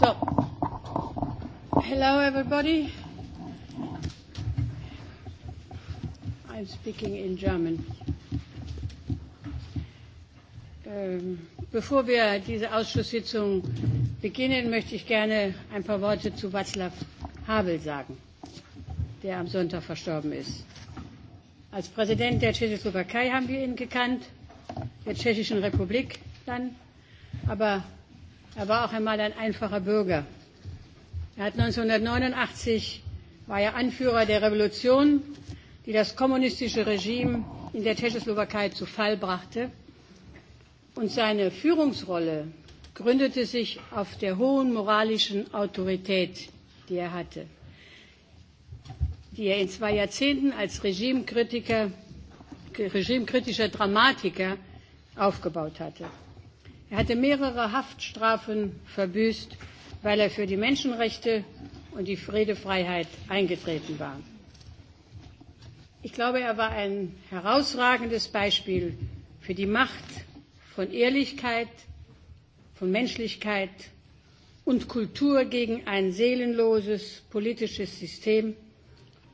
So, hello everybody. I'm speaking in German. Ähm, bevor wir diese Ausschusssitzung beginnen, möchte ich gerne ein paar Worte zu Václav Havel sagen, der am Sonntag verstorben ist. Als Präsident der Tschechoslowakei haben wir ihn gekannt, der Tschechischen Republik dann, aber Er war auch einmal ein einfacher Bürger. Er hat 1989 war er Anführer der Revolution, die das kommunistische Regime in der Tschechoslowakei zu Fall brachte. Und seine Führungsrolle gründete sich auf der hohen moralischen Autorität, die er hatte, die er in zwei Jahrzehnten als Regimekritiker, regimekritischer Dramatiker aufgebaut hatte. Er hatte mehrere Haftstrafen verbüßt, weil er für die Menschenrechte und die Friedefreiheit eingetreten war. Ich glaube, er war ein herausragendes Beispiel für die Macht von Ehrlichkeit, von Menschlichkeit und Kultur gegen ein seelenloses politisches System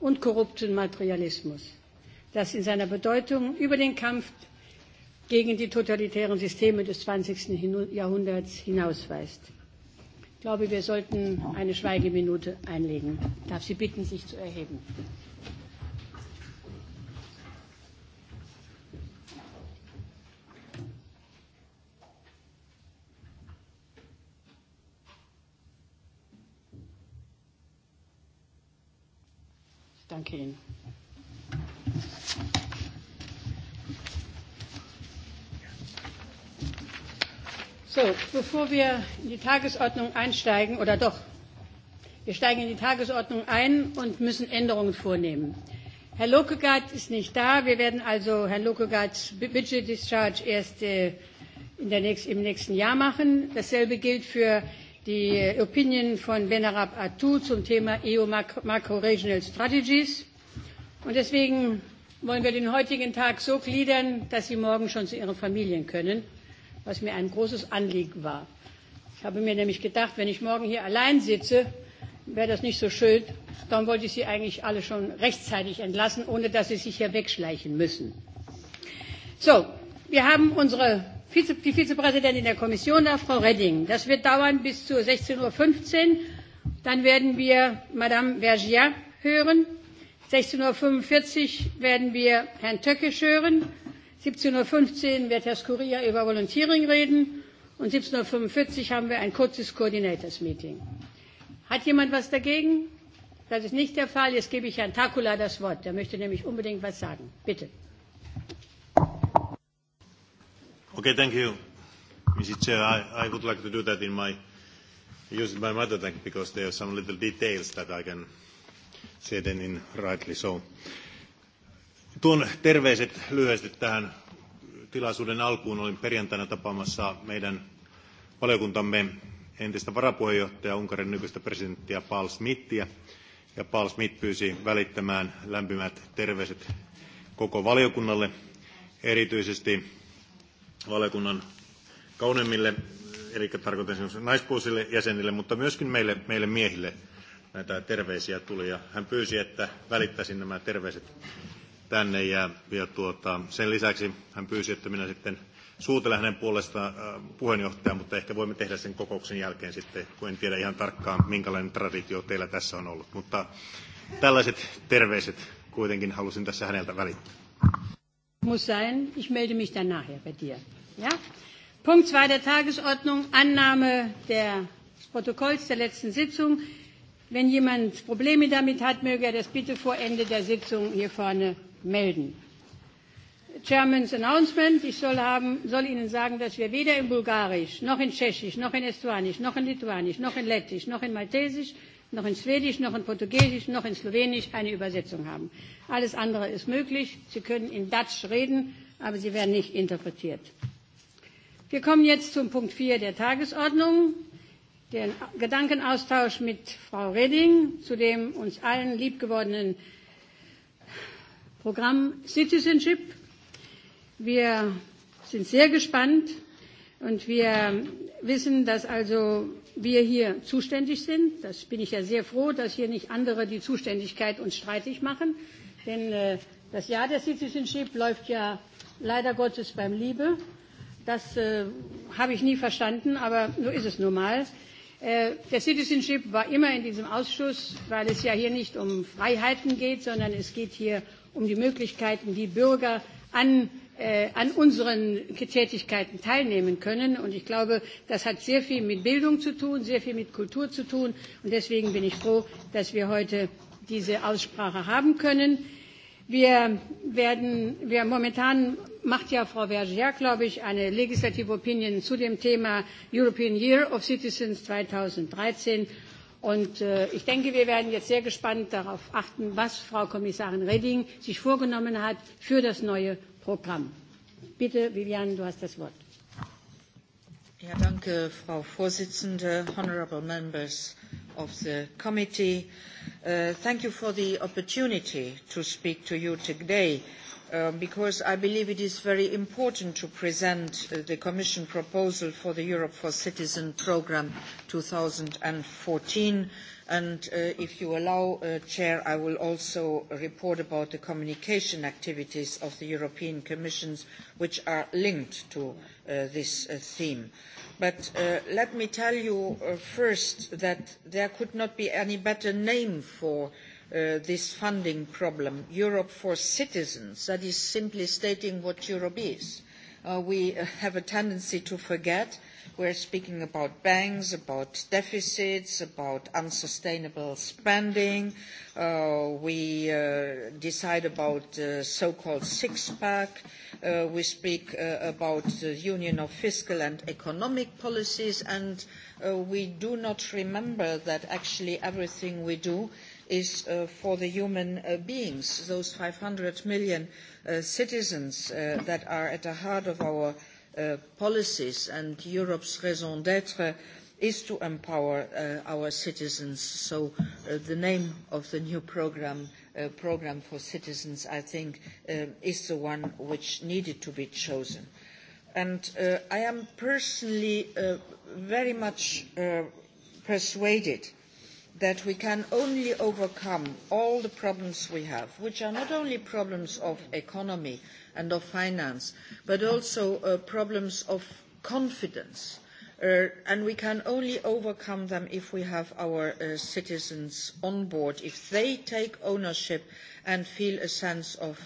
und korrupten Materialismus, das in seiner Bedeutung über den Kampf gegen die totalitären Systeme des 20. Jahrhunderts hinausweist. Ich glaube, wir sollten eine Schweigeminute einlegen. Ich darf Sie bitten, sich zu erheben. Danke Ihnen. So, bevor wir in die Tagesordnung einsteigen, oder doch, wir steigen in die Tagesordnung ein und müssen Änderungen vornehmen. Herr Lokegaard ist nicht da. Wir werden also Herrn Lokegaards Budget Discharge erst äh, in der nächst, im nächsten Jahr machen. Dasselbe gilt für die äh, Opinion von Benarab Atou zum Thema EU Macro-Regional Strategies. Und deswegen wollen wir den heutigen Tag so gliedern, dass Sie morgen schon zu Ihren Familien können was mir ein großes Anliegen war. Ich habe mir nämlich gedacht, wenn ich morgen hier allein sitze, wäre das nicht so schön. Dann wollte ich Sie eigentlich alle schon rechtzeitig entlassen, ohne dass Sie sich hier wegschleichen müssen. So, wir haben unsere Vize, die Vizepräsidentin der Kommission da, Frau Redding. Das wird dauern bis zu 16.15 Uhr. Dann werden wir Madame Vergier hören. 16.45 Uhr werden wir Herrn Töckisch hören. 17.15 Uhr wird Herr Scuria über Volunteering reden und 17.45 Uhr haben wir ein kurzes Coordinators Meeting. Hat jemand was dagegen? Das ist nicht der Fall. Jetzt gebe ich Herrn Takula das Wort. Der möchte nämlich unbedingt was sagen. Bitte. Okay, thank you, Mr. Chair. I, I would like to do that in my use my mother tongue because there are some little details that I can say then in rightly so. Uh, Tuon terveiset lyhyesti tähän tilaisuuden alkuun. Olin perjantaina tapaamassa meidän valiokuntamme entistä varapuheenjohtajaa, Unkarin nykyistä presidenttiä Paul Smithia. Ja Paul Smith pyysi välittämään lämpimät terveiset koko valiokunnalle, erityisesti valiokunnan kauneimmille, eli tarkoitan naispuolisille jäsenille, mutta myöskin meille, meille miehille näitä terveisiä tuli. Ja hän pyysi, että välittäisin nämä terveiset tänne ja, ja tuota, sen lisäksi hän pyysi, että minä sitten suutelen hänen puolestaan äh, puheenjohtajaa, mutta ehkä voimme tehdä sen kokouksen jälkeen sitten, kun en tiedä ihan tarkkaan, minkälainen traditio teillä tässä on ollut. Mutta tällaiset terveiset kuitenkin halusin tässä häneltä välittää. Muss sein, ich melde mich dann nachher bei dir. Ja? Punkt 2 der Tagesordnung, Annahme der Protokolls der letzten Sitzung. Wenn jemand Probleme damit hat, möge er das bitte vor Ende der Sitzung hier vorne melden. Chairman's Announcement. Ich soll, haben, soll Ihnen sagen, dass wir weder in Bulgarisch, noch in Tschechisch, noch in Estonisch, noch in Lituanisch, noch in Lettisch, noch in Maltesisch, noch in Schwedisch, noch in Portugiesisch, noch in Slowenisch eine Übersetzung haben. Alles andere ist möglich. Sie können in Dutch reden, aber sie werden nicht interpretiert. Wir kommen jetzt zum Punkt 4 der Tagesordnung, den Gedankenaustausch mit Frau Reding zu dem uns allen liebgewordenen Programm Citizenship. Wir sind sehr gespannt und wir wissen, dass also wir hier zuständig sind. Das bin ich ja sehr froh, dass hier nicht andere die Zuständigkeit uns streitig machen. Denn äh, das Jahr der Citizenship läuft ja leider Gottes beim Liebe. Das äh, habe ich nie verstanden, aber so ist es nun mal. Äh, der Citizenship war immer in diesem Ausschuss, weil es ja hier nicht um Freiheiten geht, sondern es geht hier um die Möglichkeiten, wie Bürger an äh, an unseren Tätigkeiten teilnehmen können. Und ich glaube, das hat sehr viel mit Bildung zu tun, sehr viel mit Kultur zu tun. Und deswegen bin ich froh, dass wir heute diese Aussprache haben können. Wir werden, wir momentan macht ja Frau Verger, glaube ich, eine Legislative Opinion zu dem Thema European Year of Citizens 2013. Und äh, ich denke, wir werden jetzt sehr gespannt darauf achten, was Frau Kommissarin Reding sich vorgenommen hat für das neue Programm. Bitte, Viviane, du hast das Wort. Ja, danke, Frau Vorsitzende, honorable members of the committee. Uh, thank you for the opportunity to speak to you today. Uh, because I believe it is very important to present uh, the Commission proposal for the Europe for Citizens Programme 2014. And and uh, if you allow, Chair, I will also report about the communication activities of the European Commission, which are linked to this theme. But let me tell you first that there could not be any better name for the Uh, this funding problem, Europe for citizens, that is simply stating what Europe is. Uh, we have a tendency to forget We are speaking about banks, about deficits, about unsustainable spending. Uh, we decide about the so-called six-pack. we speak about the union of fiscal and economic policies, and we do not remember that actually everything we do is uh, for the human uh, beings, those five hundred million uh, citizens that are at the heart of our policies. And Europe's raison d'tre is to empower our citizens. So the name of the new programme, Programme for Citizens, I think, is the one which needed to be chosen. I am personally very much persuaded that we can only overcome all the problems we have, which are not only problems of economy and of finance, but also uh, problems of confidence. Uh, and we can only overcome them if we have our uh, citizens on board, if they take ownership and feel a sense of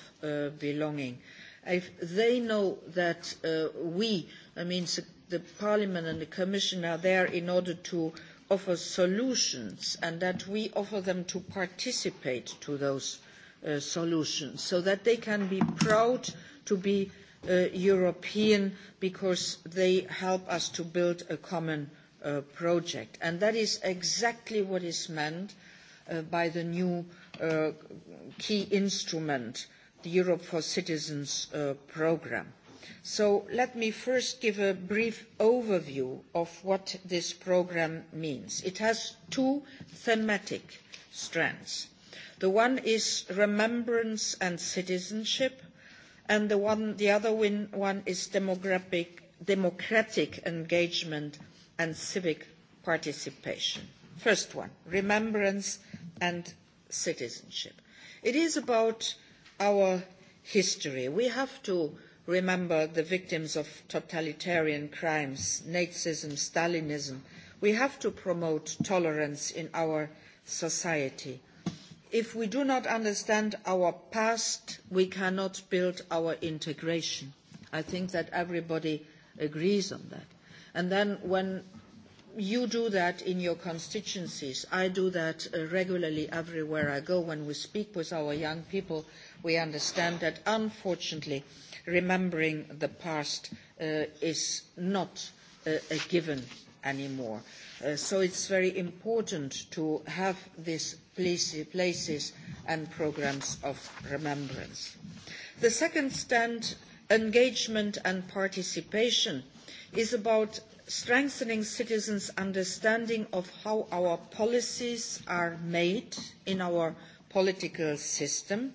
belonging. If they know that we, I the Parliament and the Commission, are there in order to offer solutions and that we offer them to participate to those uh, solutions so that they can be proud to be uh, European because they help us to build a common uh, project. And that is exactly what is meant uh, by the new uh, key instrument, the Europe for Citizens uh, programme So let me first give a brief overview of what this programme means. It has two thematic strands. The one is remembrance and citizenship, and the, one, the other one is demographic, democratic engagement and civic participation. First one, remembrance and citizenship. It is about our history. We have to remember the victims of totalitarian crimes, Nazism, Stalinism. We have to promote tolerance in our society. If we do not understand our past, we cannot build our integration. I think that everybody agrees on that. And then when you do that in your constituencies. I do that uh, regularly everywhere I go. When we speak with our young people, we understand that unfortunately remembering the past uh, is not uh, a given anymore. Uh, so it's very important to have these places and programmes of remembrance. The second stand, engagement and participation, is about strengthening citizens' understanding of how our policies are made in our political system,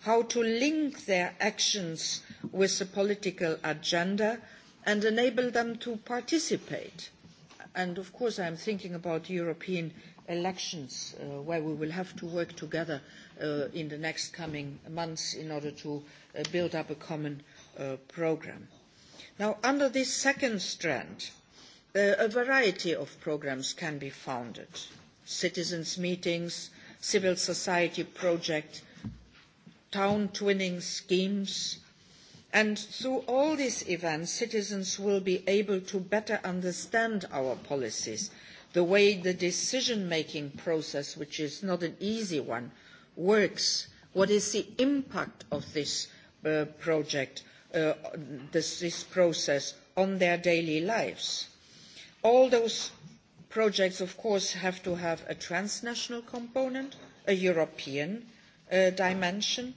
how to link their actions with the political agenda and enable them to participate. And of course I am thinking about European elections uh, where we will have to work together uh, in the next coming months in order to uh, build up a common uh, programme. Now under this second strand, a variety of programmes can be founded citizens' meetings, civil society projects, town twinning schemes, and through all these events, citizens will be able to better understand our policies, the way the decision-making process, which is not an easy one, works, what is the impact of this uh, project, uh, this, this process on their daily lives all those projects of course have to have a transnational component a european uh, dimension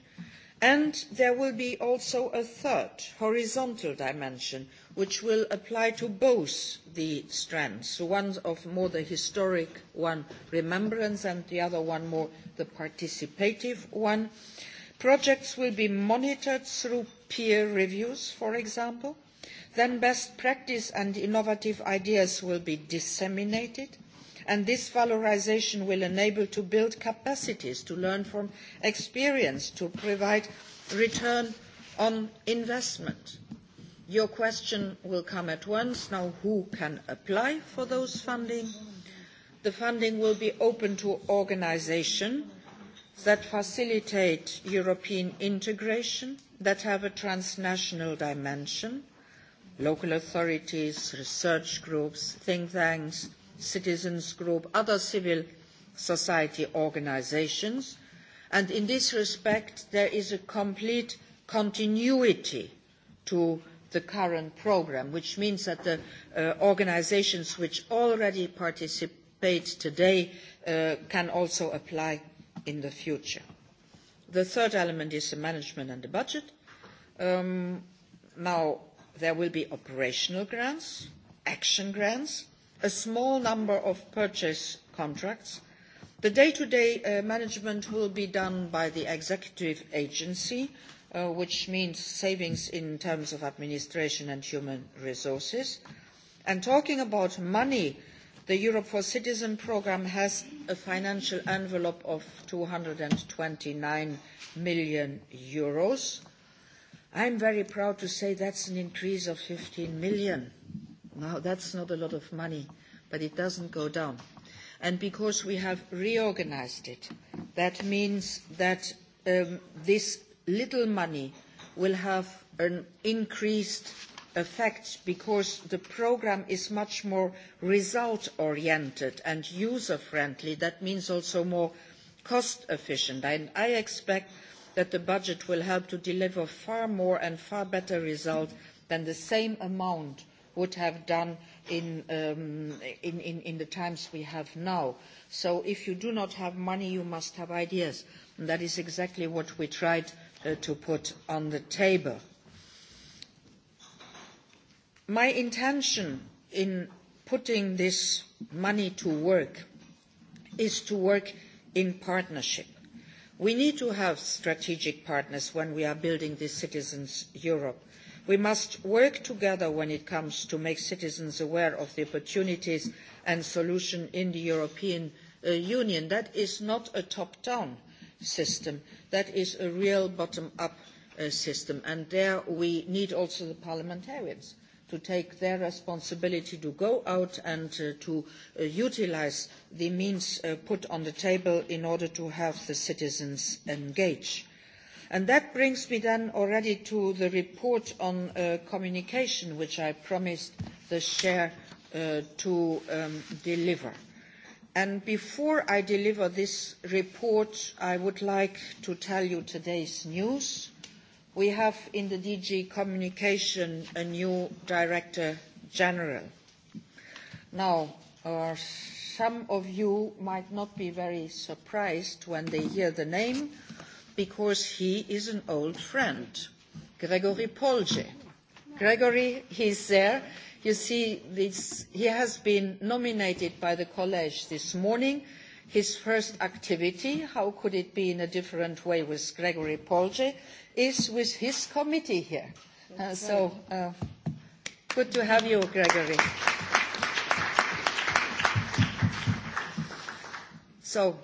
and there will be also a third horizontal dimension which will apply to both the strands one of more the historic one remembrance and the other one more the participative one. projects will be monitored through peer reviews for example then best practice and innovative ideas will be disseminated and this valorisation will enable to build capacities to learn from experience to provide return on investment. Your question will come at once now who can apply for those funding? The funding will be open to organisations that facilitate European integration, that have a transnational dimension, local authorities, research groups, think tanks, citizens groups, other civil society organisations. And in this respect, there is a complete continuity to the current programme, which means that the uh, organisations which already participate today uh, can also apply in the future. The third element is the management and the budget. Um, now, there will be operational grants, action grants, a small number of purchase contracts. The day-to-day uh, management will be done by the executive agency, uh, which means savings in terms of administration and human resources. And talking about money, the Europe for Citizens programme has a financial envelope of 229 million euros. I'm very proud to say that's an increase of 15 million. Now, that's not a lot of money, but it doesn't go down. And because we have reorganized it, that means that um, this little money will have an increased effect because the programme is much more result-oriented and user-friendly. That means also more cost-efficient. I expect that the budget will help to deliver far more and far better results than the same amount would have done um, in, the times we have now. So if you do not have money, you must have ideas. And that is exactly what we tried uh, to put on the table. My intention in putting this money to work is to work in partnership We need to have strategic partners when we are building this citizens' Europe. We must work together when it comes to make citizens aware of the opportunities and solutions in the European uh, Union. That is not a top-down system. That is a real bottom-up uh, system. And there we need also the parliamentarians to take their responsibility to go out and uh, to uh, utilise the means uh, put on the table in order to have the citizens engage. And that brings me then already to the report on communication, which I promised the chair to um, deliver. And before I deliver this report, I would like to tell you today's news we have in the DG Communication a new Director General. Now, uh, some of you might not be very surprised when they hear the name because he is an old friend, Gregory Polje. Gregory, he's there. You see, this, he has been nominated by the college this morning His first activity, how could it be in a different way with Gregory Polje, is with his committee here. Uh, so uh, good to have you, Gregory. So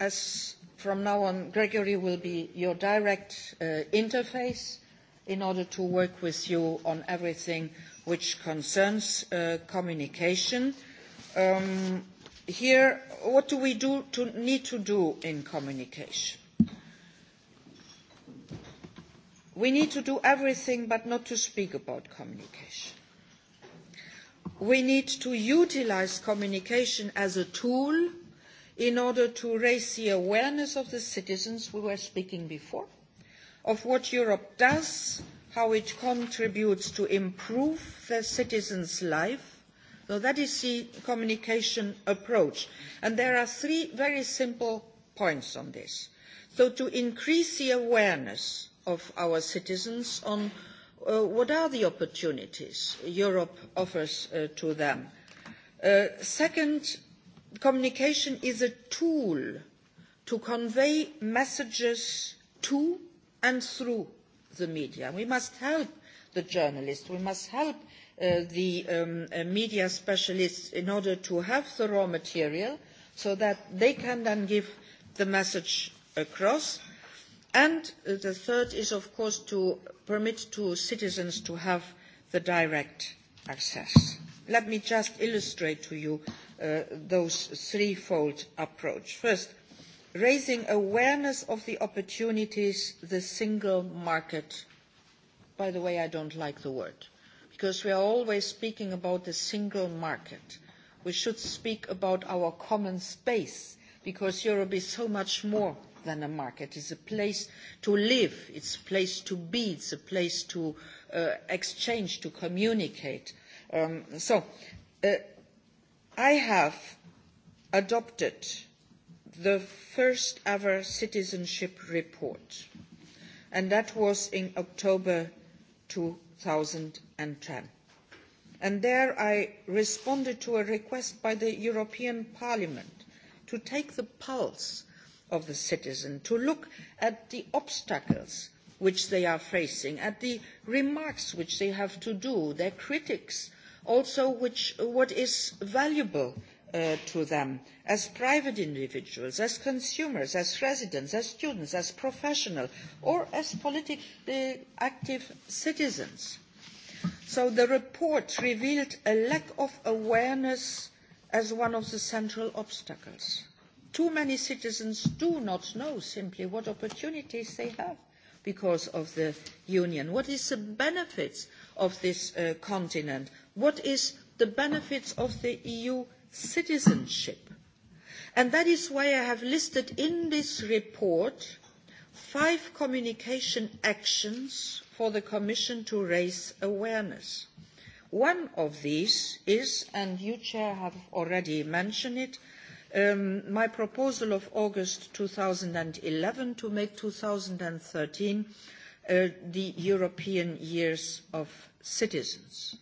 as from now on, Gregory will be your direct uh, interface in order to work with you on everything which concerns uh, communication. Um, here, what do we do to need to do in communication? We need to do everything but not to speak about communication. We need to utilise communication as a tool in order to raise the awareness of the citizens we were speaking before of what Europe does, how it contributes to improve the citizens' life, So that is the communication approach. And there are three very simple points on this. So to increase the awareness of our citizens on uh, what are the opportunities Europe offers uh, to them. Uh, second, communication is a tool to convey messages to and through the media. We must help the journalists. We must help Uh, the um, uh, media specialists in order to have the raw material so that they can then give the message across. And uh, the third is, of course, to permit citizens to have the direct access. Let me just illustrate to you uh, those threefold approach. First, raising awareness of the opportunities the single market, by the way, I do not like the word, because we are always speaking about the single market. We should speak about our common space because Europe is so much more than a market. it is a place to live, it is a place to be, it is a place to uh, exchange, to communicate. Um, so uh, I have adopted the first ever citizenship report, and that was in October two 2010. And there I responded to a request by the European Parliament to take the pulse of the citizen, to look at the obstacles which they are facing, at the remarks which they have to do, their critics, also which, what is valuable uh, Uh, to them as private individuals, as consumers, as residents, as students, as professionals, or as politically active citizens. So the report revealed a lack of awareness as one of the central obstacles. Too many citizens do not know simply what opportunities they have because of the union. What is the benefits of this uh, continent? What is the benefits of the EU citizenship. And that is why I have listed in this report five communication actions for the Commission to raise awareness. One of these is, and you, Chair, have already mentioned it, um, my proposal of August 2011 to make 2013 uh, the European Years of Citizens.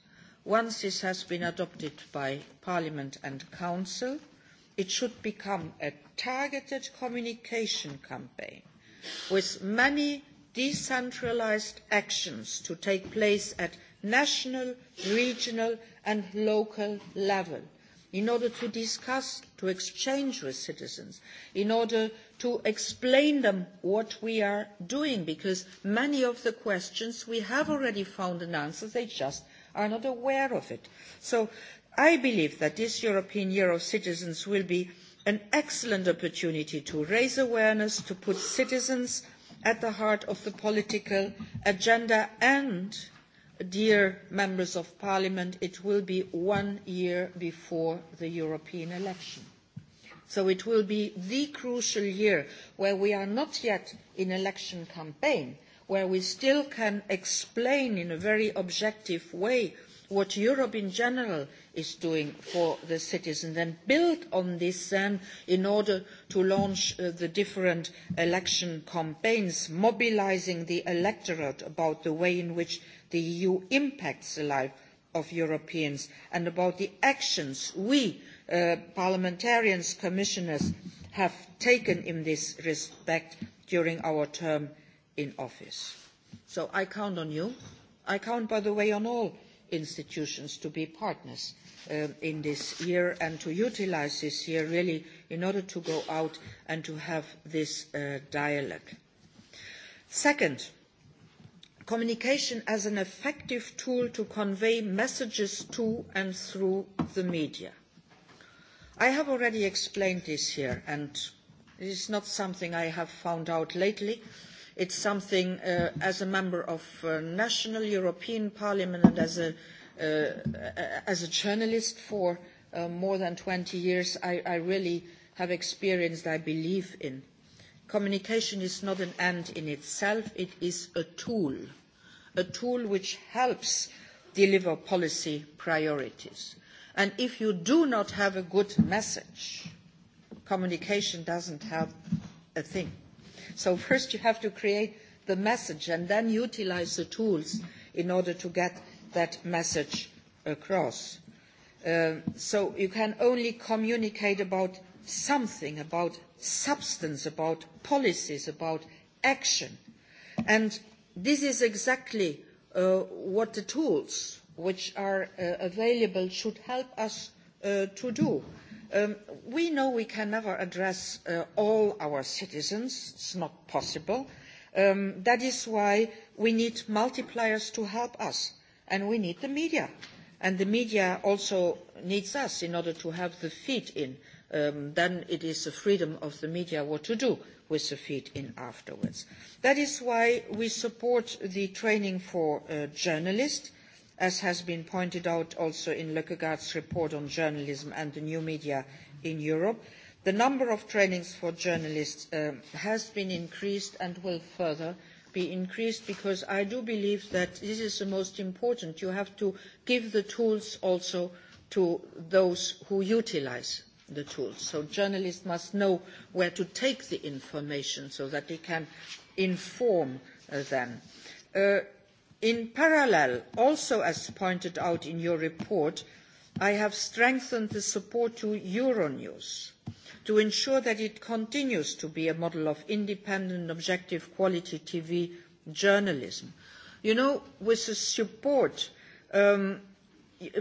Once this has been adopted by Parliament and Council, it should become a targeted communication campaign with many decentralised actions to take place at national, regional and local level in order to discuss, to exchange with citizens, in order to explain them what we are doing, because many of the questions we have already found an answer, they just are not aware of it. so i believe that this european year of citizens will be an excellent opportunity to raise awareness to put citizens at the heart of the political agenda and dear members of parliament it will be one year before the european election so it will be the crucial year where we are not yet in election campaign where we still can explain in a very objective way what Europe in general is doing for the citizens and build on this then in order to launch uh, the different election campaigns, mobilising the electorate about the way in which the EU impacts the life of Europeans and about the actions we, uh, parliamentarians, commissioners, have taken in this respect during our term in office. So I count on you. I count, by the way, on all institutions to be partners uh, in this year and to utilise this year really in order to go out and to have this uh, dialogue. Second, communication as an effective tool to convey messages to and through the media. I have already explained this here, and it is not something I have found out lately. Uh, It's something, uh, as a member of uh, national European Parliament and as a, uh, as a journalist for uh, more than 20 years, I, I really have experienced, I believe in. Communication is not an end in itself, it is a tool, a tool which helps deliver policy priorities. And if you do not have a good message, communication doesn't help a thing. So first you have to create the message and then utilise the tools in order to get that message across. Uh, so you can only communicate about something, about substance, about policies, about action. And this is exactly uh, what the tools which are uh, available should help us uh, to do Um, we know we can never address uh, all our citizens. It's not possible. Um, that is why we need multipliers to help us, and we need the media. And the media also needs us in order to have the feed in. Um, then it is the freedom of the media what to do with the feed in afterwards. That is why we support the training for uh, journalists as has been pointed out also in lkkegaard's report on journalism and the new media in europe. the number of trainings for journalists um, has been increased and will further be increased because i do believe that this is the most important you have to give the tools also to those who utilise the tools so journalists must know where to take the information so that they can inform themselves. Uh, them. Uh, in parallel also as pointed out in your report i have strengthened the support to euronews to ensure that it continues to be a model of independent objective quality tv journalism. you know with, support, um,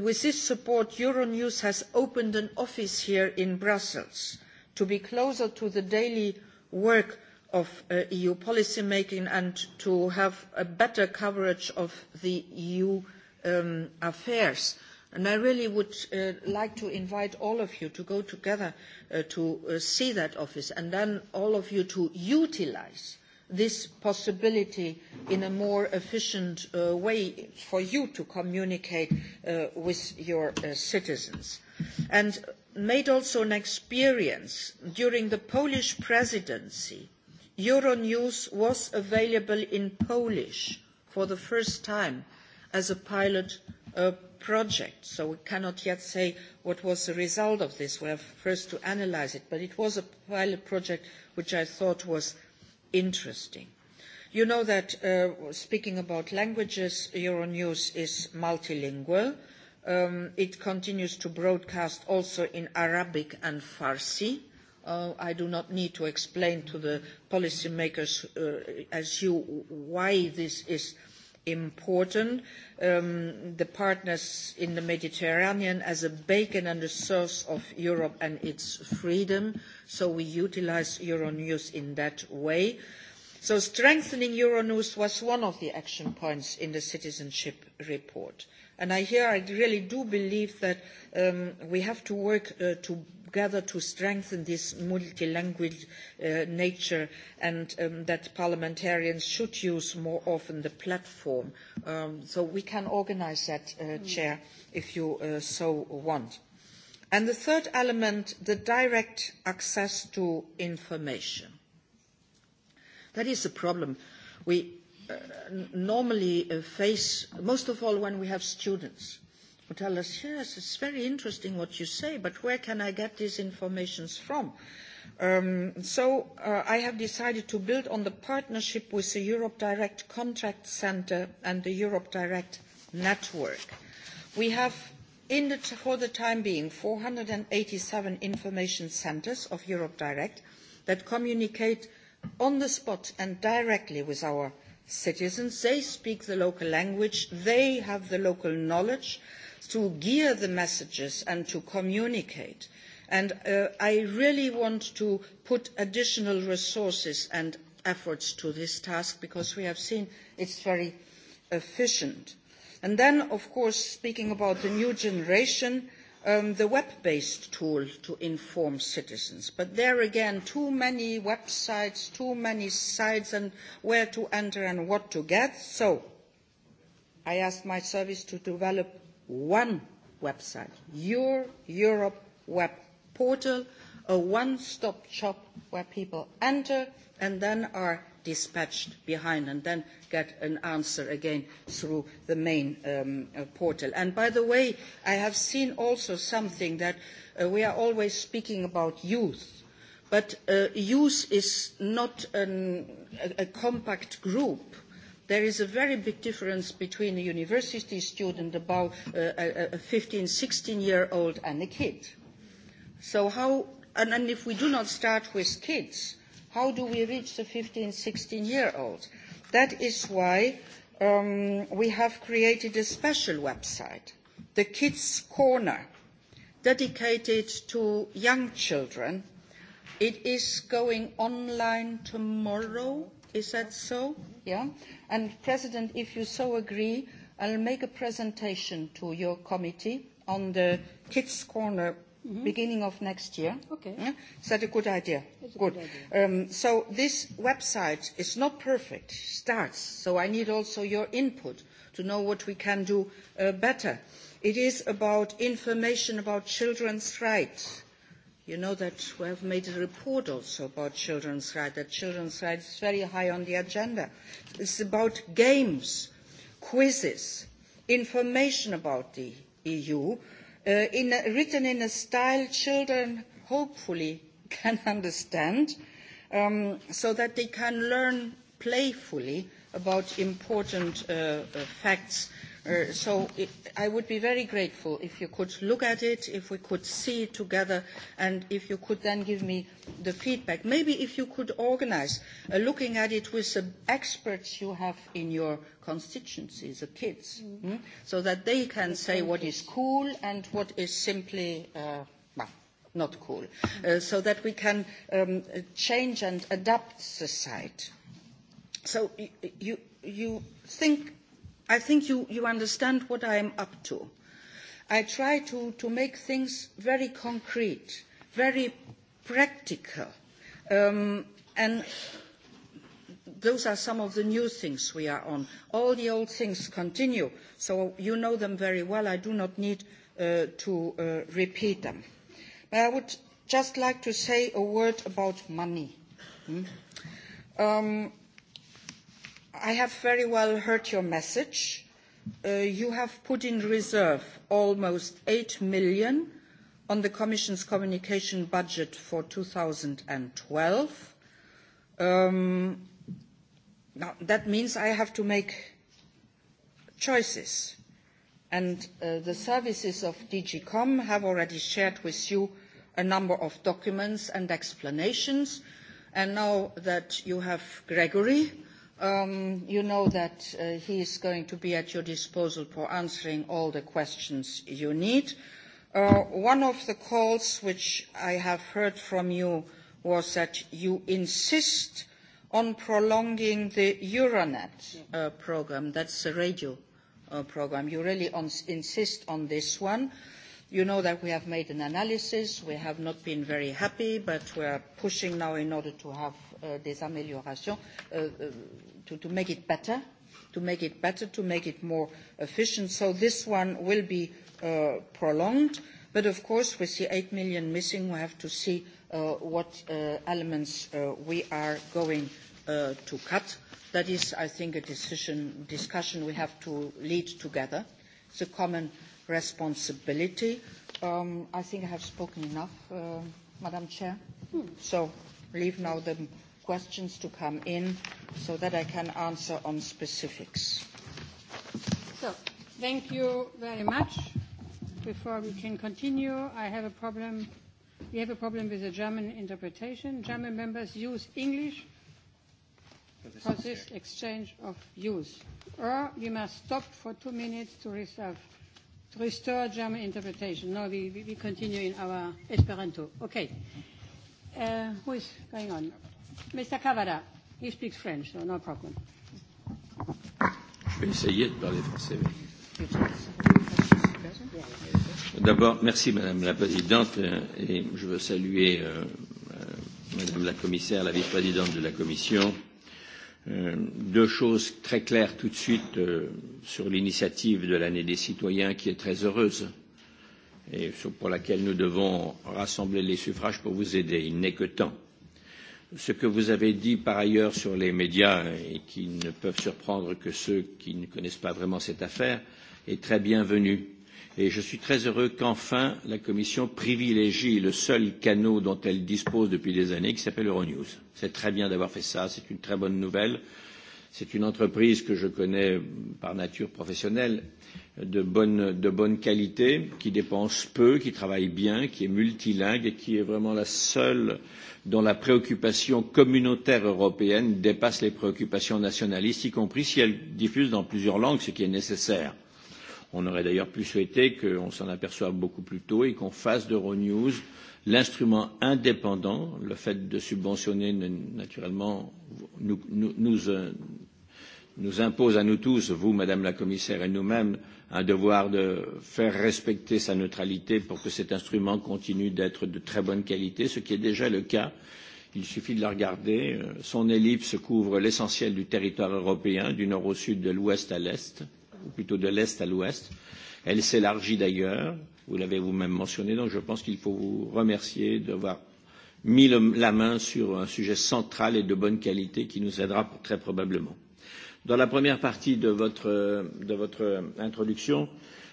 with this support euronews has opened an office here in brussels to be closer to the daily work of uh, EU policy making and to have a better coverage of the EU um, affairs. And I really would uh, like to invite all of you to go together uh, to uh, see that office and then all of you to utilise this possibility in a more efficient uh, way for you to communicate uh, with your citizens. And made also an experience during the Polish presidency euronews was available in polish for the first time as a pilot uh, project so we cannot yet say what was the result of this we have first to analyse it but it was a pilot project which i thought was interesting. you know that uh, speaking about languages euronews is multilingual um, it continues to broadcast also in arabic and farsi Uh, I do not need to explain to the policymakers uh, as you why this is important. Um, the partners in the Mediterranean as a beacon and a source of Europe and its freedom, so we utilise Euronews in that way. So strengthening Euronews was one of the action points in the citizenship report. And I, here I really do believe that um, we have to work uh, to together to strengthen this multilingual uh, nature and um, that parliamentarians should use more often the platform. Um, so we can organise that, uh, mm. Chair, if you uh, so want. And the third element, the direct access to information. That is a problem we uh, normally uh, face, most of all when we have students Mutalas, yes, it's very interesting what you say, but where can I get these informations from? Um, so uh, I have decided to build on the partnership with the Europe Direct Contract Centre and the Europe Direct Network. We have, in the for the time being, 487 information centres of Europe Direct that communicate on the spot and directly with our citizens. They speak the local language. They have the local knowledge. Uh, to gear the messages and to communicate. And uh, I really want to put additional resources and efforts to this task because we have seen it is very efficient. And then, of course, speaking about the new generation, um, the web-based tool to inform citizens. But there again, too many websites, too many sites, and where to enter and what to get. So I asked my service to develop one website, your Europe web portal, a one-stop shop where people enter and then are dispatched behind and then get an answer again through the main um, uh, portal. And by the way, I have seen also something that uh, we are always speaking about youth, but uh, youth is not an, a, a compact group There is a very big difference between a university student, about uh, a 15, 16-year-old, and a kid. So how, and, and if we do not start with kids, how do we reach the 15, 16-year-old? That is why um, we have created a special website, the Kids Corner, dedicated to young children. It is going online tomorrow Is that so? Yeah. And President, if you so agree, I'll make a presentation to your committee on the Kids Corner Mm -hmm. beginning of next year. Okay. Yeah? Is that a good idea? It's good. good idea. Um, so this website is not perfect, starts, so I need also your input to know what we can do uh, better. It is about information about children's rights, You know that we have made a report also about children's rights, that children's rights is very high on the agenda. It's about games, quizzes, information about the EU, uh, in a, written in a style children hopefully can understand, um, so that they can learn playfully about important uh, uh, facts Uh, so it, I would be very grateful if you could look at it, if we could see it together, and if you could then give me the feedback. Maybe if you could organise uh, looking at it with the experts you have in your constituency, the kids, mm. Mm, so that they can the say what is cool and what is simply uh, not cool, mm-hmm. uh, so that we can um, change and adapt the site. So you, you think I think you, you understand what I am up to. I try to, to make things very concrete, very practical. Um, and those are some of the new things we are on. All the old things continue, so you know them very well. I do not need uh, to uh, repeat them. But I would just like to say a word about money. Hmm? Um, I have very well heard your message. Uh, you have put in reserve almost eur eight million on the Commission's communication budget for two 2012. Um, now, that means I have to make choices. And uh, the services of DG Com have already shared with you a number of documents and explanations. And now that you have Gregory, uh, Um, you know that uh, he is going to be at your disposal for answering all the questions you need. Uh, one of the calls which I have heard from you was that you insist on prolonging the Euronet uh, program. That's the radio uh, program. You really on, insist on this one. You know that we have made an analysis. We have not been very happy, but we are pushing now in order to have uh, des améliorations. Uh, uh, to, make it better, to make it better, to make it more efficient. So this one will be uh, prolonged. But of course, with the eight million missing, we have to see uh, what uh, elements we are going to cut. That is, I think, a decision, discussion we have to lead together. It's a common responsibility. Um, I think I have spoken enough, uh, Madam Chair. Hmm. So leave now the questions to come in so that I can answer on specifics. So, thank you very much. Before we can continue, I have a problem. We have a problem with the German interpretation. German members use English for this exchange of views, or we must stop for two minutes to reserve uh, to restore German interpretation. No, we, we continue in our Esperanto. Okay. Uh, who is going on? Mr. Cavada, you speak French, so no problem. Je vais essayer de parler français. D'abord, merci Madame la Présidente euh, et je veux saluer euh, euh, Madame la Commissaire, la Vice-Présidente de la Commission. Euh, deux choses très claires tout de suite euh, sur l'initiative de l'année des citoyens qui est très heureuse et pour laquelle nous devons rassembler les suffrages pour vous aider. Il n'est que temps. Euh, ce que vous avez dit par ailleurs sur les médias et qui ne peuvent surprendre que ceux qui ne connaissent pas vraiment cette affaire est très bienvenu. Et je suis très heureux qu'enfin la Commission privilégie le seul canot dont elle dispose depuis des années, qui s'appelle Euronews. C'est très bien d'avoir fait ça, c'est une très bonne nouvelle. C'est une entreprise que je connais par nature professionnelle, de bonne, de bonne qualité, qui dépense peu, qui travaille bien, qui est multilingue et qui est vraiment la seule dont la préoccupation communautaire européenne dépasse les préoccupations nationalistes, y compris si elle diffuse dans plusieurs langues, ce qui est nécessaire. On aurait d'ailleurs pu souhaiter qu'on s'en aperçoive beaucoup plus tôt et qu'on fasse d'Euronews l'instrument indépendant. Le fait de subventionner, naturellement, nous, nous, nous, euh, nous impose à nous tous, vous, Madame la Commissaire, et nous-mêmes, un devoir de faire respecter sa neutralité pour que cet instrument continue d'être de très bonne qualité, ce qui est déjà le cas. Il suffit de la regarder. Euh, son ellipse couvre l'essentiel du territoire européen, du nord au sud, de l'ouest à l'est ou plutôt de l'Est à l'Ouest. Elle s'élargit d'ailleurs, vous l'avez vous-même mentionné, donc je pense qu'il faut vous remercier d'avoir mis le, la main sur un sujet central et de bonne qualité qui nous aidera très probablement. Dans la première partie de votre, de votre introduction,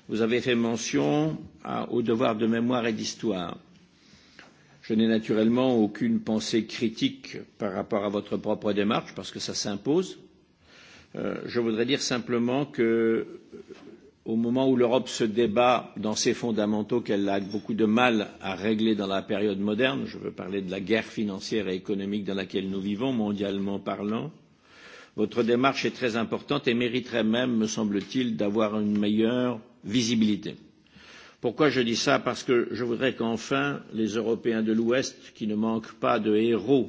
vous avez fait mention à, au devoir de mémoire et d'histoire. Je n'ai naturellement aucune pensée critique par rapport à votre propre démarche, parce que ça s'impose. Euh, je voudrais dire simplement que euh, au moment où l'Europe se débat dans ses fondamentaux qu'elle a beaucoup de mal à régler dans la période moderne, je veux parler de la guerre financière et économique dans laquelle nous vivons, mondialement parlant, votre démarche est très importante et mériterait même, me semble-t-il, d'avoir une meilleure visibilité. Pourquoi je dis ça Parce que je voudrais qu'enfin les Européens de l'Ouest, qui ne manquent pas de héros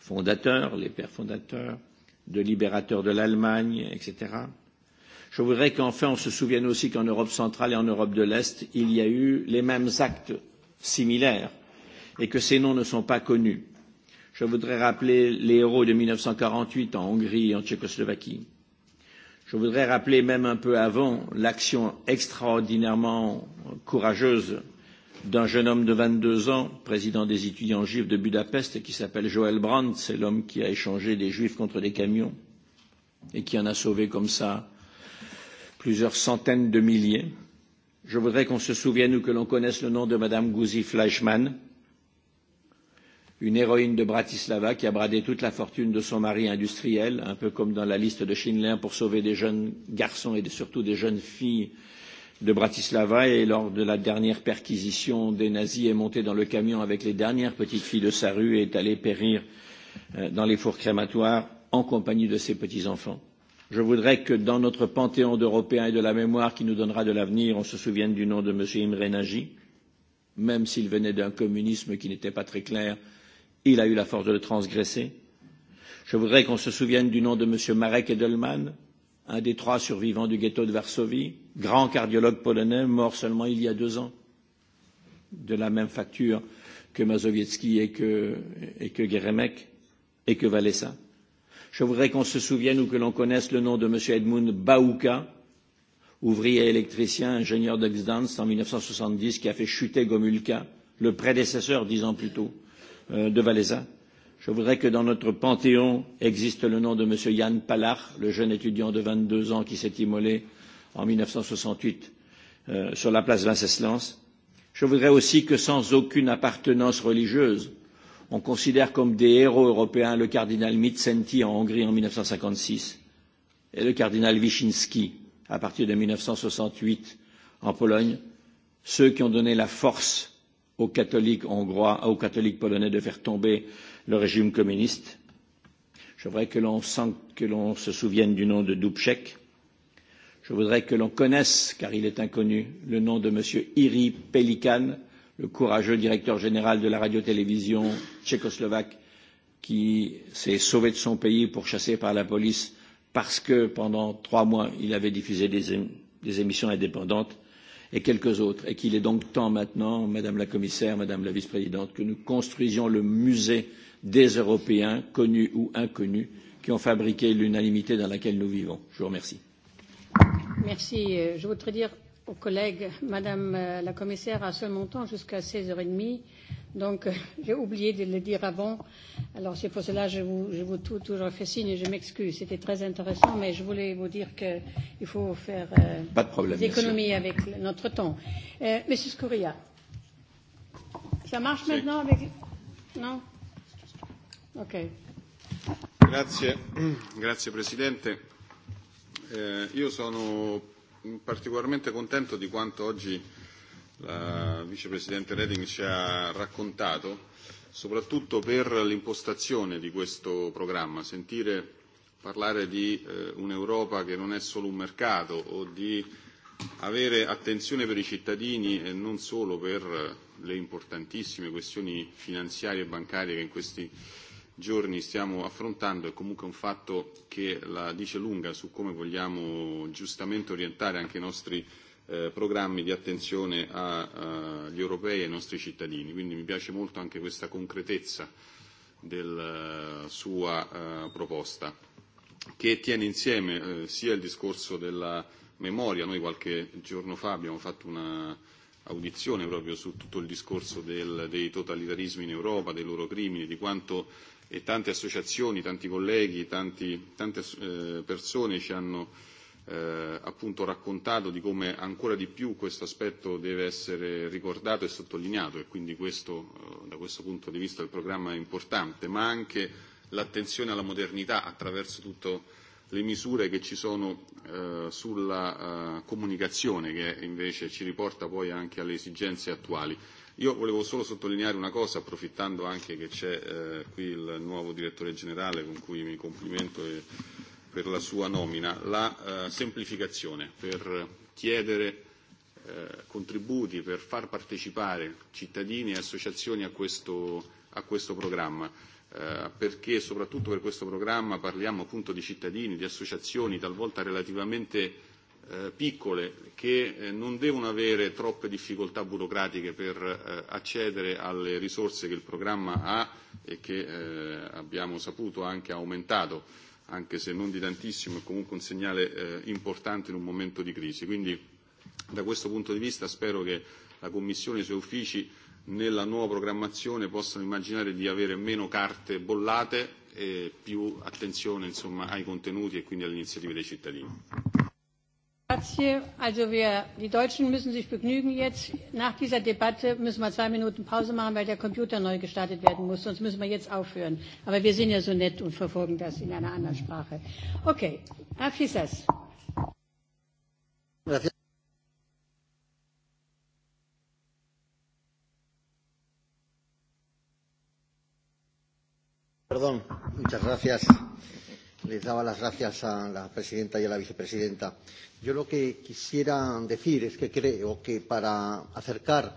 fondateurs, les pères fondateurs, de libérateur de l'Allemagne, etc. Je voudrais qu'enfin on se souvienne aussi qu'en Europe centrale et en Europe de l'Est, il y a eu les mêmes actes similaires et que ces noms ne sont pas connus. Je voudrais rappeler les héros de 1948 en Hongrie et en Tchécoslovaquie. Je voudrais rappeler même un peu avant l'action extraordinairement courageuse d'un jeune homme de 22 ans, président des étudiants juifs de Budapest, qui s'appelle Joël Brandt. C'est l'homme qui a échangé des juifs contre des camions et qui en a sauvé comme ça plusieurs centaines de milliers. Je voudrais qu'on se souvienne ou que l'on connaisse le nom de Madame Gouzi Fleischmann, une héroïne de Bratislava qui a bradé toute la fortune de son mari industriel, un peu comme dans la liste de Schindler pour sauver des jeunes garçons et surtout des jeunes filles de Bratislava et lors de la dernière perquisition des nazis est monté dans le camion avec les dernières petites filles de sa rue et est allé périr euh, dans les fours crématoires en compagnie de ses petits-enfants. Je voudrais que dans notre panthéon d'Européens et de la mémoire qui nous donnera de l'avenir, on se souvienne du nom de M. Imre Nagy, même s'il venait d'un communisme qui n'était pas très clair, il a eu la force de le transgresser. Je voudrais qu'on se souvienne du nom de M. Marek Edelman, un des trois survivants du ghetto de Varsovie, grand cardiologue polonais, mort seulement il y a deux ans, de la même facture que Mazowiecki et que, et que Geremek et que Valessa. Je voudrais qu'on se souvienne ou que l'on connaisse le nom de M. Edmund Bauka, ouvrier électricien, ingénieur de Gdansk en 1970, qui a fait chuter Gomulka, le prédécesseur, dix ans plus tôt, euh, de Valessa. Je voudrais que dans notre panthéon existe le nom de M. Yann Palach, le jeune étudiant de 22 ans qui s'est immolé en 1968 euh, sur la place Vincennes. Je voudrais aussi que sans aucune appartenance religieuse, on considère comme des héros européens le cardinal Mitsenti en Hongrie en 1956 et le cardinal Wyszynski à partir de 1968 en Pologne, ceux qui ont donné la force aux catholiques hongrois, aux catholiques polonais de faire tomber le régime communiste. Je voudrais que l'on se souvienne du nom de Dubček. Je voudrais que l'on connaisse, car il est inconnu, le nom de M. Iri Pelikan, le courageux directeur général de la radio-télévision tchécoslovaque qui s'est sauvé de son pays pour chasser par la police parce que pendant trois mois il avait diffusé des, des émissions indépendantes et quelques autres, et qu'il est donc temps maintenant, Madame la Commissaire, Madame la Vice-présidente, que nous construisions le musée des Européens, connus ou inconnus, qui ont fabriqué l'unanimité dans laquelle nous vivons. Je vous remercie. Merci. Euh, je voudrais dire aux collègues, Madame euh, la Commissaire a ce montant, jusqu'à 16h30 Donc, euh, j'ai oublié de le dire avant. Alors, c'est pour cela que je vous, je vous tout, toujours fais signe et je m'excuse. C'était très intéressant, mais je voulais vous dire qu'il faut faire euh, Pas de problème, des économies sûr. avec notre temps. Euh, Monsieur Scoria, ça marche maintenant avec... Non Ok. Grazie, grazie Presidente. Eh, io sono particolarmente contento di quanto oggi la eh, vicepresidente Reding ci ha raccontato, soprattutto per l'impostazione di questo programma. Sentire parlare di eh, un'Europa che non è solo un mercato o di avere attenzione per i cittadini e non solo per le importantissime questioni finanziarie e bancarie che in questi giorni stiamo affrontando è comunque un fatto che la dice lunga su come vogliamo giustamente orientare anche i nostri eh, programmi di attenzione agli eh, europei e ai nostri cittadini. Quindi mi piace molto anche questa concretezza della eh, sua eh, proposta, che tiene insieme eh, sia il discorso della memoria, noi qualche giorno fa abbiamo fatto una audizione proprio su tutto il discorso del, dei totalitarismi in Europa, dei loro crimini, di quanto e tante associazioni, tanti colleghi, tanti, tante eh, persone ci hanno eh, appunto raccontato di come ancora di più questo aspetto deve essere ricordato e sottolineato e quindi questo, eh, da questo punto di vista il programma è importante, ma anche l'attenzione alla modernità attraverso tutte le misure che ci sono eh, sulla eh, comunicazione che invece ci riporta poi anche alle esigenze attuali. Io volevo solo sottolineare una cosa, approfittando anche che c'è eh, qui il nuovo direttore generale con cui mi complimento e per la sua nomina la eh, semplificazione, per chiedere eh, contributi, per far partecipare cittadini e associazioni a questo, a questo programma, eh, perché soprattutto per questo programma parliamo appunto di cittadini, di associazioni talvolta relativamente eh, piccole che eh, non devono avere troppe difficoltà burocratiche per eh, accedere alle risorse che il programma ha e che eh, abbiamo saputo anche aumentato anche se non di tantissimo, è comunque un segnale eh, importante in un momento di crisi. Quindi da questo punto di vista spero che la Commissione e i suoi uffici nella nuova programmazione possano immaginare di avere meno carte bollate e più attenzione insomma, ai contenuti e quindi alle iniziative dei cittadini. Also wir, die Deutschen müssen sich begnügen jetzt. Nach dieser Debatte müssen wir zwei Minuten Pause machen, weil der Computer neu gestartet werden muss. Sonst müssen wir jetzt aufhören. Aber wir sind ja so nett und verfolgen das in einer anderen Sprache. Herr Fissers les daba las gracias a la presidenta y a la vicepresidenta. Yo lo que quisiera decir es que creo que para acercar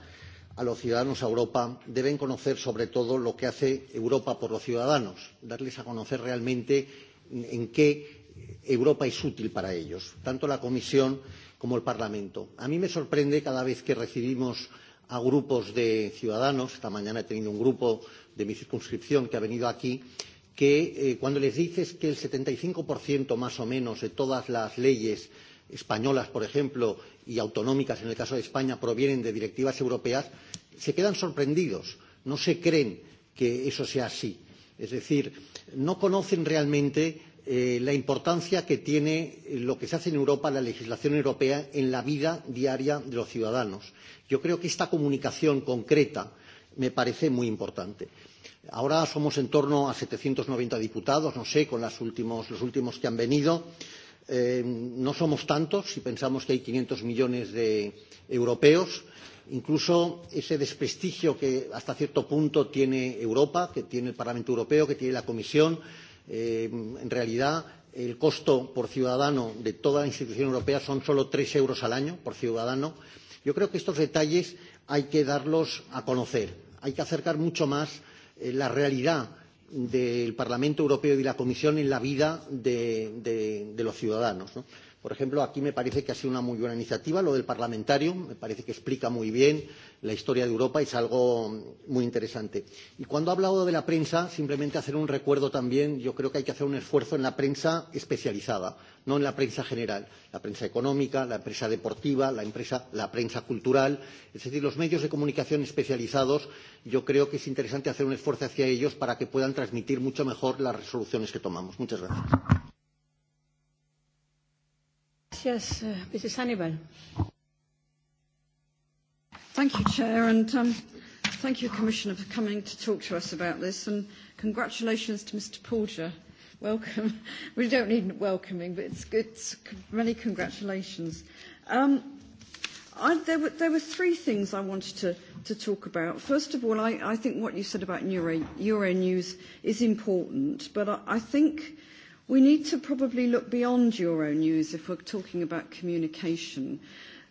a los ciudadanos a Europa deben conocer sobre todo lo que hace Europa por los ciudadanos, darles a conocer realmente en qué Europa es útil para ellos, tanto la Comisión como el Parlamento. A mí me sorprende cada vez que recibimos a grupos de ciudadanos, esta mañana he tenido un grupo de mi circunscripción que ha venido aquí, que eh, cuando les dices que el 75% más o menos de todas las leyes españolas, por ejemplo, y autonómicas en el caso de España provienen de directivas europeas, se quedan sorprendidos, no se creen que eso sea así. Es decir, no conocen realmente eh, la importancia que tiene lo que se hace en Europa, la legislación europea, en la vida diaria de los ciudadanos. Yo creo que esta comunicación concreta me parece muy importante. Ahora somos en torno a 790 diputados, no sé, con las últimos, los últimos que han venido. Eh, no somos tantos si pensamos que hay 500 millones de europeos. Incluso ese desprestigio que hasta cierto punto tiene Europa, que tiene el Parlamento Europeo, que tiene la Comisión, eh, en realidad el costo por ciudadano de toda la institución europea son solo tres euros al año por ciudadano. Yo creo que estos detalles hay que darlos a conocer. Hay que acercar mucho más Eh, la realidad del Parlamento Europeo y de la Comisión en la vida de, de, de los ciudadanos. ¿no? Por ejemplo, aquí me parece que ha sido una muy buena iniciativa lo del parlamentario, me parece que explica muy bien la historia de Europa y es algo muy interesante. Y cuando ha hablado de la prensa, simplemente hacer un recuerdo también, yo creo que hay que hacer un esfuerzo en la prensa especializada, no en la prensa general, la prensa económica, la prensa deportiva, la, empresa, la prensa cultural, es decir, los medios de comunicación especializados, yo creo que es interesante hacer un esfuerzo hacia ellos para que puedan transmitir mucho mejor las resoluciones que tomamos. Muchas gracias. Eh, thank you, Chair, and um, thank you, Commissioner, for coming to talk to us about this, and congratulations to Mr. Porger. Welcome. We don't need welcoming, but it's good. Many congratulations. Um, I, there, were, there were three things I wanted to, to talk about. First of all, I, I think what you said about Euro, Euro News is important, but I, I think We need to probably look beyond Euronews if we're talking about communication,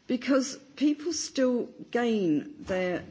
because people still gain their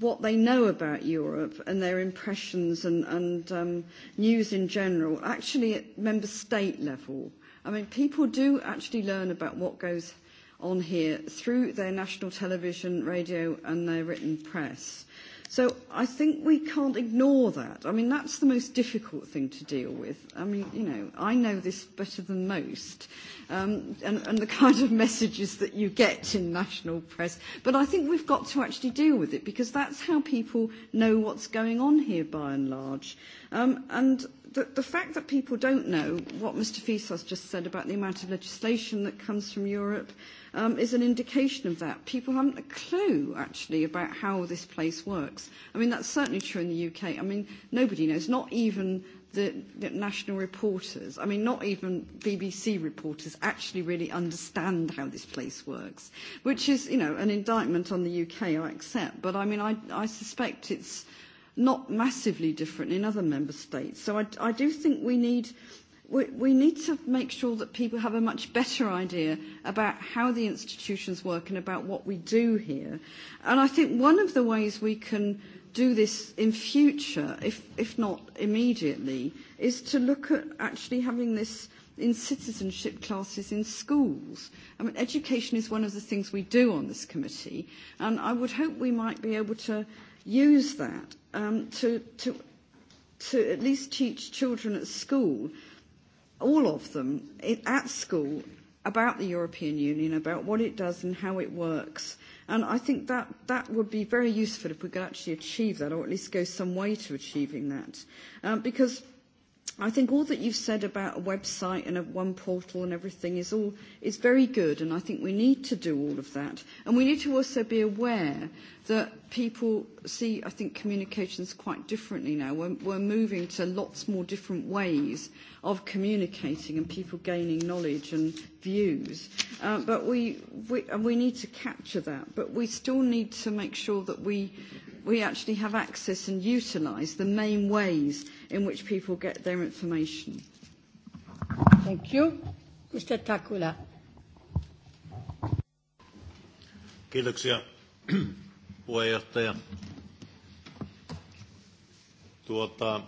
what they know about Europe and their impressions and, and um, news in general, actually at member state level. I mean, people do actually learn about what goes on here through their national television, radio, and their written press. So I think we can't ignore that. I mean, that's the most difficult thing to deal with. I mean, you know, I know this better than most, um, and, and the kind of messages that you get in national press. But I think we've got to actually deal with it because that's how people know what's going on here, by and large. Um, and the, the fact that people don't know what Mr. Fisas just said about the amount of legislation that comes from Europe um, is an indication of that. People haven't a clue, actually, about how this place works. I mean, that's certainly true in the UK. I mean, nobody knows, not even the, the national reporters. I mean, not even BBC reporters actually really understand how this place works, which is, you know, an indictment on the UK, I accept. But I mean, I, I suspect it's not massively different in other member states. So I, I do think we need we, we need to make sure that people have a much better idea about how the institutions work and about what we do here. And I think one of the ways we can do this in future, if, if not immediately, is to look at actually having this in citizenship classes in schools. I mean, education is one of the things we do on this committee, and I would hope we might be able to use that um, to, to, to at least teach children at school all of them, at school about the European Union, about what it does and how it works. And I think that, that would be very useful if we could actually achieve that, or at least go some way to achieving that. Um, because I think all that you've said about a website and a one portal and everything is all is very good, and I think we need to do all of that. And we need to also be aware that people see, I think, communications quite differently now. We're, we're moving to lots more different ways of communicating and people gaining knowledge and views. Uh, but we, we, and we need to capture that. But we still need to make sure that we we actually have access and utilise the main ways in which people get their information. Thank you. Mr. Takula. Kiitoksia puheenjohtaja. Tuota,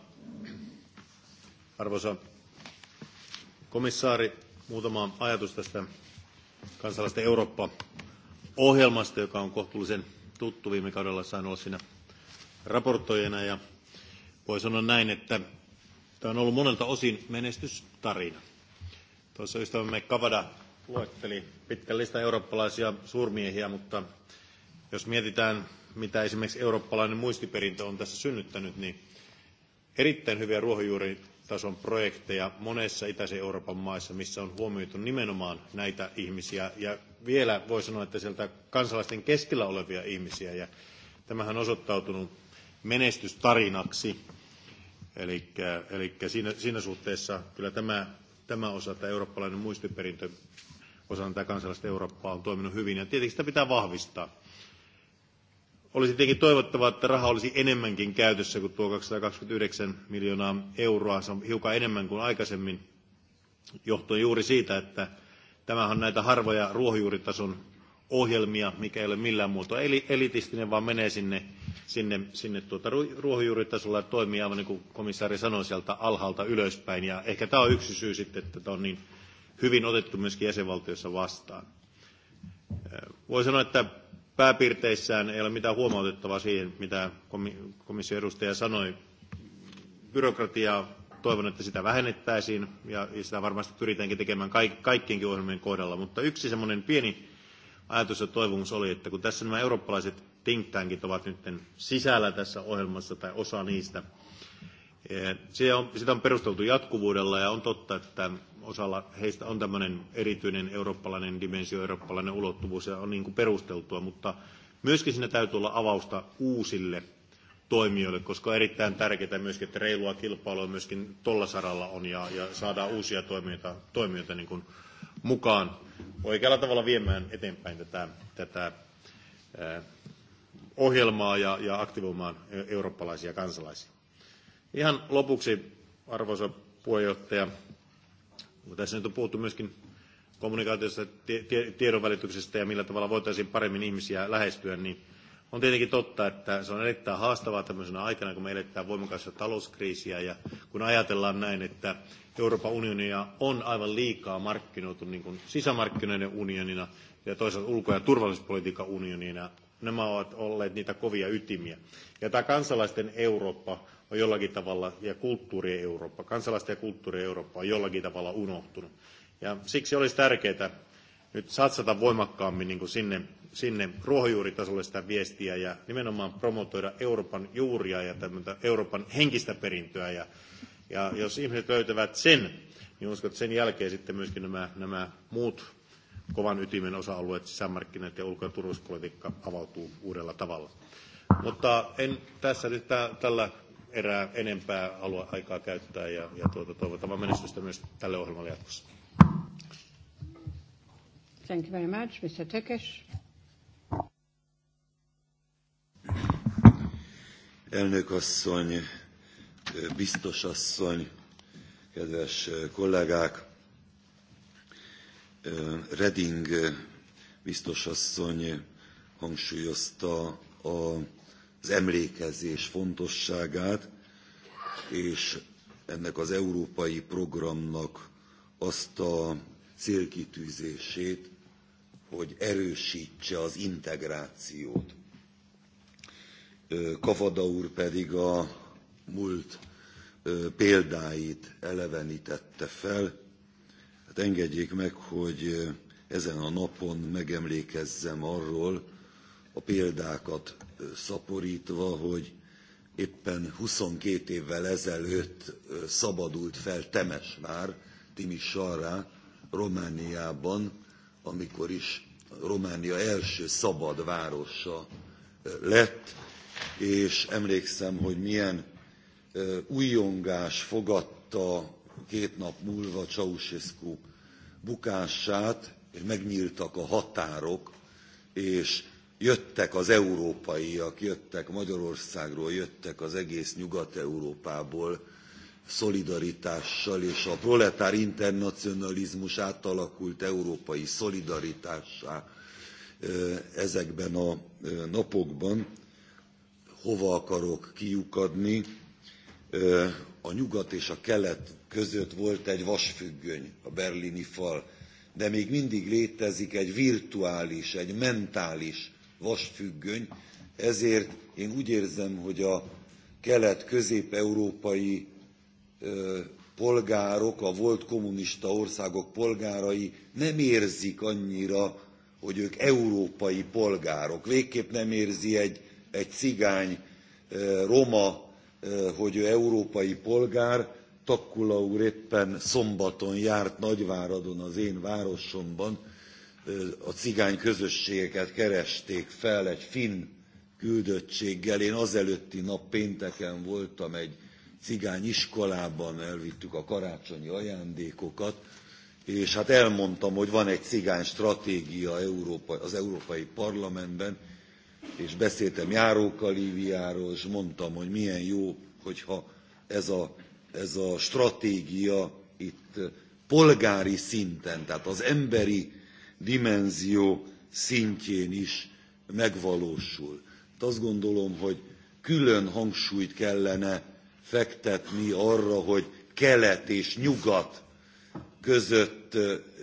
arvoisa komissaari, muutama ajatus tästä kansalaisten Eurooppa-ohjelmasta, joka on kohtuullisen tuttu. Viime kaudella sain olla siinä raportoijana ja voi sanoa näin, että tämä on ollut monelta osin menestystarina. Tuossa ystävämme Kavada luetteli pitkän listan eurooppalaisia suurmiehiä, mutta jos mietitään, mitä esimerkiksi eurooppalainen muistiperintö on tässä synnyttänyt, niin erittäin hyviä ruohonjuuri tason projekteja monissa itäisen Euroopan maissa, missä on huomioitu nimenomaan näitä ihmisiä ja vielä voi sanoa, että sieltä kansalaisten keskellä olevia ihmisiä ja tämähän on osoittautunut menestystarinaksi. Eli, eli siinä, siinä suhteessa kyllä tämä, tämä osa, tämä eurooppalainen muistiperintö osana tätä kansalaista Eurooppaa on toiminut hyvin ja tietenkin sitä pitää vahvistaa. Olisi tietenkin toivottavaa, että raha olisi enemmänkin käytössä kuin tuo 229 miljoonaa euroa. Se on hiukan enemmän kuin aikaisemmin, johtuen juuri siitä, että tämähän on näitä harvoja ruohonjuuritason ohjelmia, mikä ei ole millään muotoa Eli, elitistinen, vaan menee sinne, sinne, sinne tuota ruohonjuuritasolla ja toimii aivan niin kuin komissaari sanoi sieltä alhaalta ylöspäin. Ja ehkä tämä on yksi syy sitten, että tämä on niin hyvin otettu myöskin jäsenvaltiossa vastaan. Voi sanoa, että pääpiirteissään ei ole mitään huomautettavaa siihen, mitä komission edustaja sanoi. Byrokratiaa toivon, että sitä vähennettäisiin ja sitä varmasti pyritäänkin tekemään kaikkienkin ohjelmien kohdalla, mutta yksi semmoinen pieni ajatus ja toivomus oli, että kun tässä nämä eurooppalaiset think tankit ovat nyt sisällä tässä ohjelmassa tai osa niistä, eh, sitä on, sitä on perusteltu jatkuvuudella ja on totta, että osalla heistä on tämmöinen erityinen eurooppalainen dimensio, eurooppalainen ulottuvuus ja on niin kuin perusteltua, mutta myöskin siinä täytyy olla avausta uusille toimijoille, koska on erittäin tärkeää myöskin, että reilua kilpailua myöskin tuolla saralla on ja, ja saadaan uusia toimijoita, toimijoita niin kuin mukaan oikealla tavalla viemään eteenpäin tätä, tätä ohjelmaa ja, ja aktivoimaan e-, eurooppalaisia kansalaisia. Ihan lopuksi, arvoisa puheenjohtaja, tässä nyt on puhuttu myöskin kommunikaatiosta, tiedonvälityksestä ja millä tavalla voitaisiin paremmin ihmisiä lähestyä, niin on tietenkin totta, että se on erittäin haastavaa tämmöisenä aikana, kun me eletään voimakasta talouskriisiä ja kun ajatellaan näin, että Euroopan unionia on aivan liikaa markkinoitu niin kuin sisämarkkinoiden unionina ja toisaalta ulko- ja turvallisuuspolitiikan unionina. Nämä ovat olleet niitä kovia ytimiä. Ja tämä kansalaisten Eurooppa on jollakin tavalla, ja kulttuuri Eurooppa, kansalaisten ja kulttuuri Eurooppa on jollakin tavalla unohtunut. Ja siksi olisi tärkeää nyt satsata voimakkaammin niin kuin sinne, sinne ruohonjuuritasolle sitä viestiä ja nimenomaan promotoida Euroopan juuria ja Euroopan henkistä perintöä. Ja, ja jos ihmiset löytävät sen, niin uskon, että sen jälkeen sitten myöskin nämä, nämä muut kovan ytimen osa-alueet, sisämarkkinat ja ulko- ja turvallisuuspolitiikka avautuu uudella tavalla. Mutta en tässä nyt tällä erää enempää alue aikaa käyttää ja, ja tuota, toivotan vaan menestystä myös tälle ohjelmalle jatkossa. Thank you very much. Mr. Tökes. Elnök asszony, biztos asszony, kedves kollégák! Reding biztos asszony hangsúlyozta a az emlékezés fontosságát, és ennek az európai programnak azt a célkitűzését, hogy erősítse az integrációt. Kavada úr pedig a múlt példáit elevenítette fel. Hát engedjék meg, hogy ezen a napon megemlékezzem arról, a példákat szaporítva, hogy éppen 22 évvel ezelőtt szabadult fel Temesvár, Timisarra, Romániában, amikor is Románia első szabad városa lett, és emlékszem, hogy milyen újongás fogadta két nap múlva Ceausescu bukását, és megnyíltak a határok, és jöttek az európaiak, jöttek Magyarországról, jöttek az egész Nyugat-Európából szolidaritással és a proletár internacionalizmus átalakult európai szolidaritássá ezekben a napokban. Hova akarok kiukadni? A nyugat és a kelet között volt egy vasfüggöny, a berlini fal, de még mindig létezik egy virtuális, egy mentális vasfüggöny, ezért én úgy érzem, hogy a kelet-közép-európai polgárok, a volt kommunista országok polgárai nem érzik annyira, hogy ők európai polgárok. Végképp nem érzi egy, egy cigány, roma, hogy ő európai polgár. Takkula úr éppen szombaton járt Nagyváradon, az én városomban, a cigány közösségeket keresték fel egy finn küldöttséggel. Én azelőtti nap pénteken voltam egy cigány iskolában, elvittük a karácsonyi ajándékokat, és hát elmondtam, hogy van egy cigány stratégia Európa, az Európai Parlamentben, és beszéltem Járóka Líviáról, és mondtam, hogy milyen jó, hogyha ez a, ez a stratégia itt polgári szinten, tehát az emberi dimenzió szintjén is megvalósul. Hát azt gondolom, hogy külön hangsúlyt kellene fektetni arra, hogy kelet és nyugat között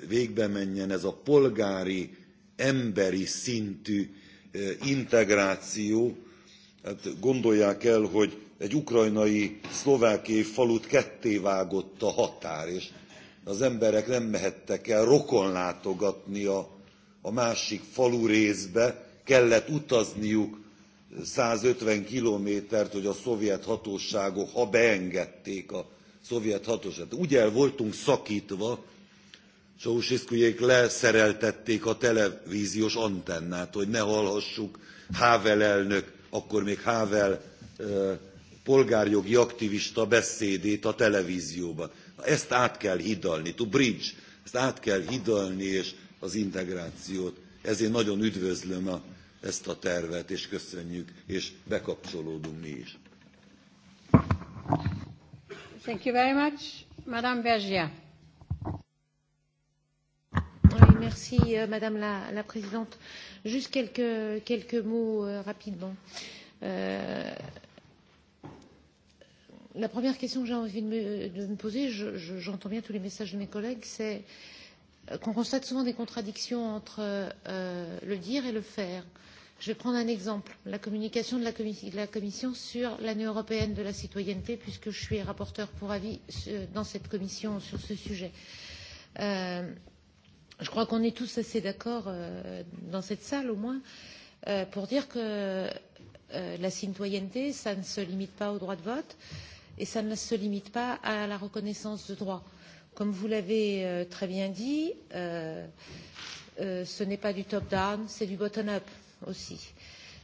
végbe menjen ez a polgári, emberi szintű integráció. Hát gondolják el, hogy egy ukrajnai szlovákiai falut ketté vágott a határ, és az emberek nem mehettek el rokonlátogatni a, a másik falu részbe, kellett utazniuk 150 kilométert, hogy a szovjet hatóságok, ha beengedték a szovjet hatóságot. Ugye el voltunk szakítva, Ceausescujék leszereltették a televíziós antennát, hogy ne hallhassuk Havel elnök, akkor még Havel polgárjogi aktivista beszédét a televízióban. Ezt át kell hidalni, to bridge, ezt át kell hidalni, és az integrációt. Ezért nagyon üdvözlöm a, ezt a tervet, és köszönjük, és bekapcsolódunk mi is. Thank you very much. Madame Bergia. Oui, merci euh, Madame la, la Présidente. Juste quelques, quelques mots euh, rapidement. Euh, La première question que j'ai envie de me, de me poser, j'entends je, je, bien tous les messages de mes collègues, c'est euh, qu'on constate souvent des contradictions entre euh, le dire et le faire. Je vais prendre un exemple, la communication de la, commis, de la Commission sur l'année européenne de la citoyenneté, puisque je suis rapporteur pour avis euh, dans cette commission sur ce sujet. Euh, je crois qu'on est tous assez d'accord, euh, dans cette salle au moins, euh, pour dire que euh, la citoyenneté, ça ne se limite pas au droit de vote. Euh, et ça ne se limite pas à la reconnaissance de droits. Comme vous l'avez euh, très bien dit, euh, euh, ce n'est pas du top-down, c'est du bottom-up aussi.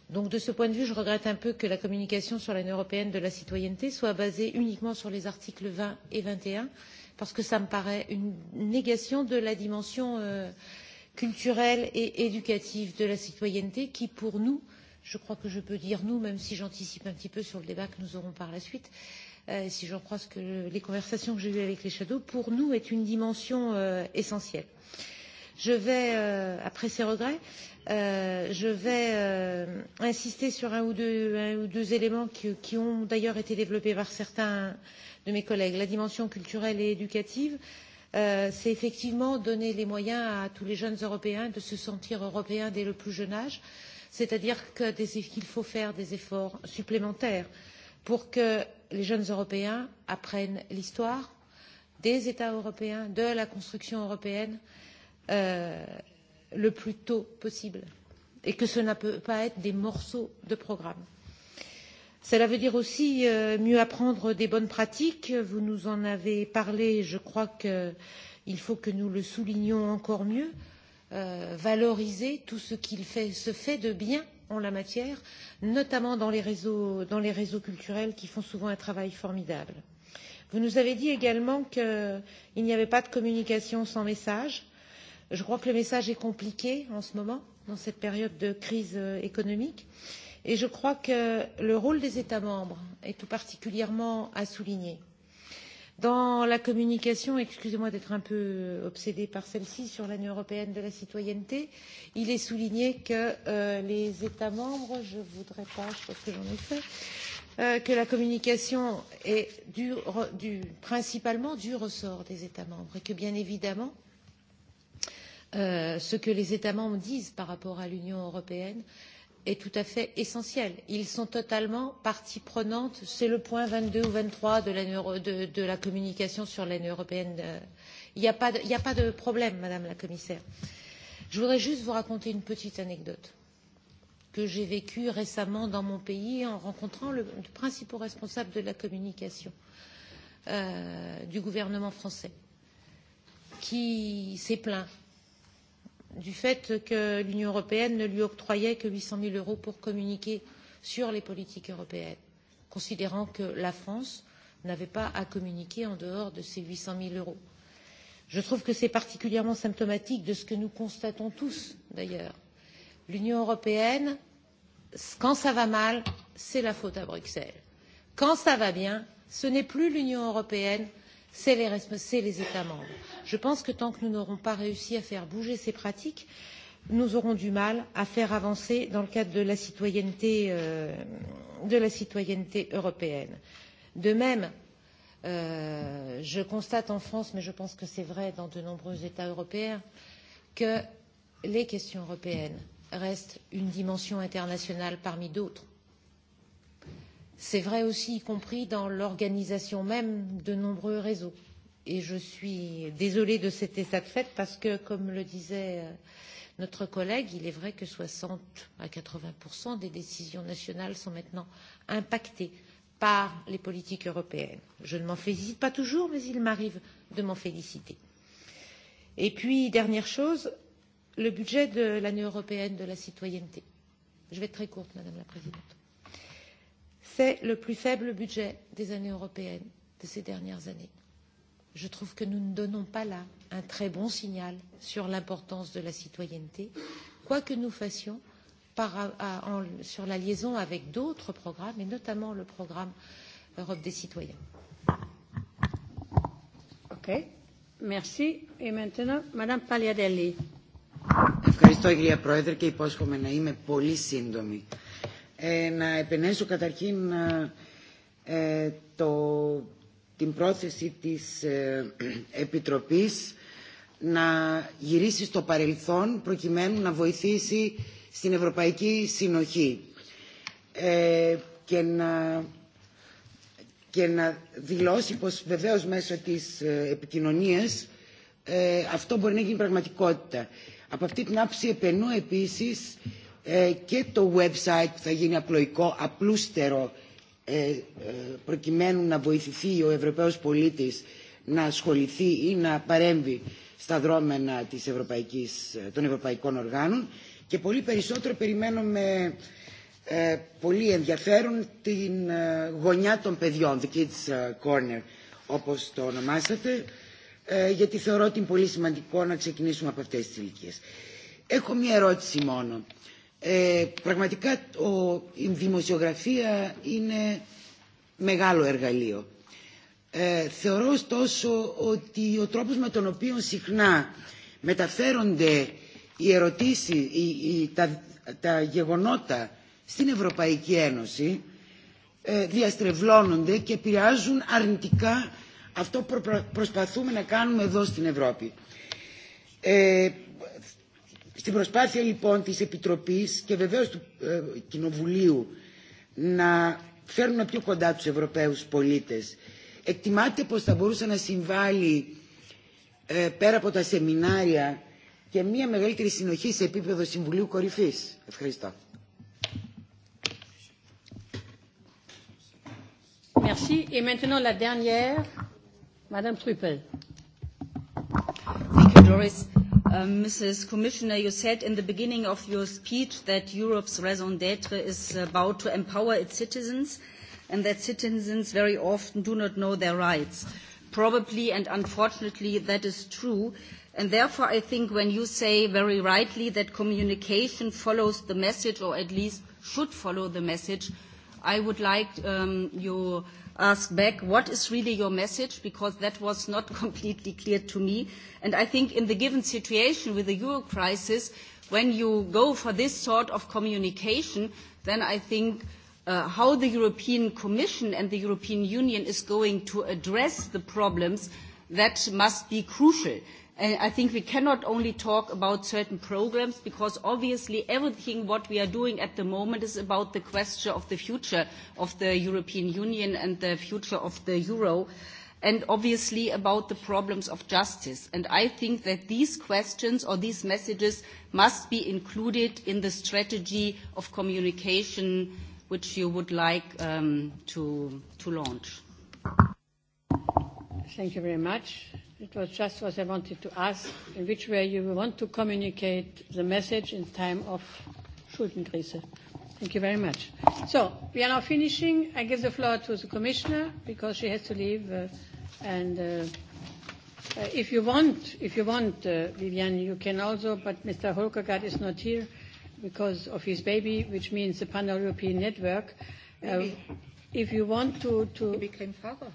Donc de ce point de vue, je regrette un peu que la communication sur l'année européenne de la citoyenneté soit basée uniquement sur les articles 20 et 21, parce que ça me paraît une négation de la dimension euh, culturelle et éducative de la citoyenneté qui, pour nous, je crois que je peux dire nous, même si j'anticipe un petit peu sur le débat que nous aurons par la suite, euh, euh, si j'en crois ce que je, les conversations que j'ai eues avec les shadows, pour nous est une dimension euh, essentielle. Je vais, euh, après ces regrets, euh, je vais euh, insister sur un ou deux, un ou deux éléments qui, qui ont d'ailleurs été développés par certains de mes collègues. La dimension culturelle et éducative, euh, c'est effectivement donner les moyens à tous les jeunes Européens de se sentir Européens dès le plus jeune âge, c'est-à-dire qu'il qu faut faire des efforts supplémentaires pour que les jeunes Européens apprennent l'histoire des États européens, de la construction européenne, euh, le plus tôt possible et que cela ne peut pas être des morceaux de programme. Cela veut dire aussi euh, mieux apprendre des bonnes pratiques. Vous nous en avez parlé. Je crois qu'il faut que nous le soulignions encore mieux. Euh, valoriser tout ce qu'il fait, se fait de bien en la matière, notamment dans les réseaux, dans les réseaux culturels qui font souvent un travail formidable. Vous nous avez dit également qu'il n'y avait pas de communication sans message. Je crois que le message est compliqué en ce moment, dans cette période de crise euh, économique. Et je crois que le rôle des États membres est tout particulièrement à souligner. Euh, Dans la communication, excusez-moi d'être un peu obsédée par celle-ci, sur l'année européenne de la citoyenneté, il est souligné que euh, les États membres, je ne voudrais pas, je pense que j'en ai fait, euh, que la communication est du, du, principalement du ressort des États membres et que bien évidemment, euh, ce que les États membres disent par rapport à l'Union européenne est tout à fait essentiel. Ils sont totalement partie prenante. C'est le point vingt deux ou vingt trois de, la communication sur l'année européenne. Euh. Il n'y a, pas de, a pas de problème, Madame la Commissaire. Je voudrais juste vous raconter une petite anecdote que j'ai vécue récemment dans mon pays en rencontrant le, le principal responsable de la communication euh, du gouvernement français qui s'est plaint du fait que l'Union européenne ne lui octroyait que 800 000 euros pour communiquer sur les politiques européennes, considérant que la France n'avait pas à communiquer en dehors de ces 800 000 euros. Je trouve que c'est particulièrement symptomatique de ce que nous constatons tous, d'ailleurs. L'Union européenne, quand ça va mal, c'est la faute à Bruxelles. Quand ça va bien, ce n'est plus l'Union européenne, c'est les, États membres. Je pense que tant que nous n'aurons pas réussi à faire bouger ces pratiques, nous aurons du mal à faire avancer dans le cadre de la citoyenneté, euh, de la citoyenneté européenne. De même, euh, je constate en France, mais je pense que c'est vrai dans de nombreux États européens, que les questions européennes restent une dimension internationale parmi d'autres C'est vrai aussi, y compris dans l'organisation même de nombreux réseaux. Et je suis désolée de cet état de fait parce que, comme le disait euh, notre collègue, il est vrai que 60 à 80 des décisions nationales sont maintenant impactées par les politiques européennes. Je ne m'en félicite pas toujours, mais il m'arrive de m'en féliciter. Et puis, dernière chose, le budget de l'année européenne de la citoyenneté. Je vais être très courte, Madame la Présidente c'est le plus faible budget des années européennes de ces dernières années. Je trouve que nous ne donnons pas là un très bon signal sur l'importance de la citoyenneté, quoi que nous fassions par, à, en, sur la liaison avec d'autres programmes, et notamment le programme Europe des citoyens. Okay. Merci. Et maintenant, Madame Pagliadelli. Ευχαριστώ κυρία Πρόεδρε και υπόσχομαι να είμαι πολύ σύντομη ε, να επενέσω καταρχήν ε, το, την πρόθεση της ε, Επιτροπής να γυρίσει στο παρελθόν προκειμένου να βοηθήσει στην Ευρωπαϊκή Συνοχή ε, και, να, και να δηλώσει πως βεβαίως μέσω της επικοινωνίας ε, αυτό μπορεί να γίνει πραγματικότητα. Από αυτή την άψη επενώ επίσης και το website που θα γίνει απλοϊκό, απλούστερο, προκειμένου να βοηθηθεί ο Ευρωπαίος πολίτης να ασχοληθεί ή να παρέμβει στα δρόμενα της Ευρωπαϊκής, των ευρωπαϊκών οργάνων και πολύ περισσότερο περιμένουμε ε, πολύ ενδιαφέρον την ε, γωνιά των παιδιών, the kids corner όπως το ονομάσατε ε, γιατί θεωρώ ότι είναι πολύ σημαντικό να ξεκινήσουμε από αυτές τις ηλικίες. Έχω μία ερώτηση μόνο. Ε, πραγματικά ο, η δημοσιογραφία είναι μεγάλο εργαλείο. Ε, θεωρώ ωστόσο ότι ο τρόπος με τον οποίο συχνά μεταφέρονται οι ερωτήσεις, οι, οι, τα, τα γεγονότα στην Ευρωπαϊκή Ένωση ε, διαστρεβλώνονται και επηρεάζουν αρνητικά αυτό που προ, προσπαθούμε να κάνουμε εδώ στην Ευρώπη. Ε, Στην προσπάθεια λοιπόν της Επιτροπής και βεβαίως του ε, Κοινοβουλίου να φέρουν πιο κοντά τους Ευρωπαίους πολίτες εκτιμάται πως θα μπορούσε να συμβάλλει ε, πέρα από τα σεμινάρια και μια μεγαλύτερη συνοχή σε επίπεδο Συμβουλίου Κορυφής. Ευχαριστώ. Merci. Et maintenant, la dernière, Madame Truppel. Thank you, Doris. Um, Mrs. Commissioner, you said in the beginning of your speech that Europe's raison d'etre is about to empower its citizens and that citizens very often do not know their rights. Probably and unfortunately that is true. And therefore I think when you say very rightly that communication follows the message or at least should follow the message, I would like um, your ask back what is really your message because that was not completely clear to me. And I think in the given situation with the euro crisis, when you go for this sort of communication, then I think uh, how the European Commission and the European Union is going to address the problems, that must be crucial. I think we cannot only talk about certain programs because obviously everything what we are doing at the moment is about the question of the future of the European Union and the future of the euro and obviously about the problems of justice. And I think that these questions or these messages must be included in the strategy of communication which you would like um, to launch. Thank you very much. It was just what I wanted to ask, in which way you want to communicate the message in time of Schuldenkrise. Thank you very much. So we are now finishing. I give the floor to the commissioner because she has to leave. Uh, and uh, uh, if you want, if you want, uh, Vivian, you can also. But Mr. Holkergaard is not here because of his baby, which means the Pan-European Network. Uh, if you want to, to he became father.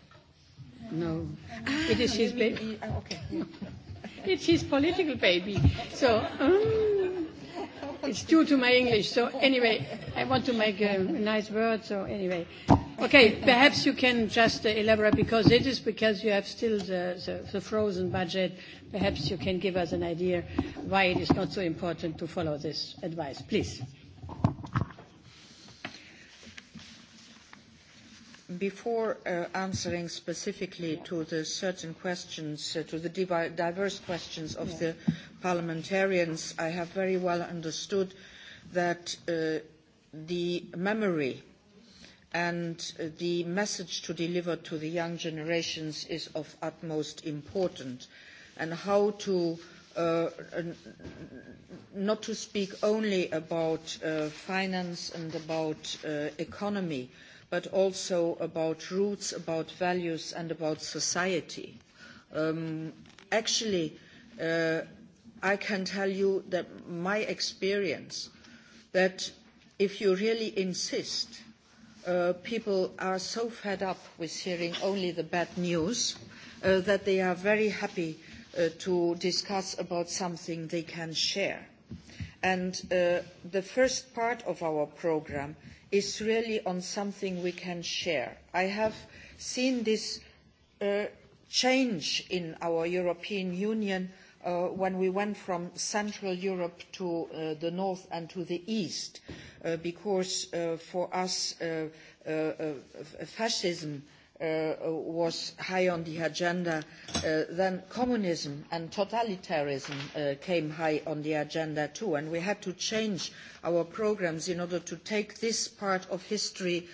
No. Ah, it is his baby. Eh, oh, okay. it's his political baby. So um, it's due to my English. So anyway, I want to make a, a nice word. So anyway, okay. Perhaps you can just uh, elaborate because it is because you have still the, the, the frozen budget. Perhaps you can give us an idea why it is not so important to follow this advice, please. Before uh, answering specifically to the certain questions, uh, to the diverse questions of the parliamentarians, I have very well understood that uh, the memory and the message to deliver to the young generations is of utmost importance and how to not to speak only about finance and about uh, economy but also about roots, about values, and about society. Um, actually, uh, I can tell you that my experience that if you really insist, uh, people are so fed up with hearing only the bad news uh, that they are very happy uh, to discuss about something they can share. And uh, the first part of our programme is really on something we can share. I have seen this uh, change in our European Union uh, when we went from Central Europe to uh, the North and to the East, because for us fascism Uh, was high on the agenda, uh, then communism and totalitarianism uh, came high on the agenda too, and we had to change our programmes in order to take this part of history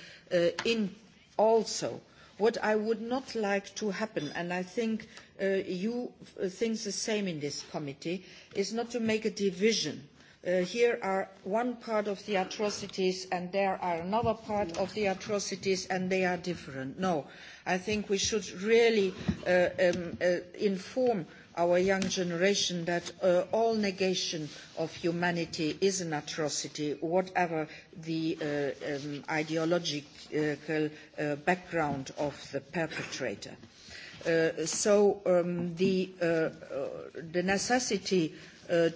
in also. What I would not like to happen, and I think you think the same in this committee, is not to make a division Uh, here are one part of the atrocities and there are another part of the atrocities and they are different. No, I think we should really uh, um, uh, inform our young generation that all negation of humanity is an atrocity, whatever the um, ideological background of the perpetrator. so um, the, the, necessity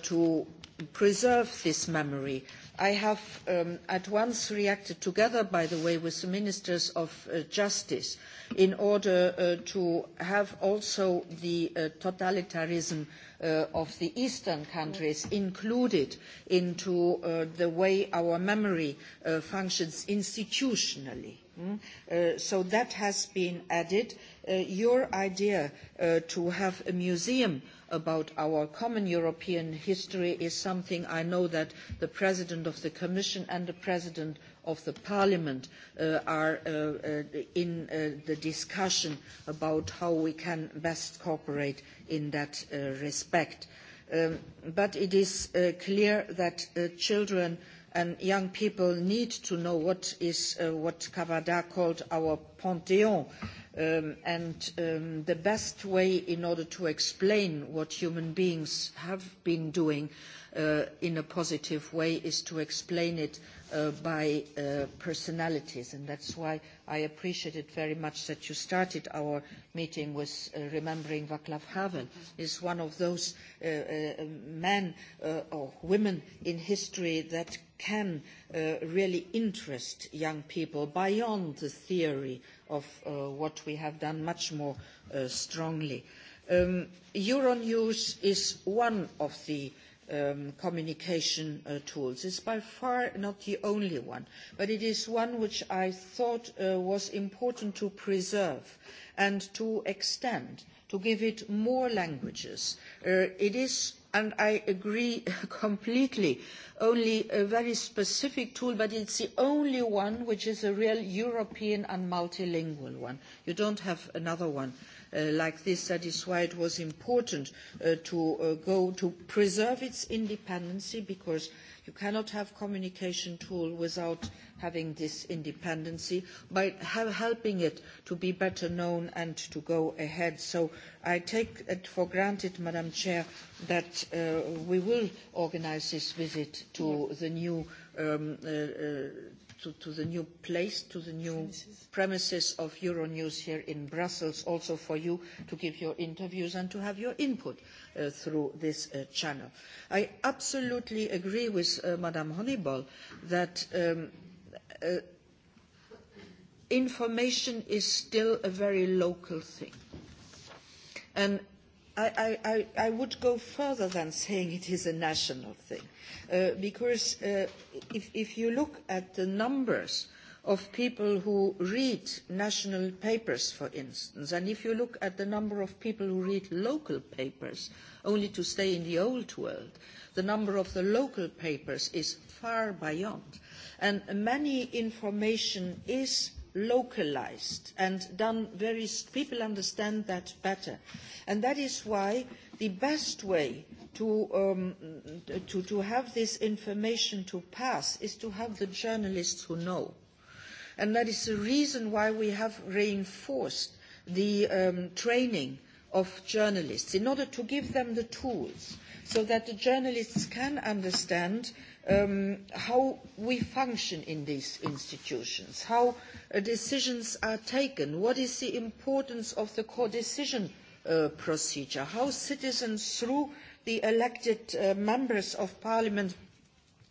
to preserve this memory. I have um, at once reacted together, by the way, with the ministers of uh, justice in order uh, to have also the uh, totalitarianism uh, of the eastern countries included into uh, the way our memory uh, functions institutionally. Mm? so that has been added. your idea to have a museum uh, about our common European history is something I know that the President of the Commission and the President of the Parliament uh, are uh, uh, in uh, the discussion about how we can best cooperate in that uh, respect. Um, but it is uh, clear that children and young people need to know what is what Cavada called our Pantheon, Um, and um, the best way in order to explain what human beings have been doing uh, in a positive way is to explain it uh, by uh, personalities. And that's why I appreciated very much that you started our meeting with uh, remembering Václav Havel. is one of those uh, uh, men or women in history that can really interest young people beyond the theory uh, of uh, what we have done much more uh, strongly. Um, Euronews is one of the um, communication uh, tools. It's by far not the only one, but it is one which I thought uh, was important to preserve and to extend, to give it more languages. Uh, it is and I agree completely, only a very specific tool, but it's the only one which is a real European and multilingual one. You don't have another one Uh, like this. That is why it was important uh, to uh, go to preserve its independence because you cannot have communication tool without having this independence by helping it to be better known and to go ahead. So I take it for granted, Madam Chair, that uh, we will organise this visit to the new um, uh, uh, to, to the new place, to the new premises. premises of Euronews here in Brussels, also for you to give your interviews and to have your input uh, through this uh, channel. I absolutely agree with uh, Madame Honeyball that um, uh, information is still a very local thing. And I, I, I would go further than saying it is a national thing, uh, because uh, if, if you look at the numbers of people who read national papers, for instance, and if you look at the number of people who read local papers, only to stay in the old world, the number of the local papers is far beyond. And many information is Localised and done very, people understand that better. And that is why the best way to, um, to, to have this information to pass is to have the journalists who know. And that is the reason why we have reinforced the um, training of journalists in order to give them the tools so that the journalists can understand um, how we function in these institutions, how uh, decisions are taken, what is the importance of the co-decision uh, procedure, how citizens through the elected uh, members of parliament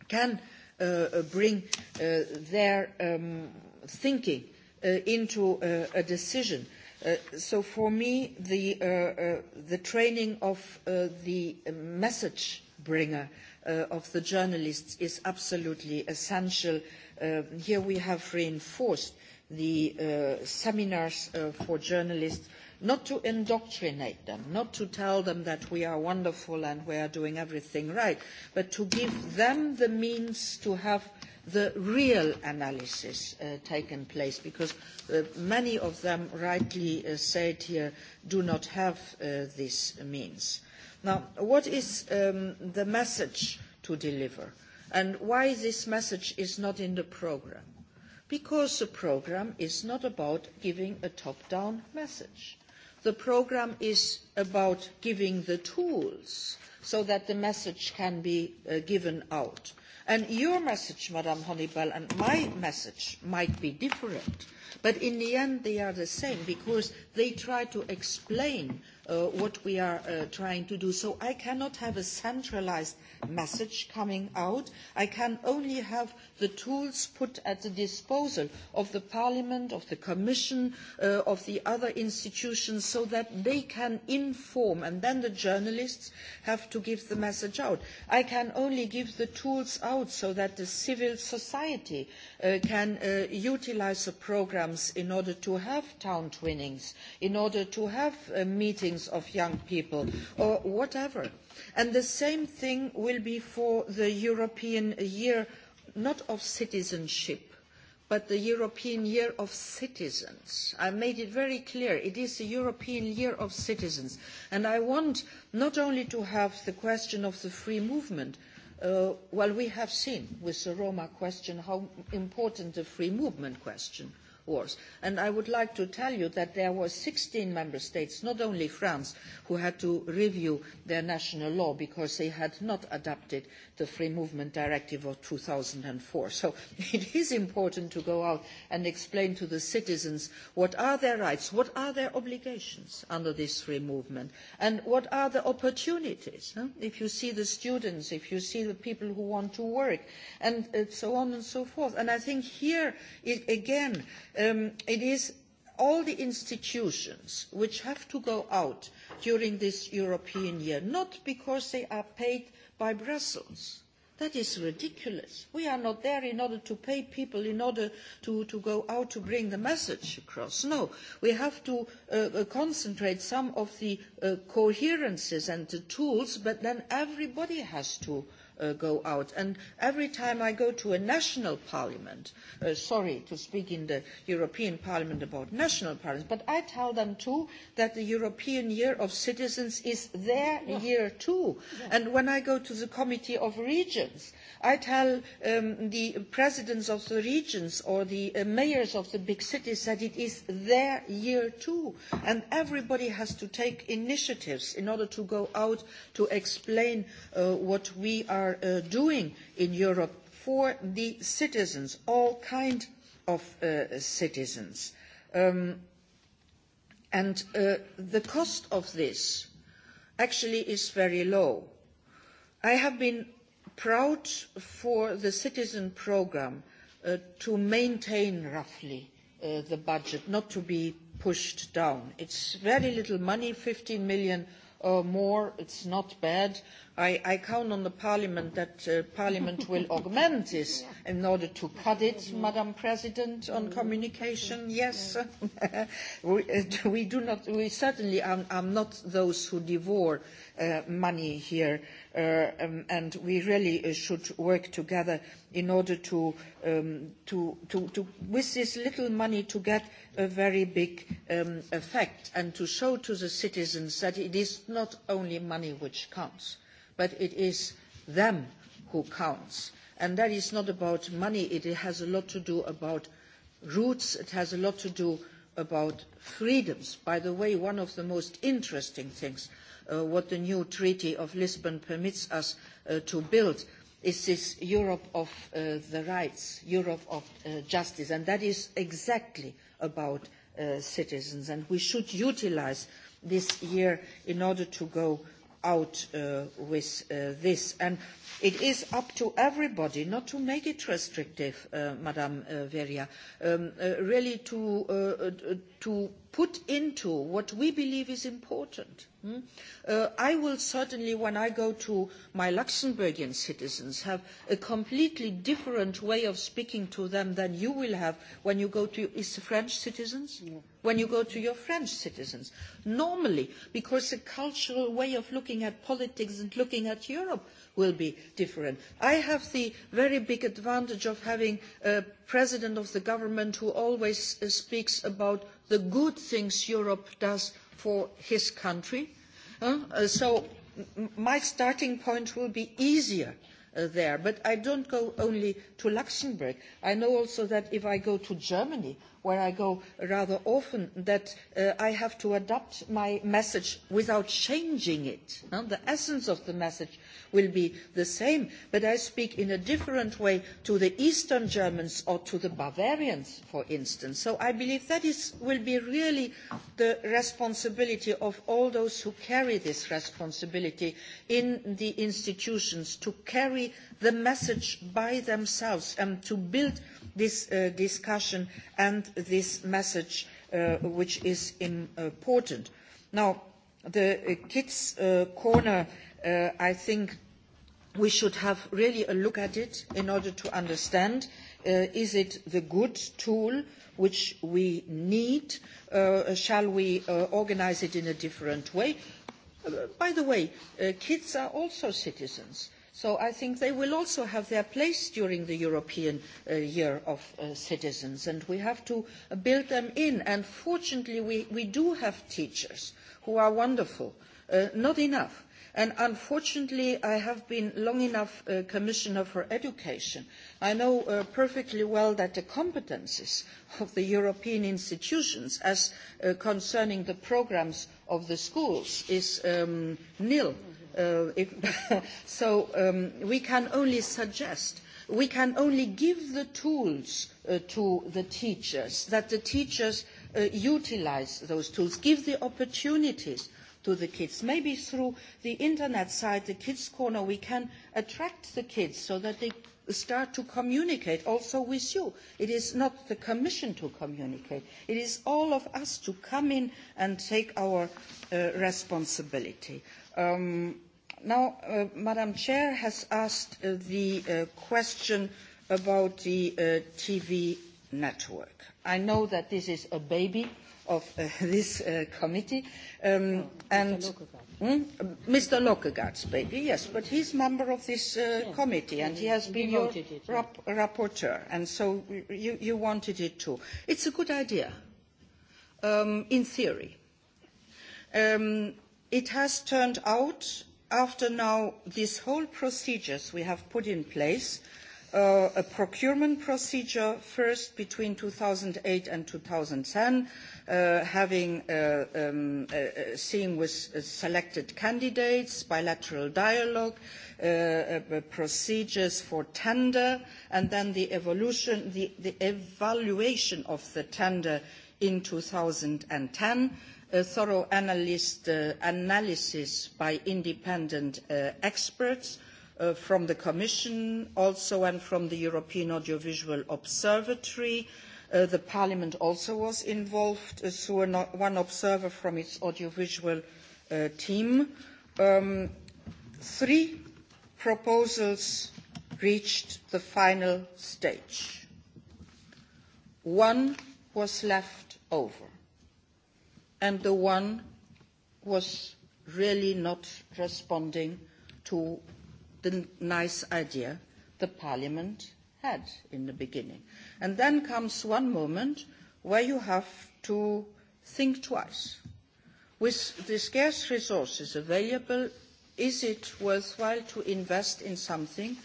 can uh, uh, bring uh, their um, thinking into a decision. so for me, the, the training of the message bringer Uh, of the journalists is absolutely essential. Um, here we have reinforced the uh, seminars uh, for journalists, not to indoctrinate them, not to tell them that we are wonderful and we are doing everything right, but to give them the means to have the real analysis uh, taken place, because uh, many of them, rightly uh, said here, do not have uh, these means. Now, what is um, the message to deliver? And why this message is not in the programme? Because the programme is not about giving a top-down message. The programme is about giving the tools so that the message can be uh, given out. And your message, Madam Honeyball, and my message might be different, but in the end they are the same because they try to explain Uh, what we are uh, trying to do. So I cannot have a centralised message coming out. I can only have the tools put at the disposal of the Parliament, of the Commission, uh, of the other institutions, so that they can inform, and then the journalists have to give the message out. I can only give the tools out so that the civil society uh, can uh, utilise the programmes in order to have town twinnings, in order to have uh, meetings millions of young people or whatever. And the same thing will be for the European year, not of citizenship, but the European Year of Citizens. I made it very clear, it is the European Year of Citizens. And I want not only to have the question of the free movement, uh, well, we have seen with the Roma question how important the free movement question wars. And I would like to tell you that there were 16 member states, not only France, who had to review their national law because they had not adopted the Free Movement Directive of 2004. So it is important to go out and explain to the citizens what are their rights, what are their obligations under this free movement, and what are the opportunities. Huh? If you see the students, if you see the people who want to work, and uh, so on and so forth. And I think here, again, Um, it is all the institutions which have to go out during this European year, not because they are paid by Brussels. That is ridiculous. We are not there in order to pay people, in order to, to go out to bring the message across. No, we have to uh, uh concentrate some of the uh, coherences and the tools, but then everybody has to uh, uh, go out. And every time I go to a national parliament, uh, sorry to speak in the European Parliament about national parliaments, but I tell them too that the European Year of Citizens is their yeah. year too. Yeah. And when I go to the Committee of Regions, I tell um, the presidents of the regions or the uh, mayors of the big cities that it is their year too. And everybody has to take initiatives in order to go out to explain uh, what we are are uh, doing in Europe for the citizens, all kinds of uh, citizens. Um, and uh, the cost of this actually is very low. I have been proud for the citizen programme uh, to maintain roughly uh, the budget, not to be pushed down. It's very little money, 15 million or more, it's not bad, I, count on the Parliament that uh, Parliament will augment this in order to cut it, Madam President, on mm. communication. Mm. Yes, uh, we, do not. We certainly are, not those who devour uh, money here, um, and we really should work together in order um, to, to, to, with this little money, to get a very big um, effect and to show to the citizens that it is not only money which counts but it is them who counts. And that is not about money. It has a lot to do about roots. It has a lot to do about freedoms. By the way, one of the most interesting things uh, what the new Treaty of Lisbon permits us uh, to build is this Europe of uh, the rights, Europe of uh, justice. And that is exactly about uh, citizens. And we should utilise this year in order to go out uh, with uh, this. And it is up to everybody not to make it restrictive, uh, Madam Veria, um, really to to put into what we believe is important. Hmm? Uh, I will certainly, when I go to my Luxembourgian citizens, have a completely different way of speaking to them than you will have when you go to is French citizens, yeah. when you go to your French citizens. Normally, because the cultural way of looking at politics and looking at Europe will be different. I have the very big advantage of having a president of the government who always uh, speaks about the good things Europe does for his country. Uh, uh so my starting point will be easier uh, there. But I don't go only to Luxembourg. I know also that if I go to Germany, where I go rather often, that uh, I have to adapt my message without changing it. Huh? The essence of the message will be the same, but I speak in a different way to the Eastern Germans or to the Bavarians, for instance. So I believe that is, will be really the responsibility of all those who carry this responsibility in the institutions to carry the message by themselves and to build this uh, discussion and this message uh, which is important. Now, the uh, kids corner, I think we should have really a look at it in order to understand is it the good tool which we need? shall we organise it in a different way? by the way, kids are also citizens So I think they will also have their place during the European uh, Year of uh, Citizens, and we have to uh, build them in. And fortunately, we, do have teachers who are wonderful, but not enough. And unfortunately, I have been long enough Commissioner for Education. I know perfectly well that the competences of the European institutions as uh, concerning the programmes of the schools is um, nil. Uh, so um, we can only suggest, we can only give the tools uh, to the teachers, that the teachers uh, utilise those tools, give the opportunities to the kids. Maybe through the internet site, the Kids Corner, we can attract the kids so that they start to communicate also with you. It is not the Commission to communicate. It is all of us to come in and take our uh, responsibility. Um, Now, uh, Madam Chair has asked uh, the uh, question about the TV network. I know that this is a baby of this committee. Um, oh, and Mr. Hmm, lkkegaard's baby, yes, but he's member of this committee and he has been your rapporteur, and so you, wanted it too. It's a good idea, um, in theory. Um, it has turned out after now these whole procedures we have put in place, uh, a procurement procedure first between 2008 and 2010, uh, having uh, um, uh, uh seen with uh, selected candidates, bilateral dialogue, uh, uh, procedures for tender, and then the evolution, the, the evaluation of the tender in 2010 a thorough uh, analysis by independent uh, experts uh, from the Commission also and from the European Audiovisual Observatory. the Parliament also was involved through no, one observer from its audiovisual team. Um, three proposals reached the final stage. One was left over and the one was really not responding to the nice idea the parliament had in the beginning. And then comes one moment where you have to think twice. With the scarce resources available, is it worthwhile to invest in something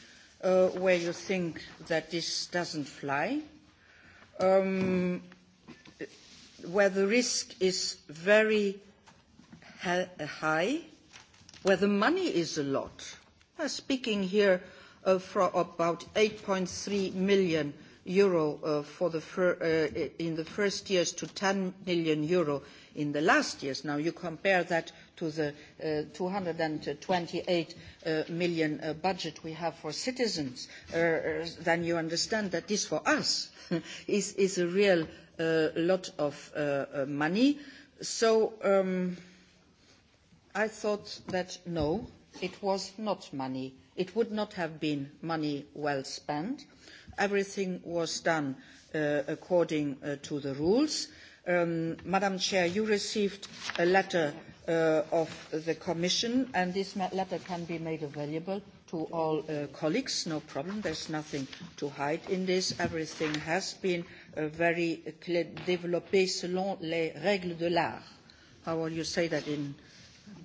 uh, where you think that this doesn't fly? Um, where the risk is very high, where the money is a lot. are speaking here uh, for about 8.3 million euro uh, for the fir, uh, in the first years to 10 million euro in the last years. Now you compare that to the eur uh, two hundred and twenty eight uh, million uh, budget we have for citizens, then you understand that this for us is, is a real uh, lot of uh, money. So um, I thought that no, it was not money. It would not have been money well spent. Everything was done uh, according uh, to the rules. Um, Madam Chair, you received a letter uh, of the Commission, and this letter can be made available to all uh, colleagues, no problem. There's nothing to hide in this. Everything has been uh, very developed selon les règles de l'art. How will you say that in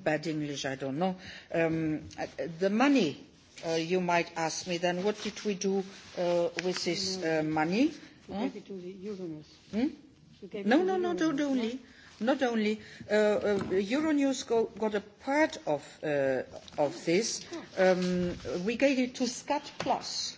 bad English? I don't know. Um, the money, uh, you might ask me then, what did we do uh, with this uh, money? hmm? No, no, no, don't only not only uh, uh, Euronews got a part of, uh, of this. Um, we gave it to SCAT Plus.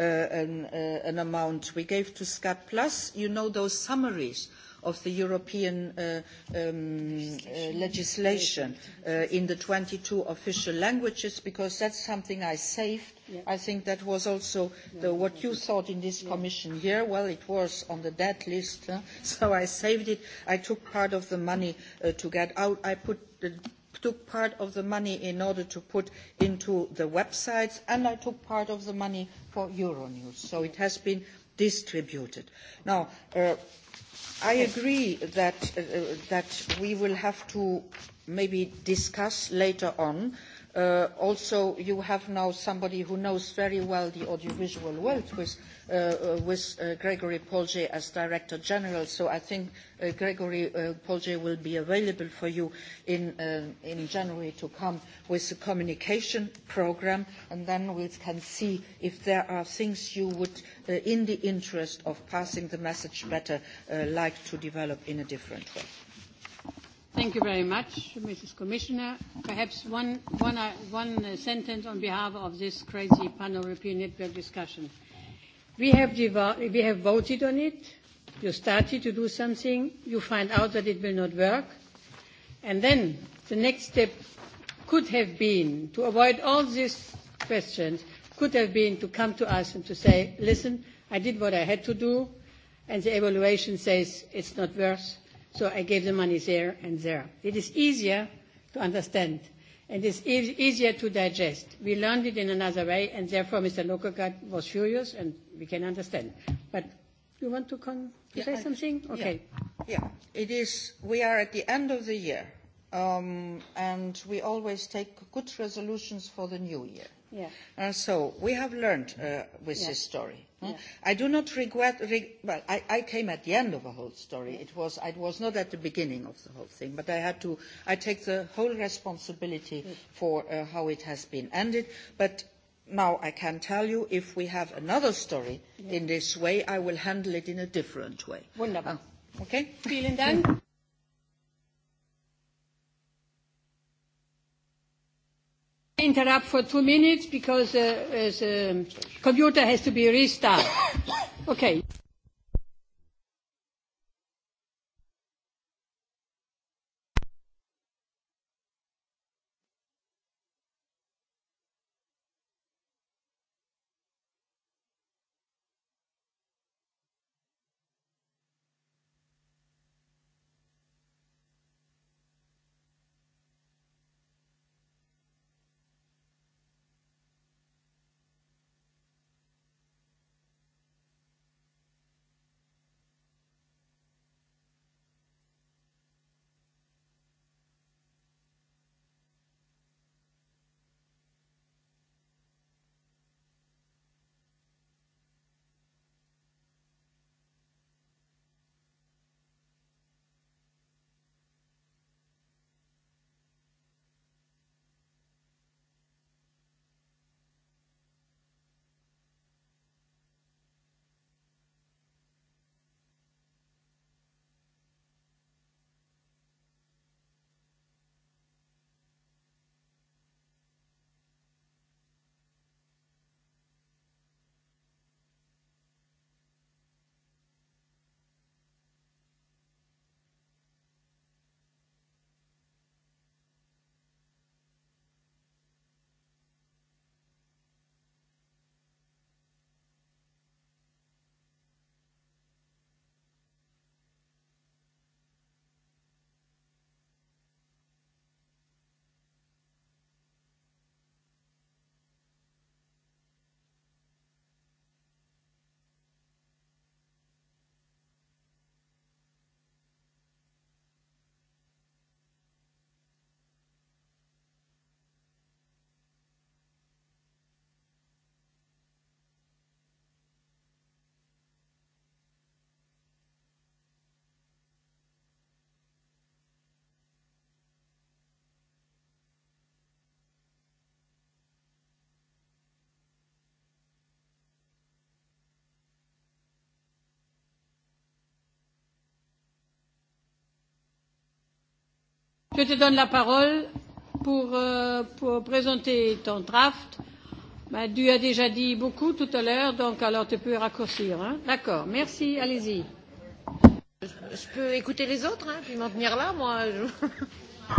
Uh, an, uh, an amount we gave to SCAT Plus, you know those summaries uh, of the European uh, um, legislation, uh, legislation uh, in the 22 official languages, because that's something I saved. Yeah. I think that was also the, what you thought in this commission here. Well, it was on the dead list, huh? so I saved it. I took part of the money uh, to get out. I put the took part of the money in order to put into the websites, and I took part of the money for Euronews. So it has been distributed. Now, uh, I agree that, uh, that we will have to maybe discuss later on Uh, also, you have now somebody who knows very well the audiovisual world with, uh, uh, Gregory Polje as Director General. So I think Gregory uh, will be available for you in, January to come with a communication programme, and then we can see if there are things you would, in the interest of passing the message better, like to develop in a different way. Thank you very much, Mrs. Commissioner. Perhaps one, one, uh, one uh, sentence on behalf of this crazy pan-European network discussion. We have, we have voted on it. You started to do something. You find out that it will not work. And then the next step could have been to avoid all these questions, could have been to come to us and to say, listen, I did what I had to do, and the evaluation says it's not worth So I gave the money there and there. It is easier to understand and it's e- easier to digest. We learned it in another way, and therefore Mr. Lokogat was furious, and we can understand. But you want to, con- to yeah, say I, something? Okay. Yeah, yeah, it is. We are at the end of the year, um, and we always take good resolutions for the new year. Yeah. And so we have learned uh, with yeah. this story Hmm? I do not regret, well, I, came at the end of a whole story. It was, I was not at the beginning of the whole thing, but I had to, I take the whole responsibility for uh, how it has been ended. But now I can tell you, if we have another story in this way, I will handle it in a different way. Wunderbar. Ah, okay? interrupt for two minutes because uh, the computer has to be restarted. Okay. je te donne la parole pour, euh, pour présenter ton draft. Ben, tu as déjà dit beaucoup tout à l'heure, donc alors tu peux raccourcir. Hein. D'accord, merci, allez-y. Je, peux écouter les autres, hein, puis m'en tenir là, moi. Je...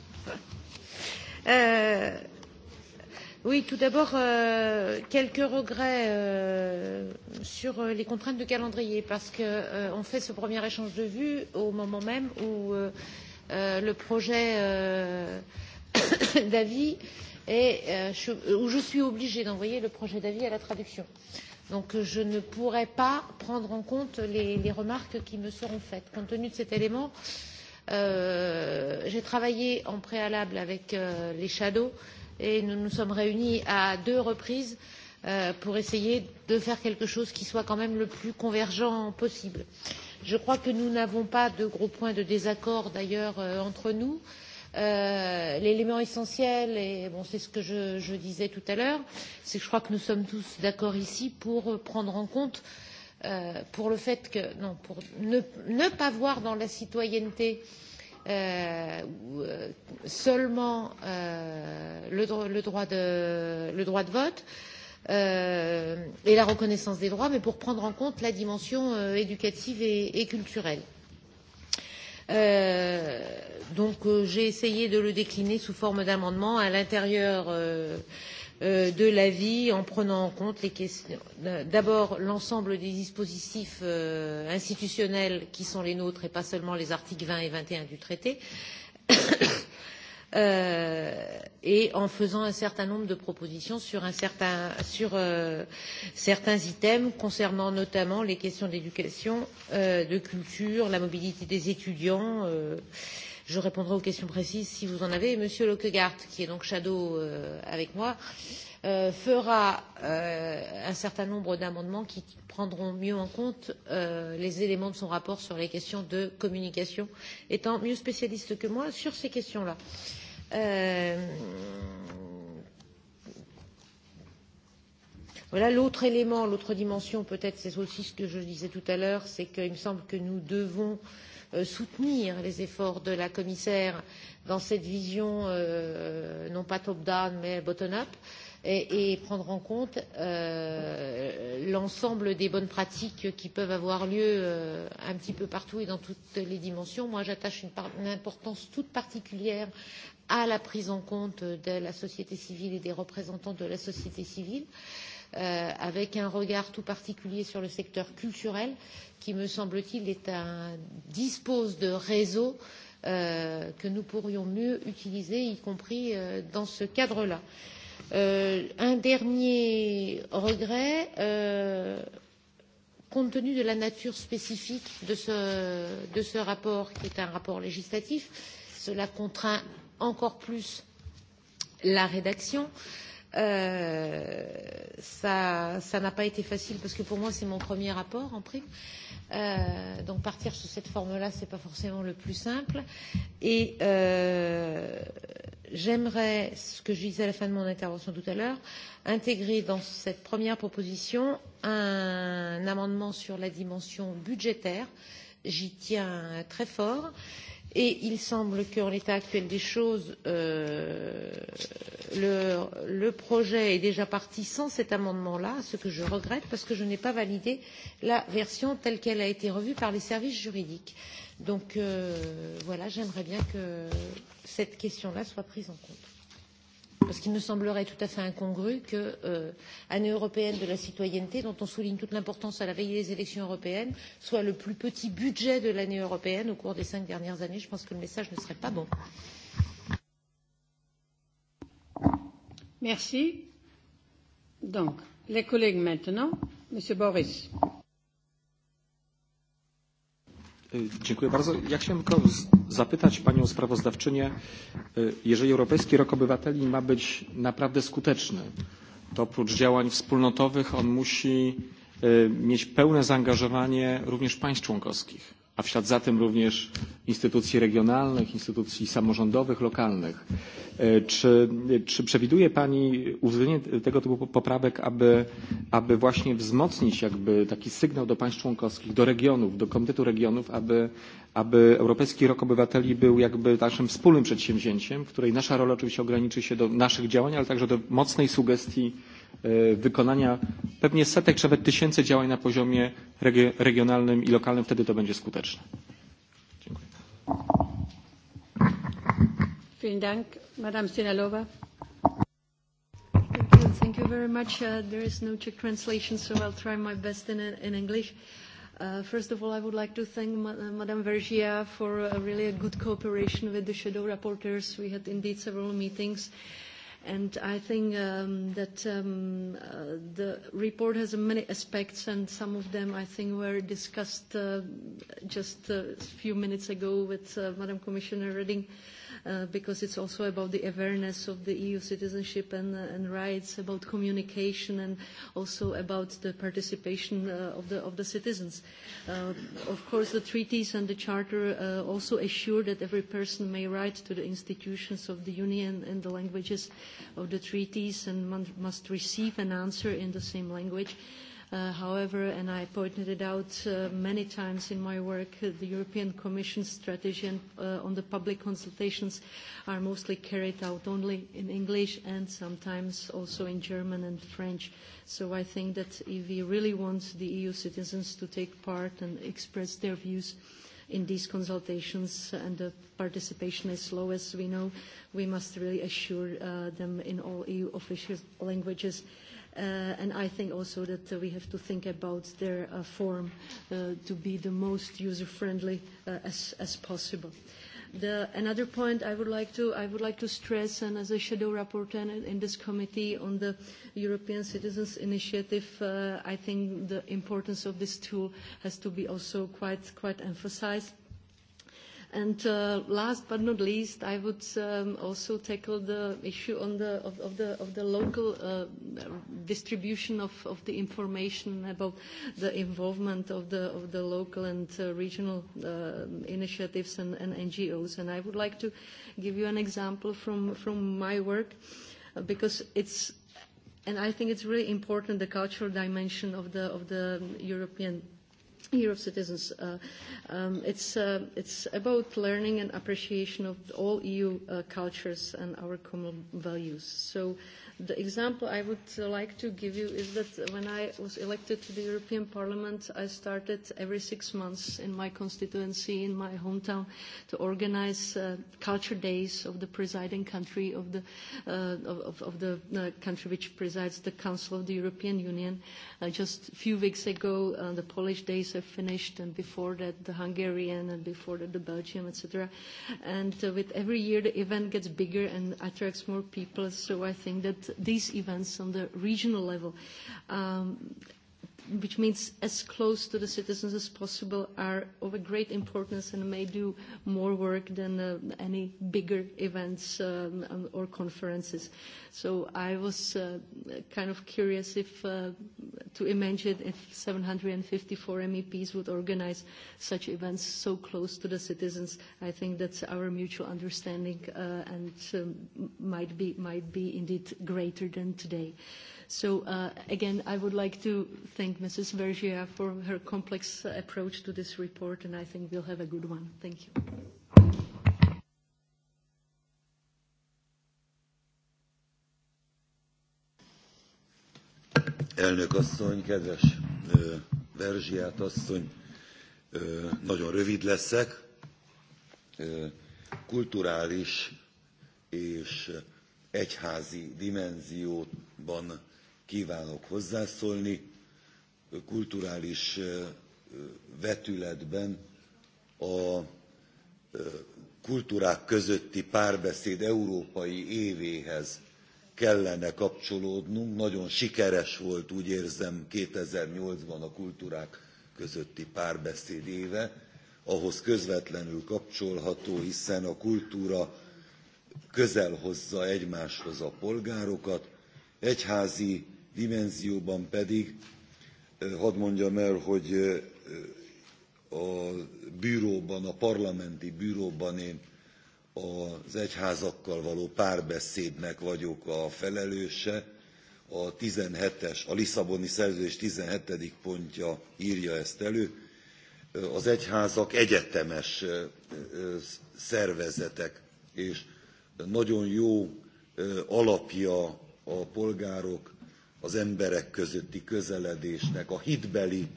euh, oui, tout d'abord, euh, quelques regrets euh, sur euh, les contraintes de calendrier, parce qu'on euh, fait ce premier échange de vues au moment même où. Euh, Euh, le projet euh, d'avis et euh, je, où je suis obligée d'envoyer le projet d'avis à la traduction. Donc je ne pourrai pas prendre en compte les, les remarques qui me seront faites. Compte tenu de cet élément, euh, j'ai travaillé en préalable avec euh, les shadows et nous nous sommes réunis à deux reprises euh, pour essayer de faire quelque chose qui soit quand même le plus convergent possible. Euh, Je crois que nous n'avons pas de gros points de désaccord d'ailleurs euh, entre nous. Euh, L'élément essentiel, et bon, c'est ce que je, je disais tout à l'heure, c'est que je crois que nous sommes tous d'accord ici pour prendre en compte euh, pour le fait que non, pour ne, ne pas voir dans la citoyenneté euh, euh seulement euh, le, le, droit de, le droit de vote, euh, euh, et la reconnaissance des droits, mais pour prendre en compte la dimension euh, éducative et, et culturelle. Euh, donc euh, j'ai essayé de le décliner sous forme d'amendement à l'intérieur euh, euh, de l'avis en prenant en compte les questions d'abord l'ensemble des dispositifs euh, institutionnels qui sont les nôtres et pas seulement les articles 20 et 21 du traité euh, et en faisant un certain nombre de propositions sur, un certain, sur euh, certains items concernant notamment les questions d'éducation, euh, de culture, la mobilité des étudiants. Euh, je répondrai aux questions précises si vous en avez. Monsieur Lockegaard, qui est donc shadow euh, avec moi, euh, Euh, fera euh, un certain nombre d'amendements qui prendront mieux en compte euh, les éléments de son rapport sur les questions de communication, étant mieux spécialiste que moi sur ces questions-là. Euh, Voilà l'autre élément, l'autre dimension peut-être, c'est aussi ce que je disais tout à l'heure, c'est qu'il me semble que nous devons euh, soutenir les efforts de la commissaire dans cette vision euh, non pas top-down mais bottom-up. Euh, et, et prendre en compte euh, l'ensemble des bonnes pratiques qui peuvent avoir lieu euh, un petit peu partout et dans toutes les dimensions. Moi, j'attache une, une importance toute particulière à la prise en compte de la société civile et des représentants de la société civile, euh, avec un regard tout particulier sur le secteur culturel, qui, me semble-t-il, dispose de réseaux euh, que nous pourrions mieux utiliser, y compris euh, dans ce cadre-là. Euh, Euh, un dernier regret, euh, compte tenu de la nature spécifique de ce, de ce rapport, qui est un rapport législatif, cela contraint encore plus la rédaction. Euh, Euh, ça ça n'a pas été facile parce que pour moi c'est mon premier rapport en prime. Euh, donc partir sous cette forme-là, c'est pas forcément le plus simple. Et euh, j'aimerais, ce que je disais à la fin de mon intervention tout à l'heure, intégrer dans cette première proposition un amendement sur la dimension budgétaire. J'y tiens très fort et il semble qu'en l'état actuel des choses, euh, le, le projet est déjà parti sans cet amendement-là, ce que je regrette parce que je n'ai pas validé la version telle qu'elle a été revue par les services juridiques. Donc euh, voilà, j'aimerais bien que cette question-là soit prise en compte parce qu'il me semblerait tout à fait incongru que euh, année européenne de la citoyenneté, dont on souligne toute l'importance à la veille des élections européennes, soit le plus petit budget de l'année européenne au cours des cinq dernières années. Je pense que le message ne serait pas bon. Merci. Donc, les collègues maintenant, Monsieur Boris. Dziękuję bardzo. Ja chciałem tylko zapytać panią sprawozdawczynię, jeżeli Europejski Rok Obywateli ma być naprawdę skuteczny, to oprócz działań wspólnotowych on musi mieć pełne zaangażowanie również państw członkowskich a w ślad za tym również instytucji regionalnych, instytucji samorządowych, lokalnych. E, czy, czy przewiduje Pani uwzględnienie tego typu poprawek, aby, aby właśnie wzmocnić jakby taki sygnał do państw członkowskich, do regionów, do Komitetu Regionów, aby, aby Europejski Rok Obywateli był jakby naszym wspólnym przedsięwzięciem, w której nasza rola oczywiście ograniczy się do naszych działań, ale także do mocnej sugestii E, wykonania pewnie setek czy nawet tysięcy działań na poziomie regionalnym i lokalnym, wtedy to będzie skuteczne. Dziękuję. Vielen Dank. Madame Thank you, thank you very much. Uh, there is no Czech translation, so I'll try my best in, in English. Uh, first of all, I would like to thank Madame Vergia for really a good cooperation with the shadow rapporteurs. We had indeed several meetings. Uh, And I think um, that um, uh, the report has many aspects, and some of them I think were discussed uh, just a few minutes ago with uh, Madam Commissioner Reding. Uh, Uh, because it's also about the awareness of the EU citizenship and, uh, and rights, about communication, and also about the participation uh, of, the, of the citizens. Uh, of course, the treaties and the Charter uh, also assure that every person may write to the institutions of the Union in the languages of the treaties and must receive an answer in the same language. Uh, Uh, however, and I pointed it out uh, many times in my work, uh, the European Commission strategy and, uh, on the public consultations are mostly carried out only in English and sometimes also in German and French. So I think that if we really want the EU citizens to take part and express their views, in these consultations and the participation is low as we know, we must really assure uh, them in all EU official languages Uh, and I think also that uh, we have to think about their uh, form uh, to be the most user-friendly uh, as, as possible. The, another point I would like to I would like to stress, and as a shadow rapporteur in this committee on the European Citizens Initiative, uh, I think the importance of this tool has to be also quite quite emphasized And uh, last but not least, I would um, also tackle the issue on the, of, of, the, of the local uh, distribution of, of the information about the involvement of the, of the local and uh, regional uh, initiatives and, and NGOs. And I would like to give you an example from, from my work uh, because it's and I think it's really important the cultural dimension of the, of the European year of citizens. Uh, um, it's, uh, it's about learning and appreciation of all EU uh, cultures and our common values. So The example I would like to give you is that when I was elected to the European Parliament, I started every six months in my constituency, in my hometown, to organize uh, culture days of the presiding country of the, uh, of, of the uh, country which presides the Council of the European Union. Uh, just a few weeks ago, uh, the Polish days have finished, and before that, the Hungarian, and before that, the Belgium, etc. And uh, with every year, the event gets bigger and attracts more people. So I think that these events on the regional level. Um, which means as close to the citizens as possible, are of a great importance and may do more work than uh, any bigger events um, or conferences. So I was uh, kind of curious if uh, to imagine if 754 MEPs would organize such events so close to the citizens. I think that's our mutual understanding uh, and um, might be might be indeed greater than today. So uh, again, I would like to thank Mrs. Vergia for her complex approach to this report, and I think we'll have a good one. Thank you. Elnök asszony, kedves Verziát asszony, nagyon rövid leszek. Kulturális és egyházi dimenzióban kívánok hozzászólni kulturális vetületben a kultúrák közötti párbeszéd európai évéhez kellene kapcsolódnunk. Nagyon sikeres volt, úgy érzem, 2008-ban a kultúrák közötti párbeszéd éve, ahhoz közvetlenül kapcsolható, hiszen a kultúra közel hozza egymáshoz a polgárokat, egyházi dimenzióban pedig Eh, hadd mondjam el, hogy eh, a bíróban, a parlamenti bíróban én az egyházakkal való párbeszédnek vagyok a felelőse. A, 17-es, a Lisszaboni szerződés 17. pontja írja ezt elő. Eh, az egyházak egyetemes szervezetek, és nagyon jó alapja a polgárok az emberek közötti közeledésnek, a hitbeli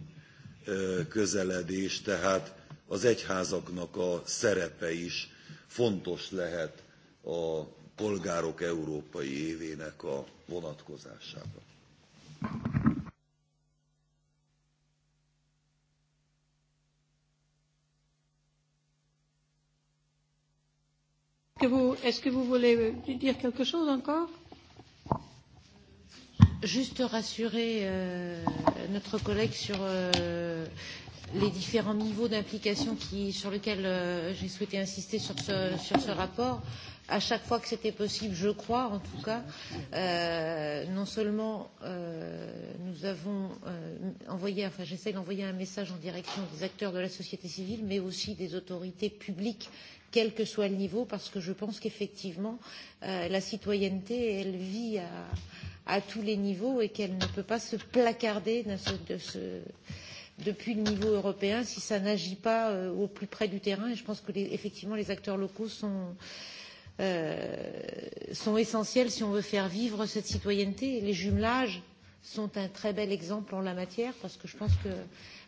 közeledés, tehát az egyházaknak a szerepe is fontos lehet a polgárok európai évének a vonatkozásában. Est-ce que vous voulez dire quelque chose encore Juste rassurer euh, notre collègue sur euh, les différents niveaux d'implication sur lesquels euh, j'ai souhaité insister sur ce, sur ce rapport. À chaque fois que c'était possible, je crois en tout cas, euh, non seulement euh, nous avons euh, envoyé, enfin j'essaie d'envoyer un message en direction des acteurs de la société civile, mais aussi des autorités publiques quel que soit le niveau, parce que je pense qu'effectivement, euh, la citoyenneté, elle vit à. à, à tous les niveaux et qu'elle ne peut pas se placarder de ce, de ce, depuis le niveau européen si ça n'agit pas euh, au plus près du terrain. Et je pense que les, effectivement les acteurs locaux sont, euh, sont essentiels si on veut faire vivre cette citoyenneté. Et les jumelages sont un très bel exemple en la matière parce que je pense que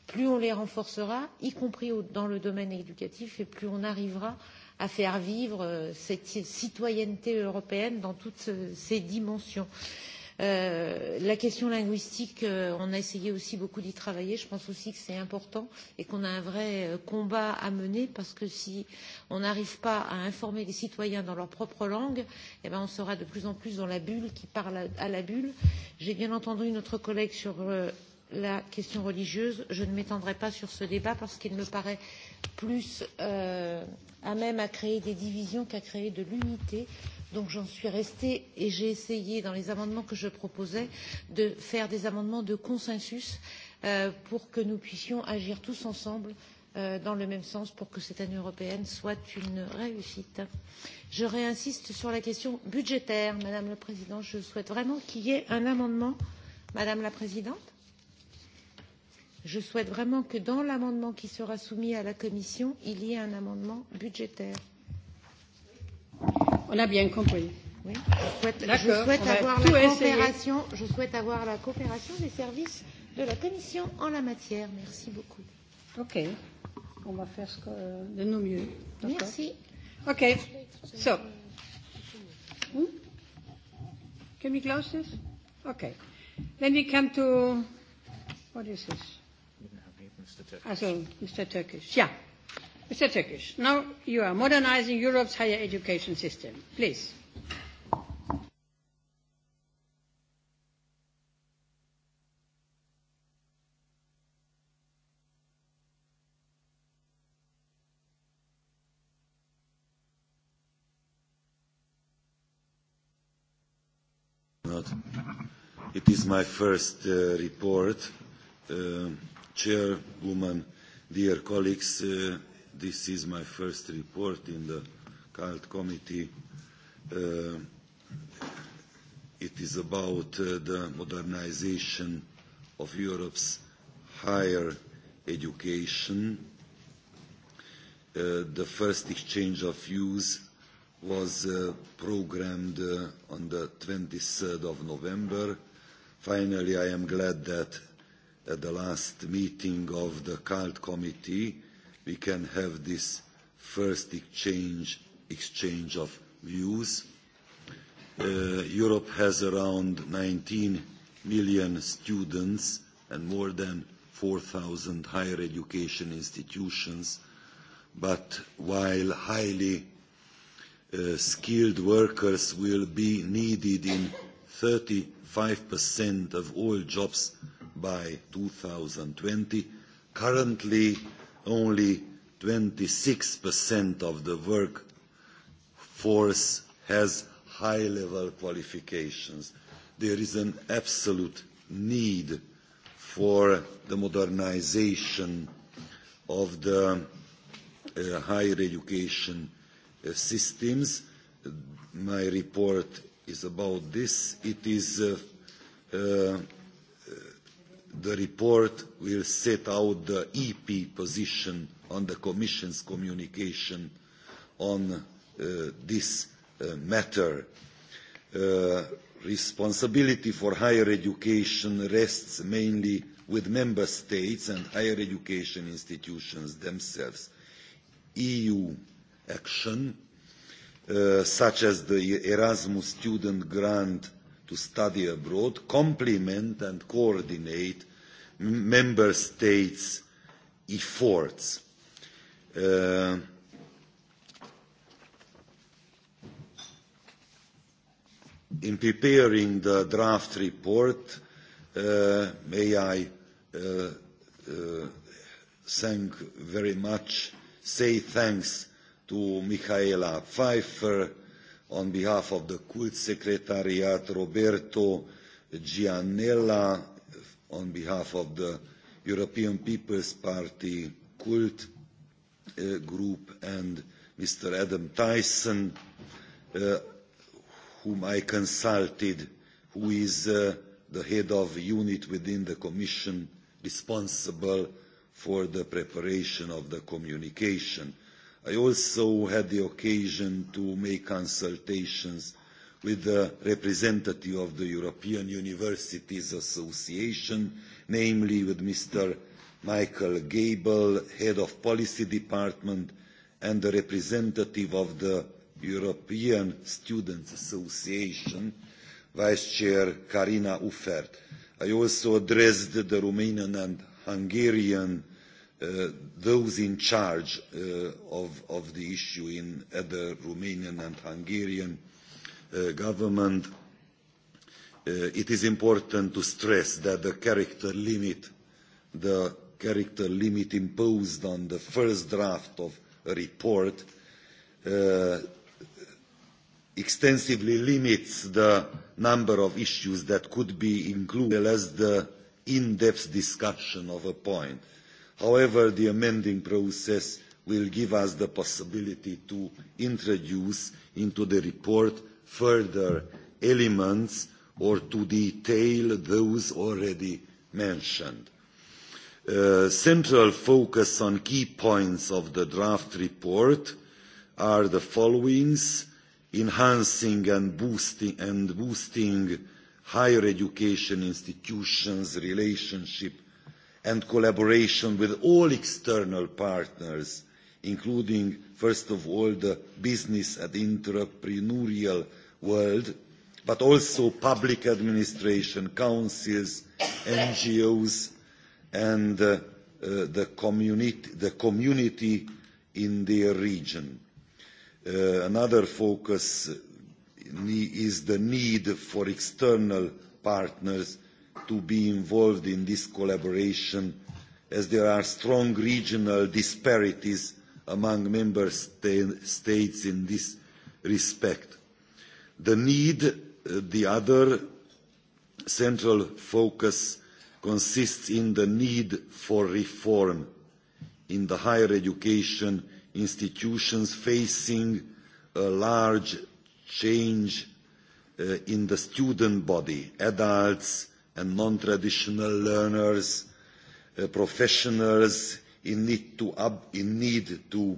plus on les renforcera, y compris au, dans le domaine éducatif, et plus on arrivera à faire vivre euh, cette citoyenneté européenne dans toutes ses dimensions. Euh, Euh, la question linguistique, euh, on a essayé aussi beaucoup d'y travailler. Je pense aussi que c'est important et qu'on a un vrai euh, combat à mener parce que si on n'arrive pas à informer les citoyens dans leur propre langue, eh ben on sera de plus en plus dans la bulle qui parle à, à la bulle. J'ai bien entendu notre collègue sur euh, la question religieuse. Je ne m'étendrai pas sur ce débat parce qu'il me paraît plus. Euh, même à créer des divisions qu'à créer de l'unité. Donc j'en suis restée et j'ai essayé, dans les amendements que je proposais, de faire des amendements de consensus euh, pour que nous puissions agir tous ensemble euh, dans le même sens pour que cette année européenne soit une réussite. Je réinsiste sur la question budgétaire, Madame la Présidente. Je souhaite vraiment qu'il y ait un amendement, Madame la Présidente, je souhaite vraiment que dans l'amendement qui sera soumis à la commission il y ait un amendement budgétaire. On a bien compris. Oui. Je souhaite, je souhaite, avoir la coopération, je souhaite avoir la coopération des services de la Commission en la matière. Merci beaucoup. OK. On va faire ce que, de nos mieux. Merci. OK. So. Hmm? Can we close this? Okay. Then we come to what is this? Mr. Turkish. Also, ah, Mr. Turkish, yeah. Mr. Turkish, now you are modernizing Europe's higher education system. Please. It is my first uh, report. Uh, Chairwoman, dear colleagues, uh, this is my first report in the CALT committee. Uh, it is about uh, the modernization of Europe's higher education. Uh, the first exchange of views was uh, programmed uh, on the 23rd of November. Finally, I am glad that at the last meeting of the cult committee, we can have this first exchange, exchange of views. Uh, Europe has around 19 million students and more than 4,000 higher education institutions, but while highly uh, skilled workers will be needed in 35% of all jobs by 2020. Currently, only 26% of the workforce has high-level qualifications. There is an absolute need for the modernization of the uh, higher education uh, systems. My report is about this. It is uh, uh the report will set out the EP position on the Commission's communication on uh, this uh, matter. Uh, responsibility for higher education rests mainly with member states and higher education institutions themselves. EU action, uh, such as the Erasmus student grant to study abroad complement and coordinate member states' efforts. Uh, in preparing the draft report, uh, may I uh, uh, thank very much, say thanks to Michaela Pfeiffer, on behalf of the Kult Secretariat, Roberto Gianella, on behalf of the European People's Party Kult uh, eh, Group, and Mr. Adam Tyson, uh, whom I consulted, who is uh, the head of unit within the Commission responsible for the preparation of the communication. I also had the occasion to make consultations with the representative of the European Universities Association, namely with Mr. Michael Gable, head of policy department, and the representative of the European Students Association, Vice Chair Karina Uffert. I also addressed the Romanian and Hungarian Uh, those in charge uh, of, of the issue in at the Romanian and Hungarian uh, government. Uh, it is important to stress that the character limit, the character limit imposed on the first draft of a report uh, extensively limits the number of issues that could be included as the in-depth discussion of a point. However, the amending process will give us the possibility to introduce into the report further elements or to detail those already mentioned. Uh, central focus on key points of the draft report are the followings enhancing and boosting, and boosting higher education institutions' relationship and collaboration with all external partners, including, first of all, the business and entrepreneurial world, but also public administration, councils, NGOs, and uh, uh, the, community, the community in their region. Uh, another focus uh, is the need for external partners to be involved in this collaboration as there are strong regional disparities among member sta states in this respect. The need, uh, the other central focus consists in the need for reform in the higher education institutions facing a large change uh, in the student body, adults, and non-traditional learners, uh, professionals in need, to up, in need to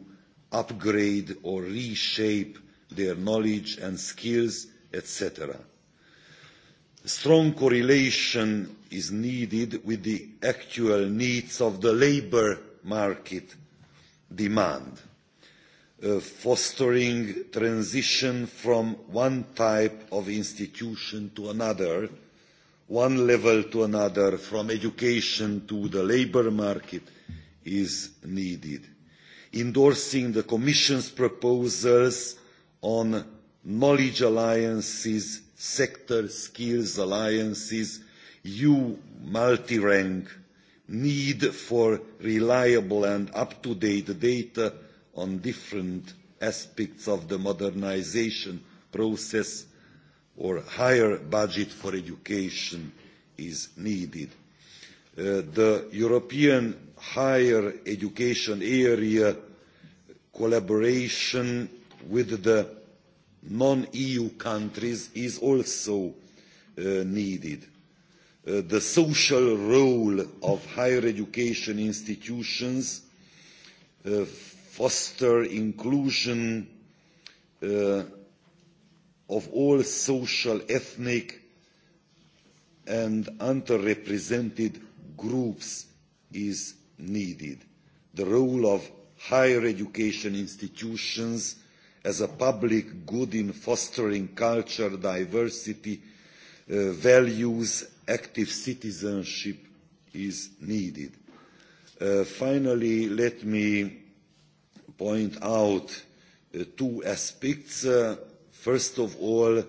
upgrade or reshape their knowledge and skills, etc. Strong correlation is needed with the actual needs of the labour market demand, uh, fostering transition from one type of institution to another one level to another, from education to the labour market, is needed. Endorsing the Commission's proposals on knowledge alliances, sector skills alliances, EU multi-rank, need for reliable and up-to-date data on different aspects of the modernisation process or higher budget for education is needed. Uh, the European higher education area collaboration with the non-EU countries is also uh, needed. Uh, the social role of higher education institutions uh, foster inclusion uh, of all social, ethnic and underrepresented groups is needed. The role of higher education institutions as a public good in fostering culture, diversity, uh, values, active citizenship is needed. Uh, finally, let me point out uh, two aspects. Uh, first of all, uh,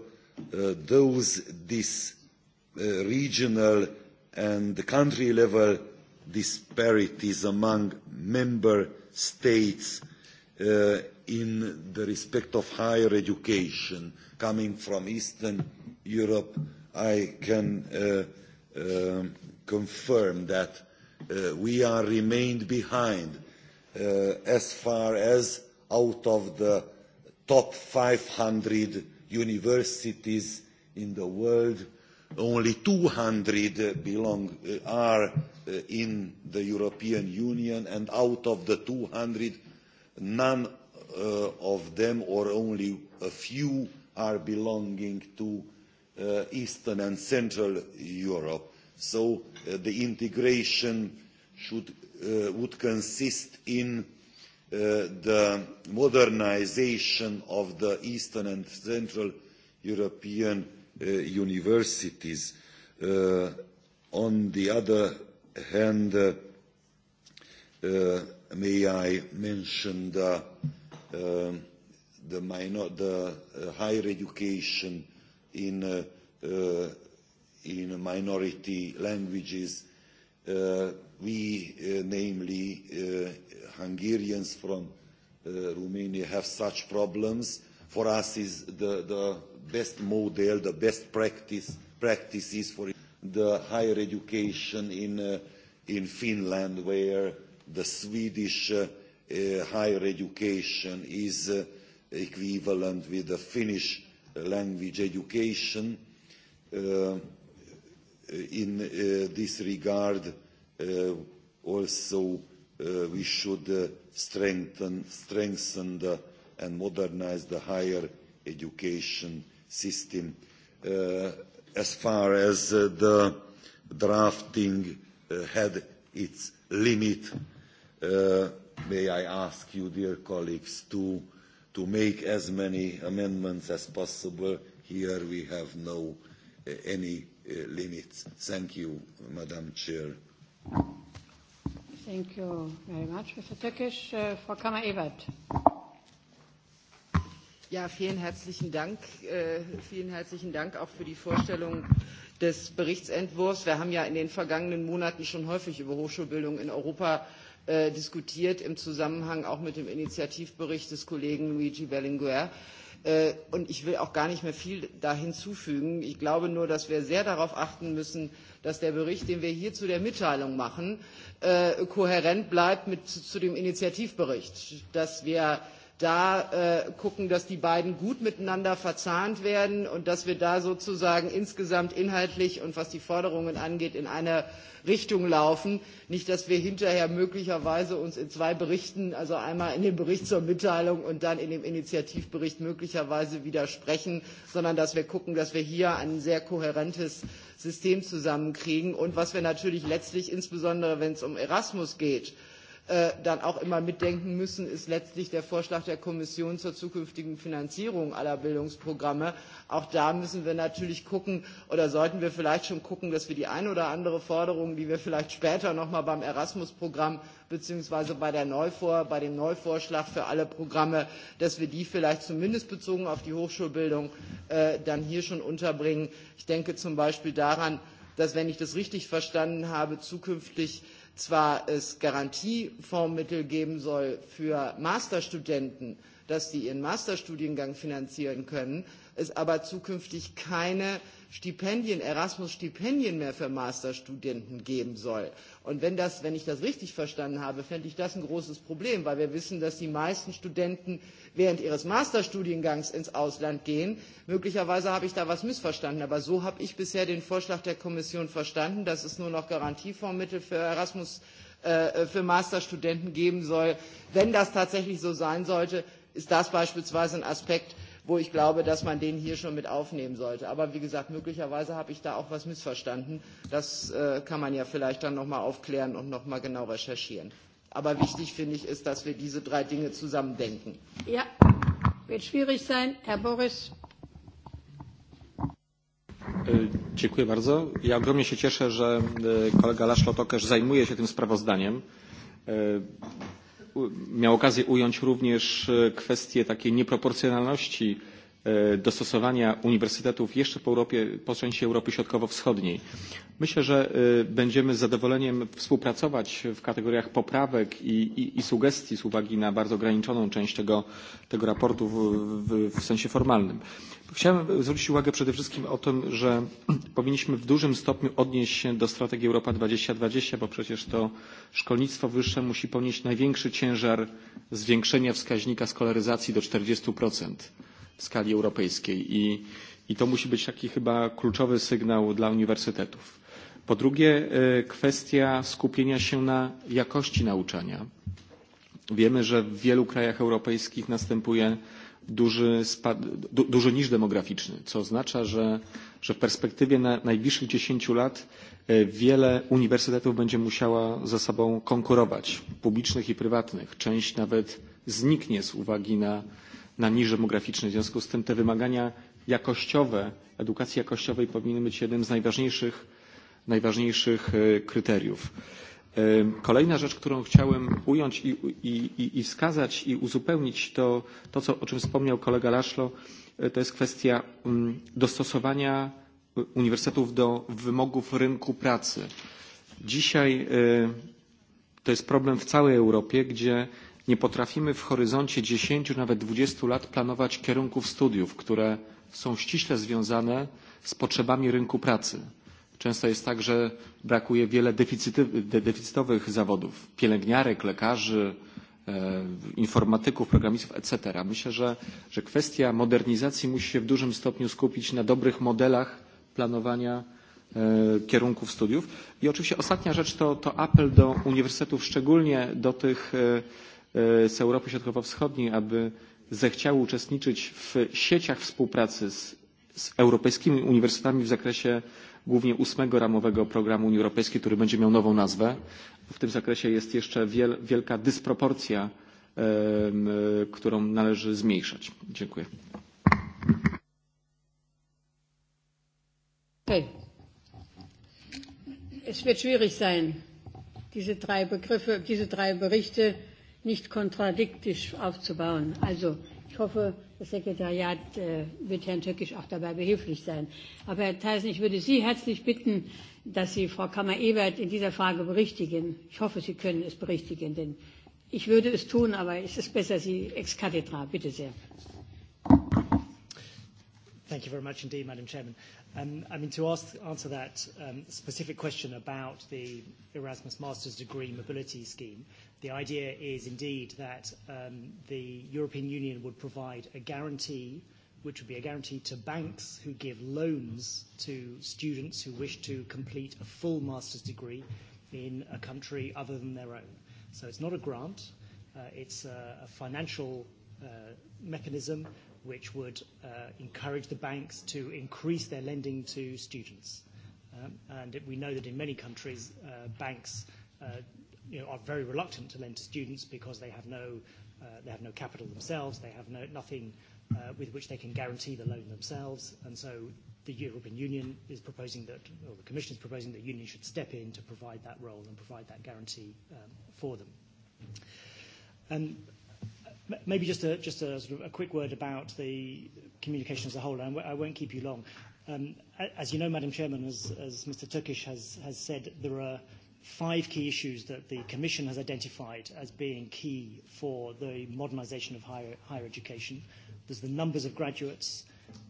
those this uh, regional and country level disparities among member states uh, in the respect of higher education coming from Eastern Europe, I can uh, uh, confirm that uh, we are remained behind as far as out of the top 500 universities in the world, only 200 uh, belong, uh, are uh, in the European Union, and out of the 200, none uh, of them or only a few are belonging to uh, Eastern and Central Europe. So uh, the integration should, uh, would consist in Uh, the modernisation of the Eastern and Central European uh, universities. Uh, on the other hand, may I mention the, um, the, minor, the higher education in in minority languages, uh, we, uh, namely uh, Hungarians from uh, Romania, have such problems. For us is the, the best model, the best practice, practices for the higher education in, uh, in Finland, where the Swedish uh, uh, higher education is uh, equivalent with the Finnish language education. Uh, in uh, this regard, Uh, also uh, we should uh, strengthen, strengthen the, and modernize the higher education system. uh, as far as uh, the drafting uh, had its limit, uh, may I ask you, dear colleagues, to, to make as many amendments as possible. Here we have no uh, any uh, limits. Thank you, Madam Chair. Thank you very much, Mr. Tökisch. Uh, Frau Kammer-Ebert. Ja, vielen herzlichen Dank. Äh, vielen herzlichen Dank auch für die Vorstellung des Berichtsentwurfs. Wir haben ja in den vergangenen Monaten schon häufig über Hochschulbildung in Europa äh, diskutiert, im Zusammenhang auch mit dem Initiativbericht des Kollegen Luigi Berlinguer. Äh, und ich will auch gar nicht mehr viel da hinzufügen. Ich glaube nur, dass wir sehr darauf achten müssen, dass der Bericht, den wir hier zu der Mitteilung machen, äh, kohärent bleibt mit, zu dem Initiativbericht, dass wir da äh, gucken, dass die beiden gut miteinander verzahnt werden und dass wir da sozusagen insgesamt inhaltlich und was die Forderungen angeht in eine Richtung laufen. Nicht, dass wir hinterher möglicherweise uns in zwei Berichten, also einmal in dem Bericht zur Mitteilung und dann in dem Initiativbericht möglicherweise widersprechen, sondern dass wir gucken, dass wir hier ein sehr kohärentes System zusammenkriegen. Und was wir natürlich letztlich, insbesondere wenn es um Erasmus geht, Äh, dann auch immer mitdenken müssen, ist letztlich der Vorschlag der Kommission zur zukünftigen Finanzierung aller Bildungsprogramme. Auch da müssen wir natürlich gucken oder sollten wir vielleicht schon gucken, dass wir die eine oder andere Forderung, die wir vielleicht später nochmal beim Erasmus-Programm beziehungsweise bei, der Neuvor, bei dem Neuvorschlag für alle Programme, dass wir die vielleicht zumindest bezogen auf die Hochschulbildung äh, dann hier schon unterbringen. Ich denke zum Beispiel daran, dass, wenn ich das richtig verstanden habe, zukünftig zwar es Garantiefondsmittel geben soll für Masterstudenten, dass sie ihren Masterstudiengang finanzieren können, es aber zukünftig keine Stipendien, Erasmus-Stipendien mehr für Masterstudenten geben soll. Und wenn, das, wenn ich das richtig verstanden habe, fände ich das ein großes Problem, weil wir wissen, dass die meisten Studenten während ihres Masterstudiengangs ins Ausland gehen. Möglicherweise habe ich da was missverstanden, aber so habe ich bisher den Vorschlag der Kommission verstanden, dass es nur noch Garantiefondsmittel für Erasmus äh, für Masterstudenten geben soll. Wenn das tatsächlich so sein sollte, ist das beispielsweise ein Aspekt, wo ich glaube, dass man den hier schon mit aufnehmen sollte. Aber wie gesagt, möglicherweise habe ich da auch was missverstanden. Das äh, kann man ja vielleicht dann nochmal aufklären und nochmal genau recherchieren. Aber wichtig finde ich ist, dass wir diese drei Dinge zusammen denken. Ja, wird schwierig sein. Herr Boris. Äh, dziękuję bardzo. Ja ogromnie się cieszę, że e, kolega Laszlo Tokesz zajmuje się tym sprawozdaniem. E, miał okazję ująć również e, kwestię takiej nieproporcjonalności E, dostosowania uniwersytetów jeszcze po, Europie, po części Europy Środkowo-Wschodniej. Myślę, że e, będziemy z zadowoleniem współpracować w kategoriach poprawek i, i, i sugestii z uwagi na bardzo ograniczoną część tego, tego raportu w, w, w sensie formalnym. Chciałem zwrócić uwagę przede wszystkim o tym, że powinniśmy w dużym stopniu odnieść się do strategii Europa 2020, bo przecież to szkolnictwo wyższe musi ponieść największy ciężar zwiększenia wskaźnika skolaryzacji do 40 w skali europejskiej i, i to musi być taki chyba kluczowy sygnał dla uniwersytetów. Po drugie, e, kwestia skupienia się na jakości nauczania. Wiemy, że w wielu krajach europejskich następuje duży, spad, du, duży niż demograficzny, co oznacza, że, że w perspektywie na najbliższych 10 lat e, wiele uniwersytetów będzie musiała ze sobą konkurować, publicznych i prywatnych. Część nawet zniknie z uwagi na na niż demograficzny. W związku z tym te wymagania jakościowe, edukacji jakościowej powinny być jednym z najważniejszych, najważniejszych e, kryteriów. E, kolejna rzecz, którą chciałem ująć i, i, i wskazać i uzupełnić to, to co, o czym wspomniał kolega Laszlo, e, to jest kwestia mm, dostosowania uniwersytetów do wymogów rynku pracy. Dzisiaj to jest problem w całej Europie, gdzie nie potrafimy w horyzoncie 10, nawet 20 lat planować kierunków studiów, które są ściśle związane z potrzebami rynku pracy. Często jest tak, że brakuje wiele deficytowych zawodów pielęgniarek, lekarzy, e, informatyków, programistów, etc. Myślę, że, że kwestia modernizacji musi się w dużym stopniu skupić na dobrych modelach planowania e, kierunków studiów. I oczywiście ostatnia rzecz to, to apel do uniwersytetów, szczególnie do tych e, E, z Europy Środkowo-Wschodniej, aby zechciały uczestniczyć w sieciach współpracy z, z europejskimi uniwersytetami w zakresie głównie ósmego ramowego programu Unii Europejskiej, który będzie miał nową nazwę. W tym zakresie jest jeszcze wiel, wielka dysproporcja, e, e, którą należy zmniejszać. Dziękuję. Okay. Es wird schwierig sein, diese drei Begriffe, diese drei Berichte nicht kontradiktisch aufzubauen. Also ich hoffe, das Sekretariat äh, wird Herrn Türkisch auch dabei behilflich sein. Aber Herr Theisen, ich würde Sie herzlich bitten, dass Sie Frau Kammer-Ebert in dieser Frage berichtigen. Ich hoffe, Sie können es berichtigen, denn ich würde es tun, aber es ist besser, Sie ex cathedra. Bitte sehr. Thank you very much indeed, Madam Chairman. Um, I mean, to ask, answer that um, specific question about the Erasmus Master's Degree Mobility Scheme, the idea is indeed that um, the European Union would provide a guarantee, which would be a guarantee to banks who give loans to students who wish to complete a full master's degree in a country other than their own. So it's not a grant, uh, it's a, a financial uh, mechanism which would uh, encourage the banks to increase their lending to students. Um, and it, we know that in many countries, uh, banks uh, you know, are very reluctant to lend to students because they have no, uh, they have no capital themselves, they have no, nothing uh, with which they can guarantee the loan themselves. And so the European Union is proposing that, or the Commission is proposing that the Union should step in to provide that role and provide that guarantee um, for them. And Maybe just a, just a sort of a quick word about the communication as a whole. and I won't keep you long. Um, as you know, Madam Chairman, as, as Mr. Turkish has, has said, there are five key issues that the Commission has identified as being key for the modernisation of higher, higher education. There's the numbers of graduates,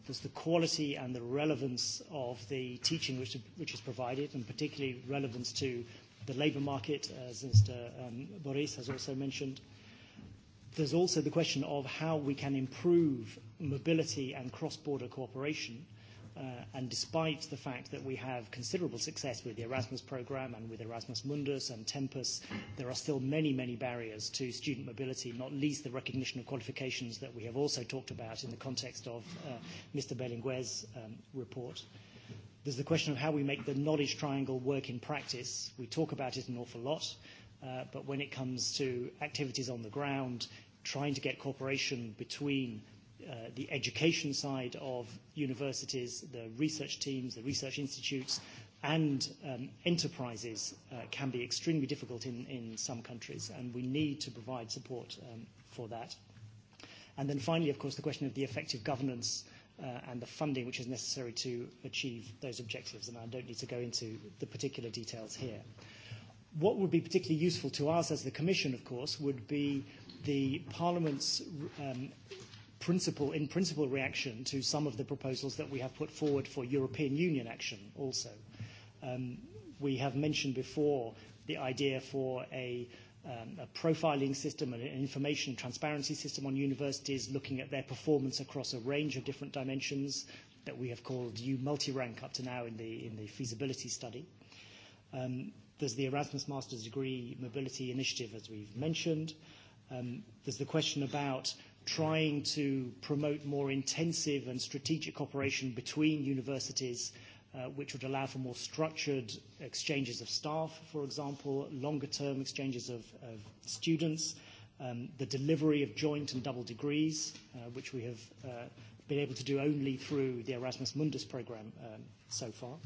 there's the quality and the relevance of the teaching which, which is provided, and particularly relevance to the labour market, as Mr. Um, Boris has also mentioned. There's also the question of how we can improve mobility and cross-border cooperation. Uh, and despite the fact that we have considerable success with the Erasmus program and with Erasmus Mundus and Tempus, there are still many, many barriers to student mobility, not least the recognition of qualifications that we have also talked about in the context of uh, Mr. Berlinguer's um, report. There's the question of how we make the knowledge triangle work in practice. We talk about it an awful lot. Uh, but when it comes to activities on the ground, trying to get cooperation between uh, the education side of universities, the research teams, the research institutes, and um, enterprises uh, can be extremely difficult in, in some countries, and we need to provide support um, for that. And then finally, of course, the question of the effective governance uh, and the funding which is necessary to achieve those objectives, and I don't need to go into the particular details here. Uh, What would be particularly useful to us as the Commission, of course, would be the Parliament's um, principle, in principle reaction to some of the proposals that we have put forward for European Union action also. Um, we have mentioned before the idea for a, um, a profiling system and an information transparency system on universities, looking at their performance across a range of different dimensions that we have called U multi-rank up to now in the, in the feasibility study. Um, There's the Erasmus Master's Degree Mobility Initiative, as we've mentioned. Um, there's the question about trying to promote more intensive and strategic cooperation between universities, uh, which would allow for more structured exchanges of staff, for example, longer term exchanges of, of students, um, the delivery of joint and double degrees, uh, which we have uh, been able to do only through the Erasmus Mundus program um, so far.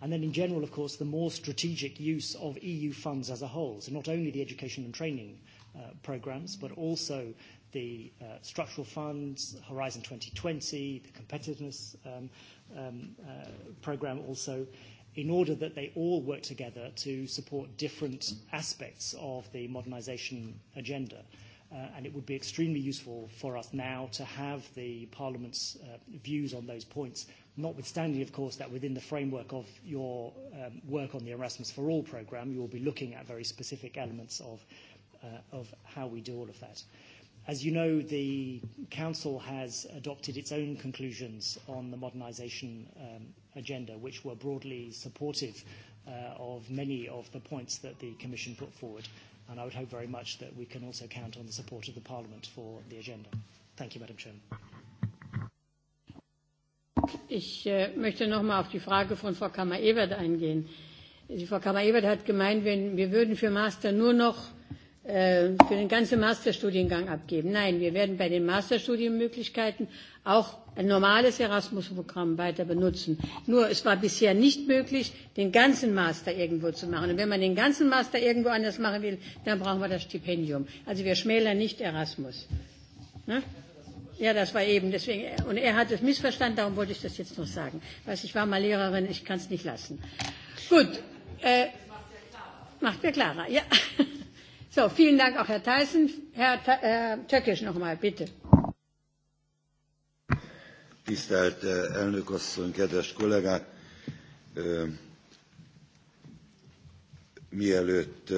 And then in general, of course, the more strategic use of EU funds as a whole. So not only the education and training uh, programs, but also the uh, structural funds, Horizon 2020, the competitiveness um, um, uh, program also, in order that they all work together to support different aspects of the modernization agenda. Uh, and it would be extremely useful for us now to have the Parliament's uh, views on those points Notwithstanding, of course, that within the framework of your um, work on the Erasmus for All programme, you will be looking at very specific elements of, uh, of how we do all of that. As you know, the Council has adopted its own conclusions on the modernisation um, agenda, which were broadly supportive uh, of many of the points that the Commission put forward. And I would hope very much that we can also count on the support of the Parliament for the agenda. Thank you, Madam Chairman. Ich äh, möchte noch mal auf die Frage von Frau Kammer-Ebert eingehen. Die Frau Kammer-Ebert hat gemeint, wenn, wir würden für Master nur noch äh, für den ganzen Masterstudiengang abgeben. Nein, wir werden bei den Masterstudienmöglichkeiten auch ein normales Erasmus-Programm weiter benutzen. Nur es war bisher nicht möglich, den ganzen Master irgendwo zu machen. Und wenn man den ganzen Master irgendwo anders machen will, dann brauchen wir das Stipendium. Also wir schmälern nicht Erasmus. Ne? Ja, das war eben deswegen. Und er hat es missverstanden, darum wollte ich das jetzt noch sagen. Weiß ich war mal Lehrerin, ich kann es nicht lassen. Gut. Äh, macht mir klarer. Ja. So, vielen Dank auch Herr Theissen. Herr Herr äh, Türkisch noch mal, bitte. Tisztelt äh, elnök asszony, kedves kollégák! Mielőtt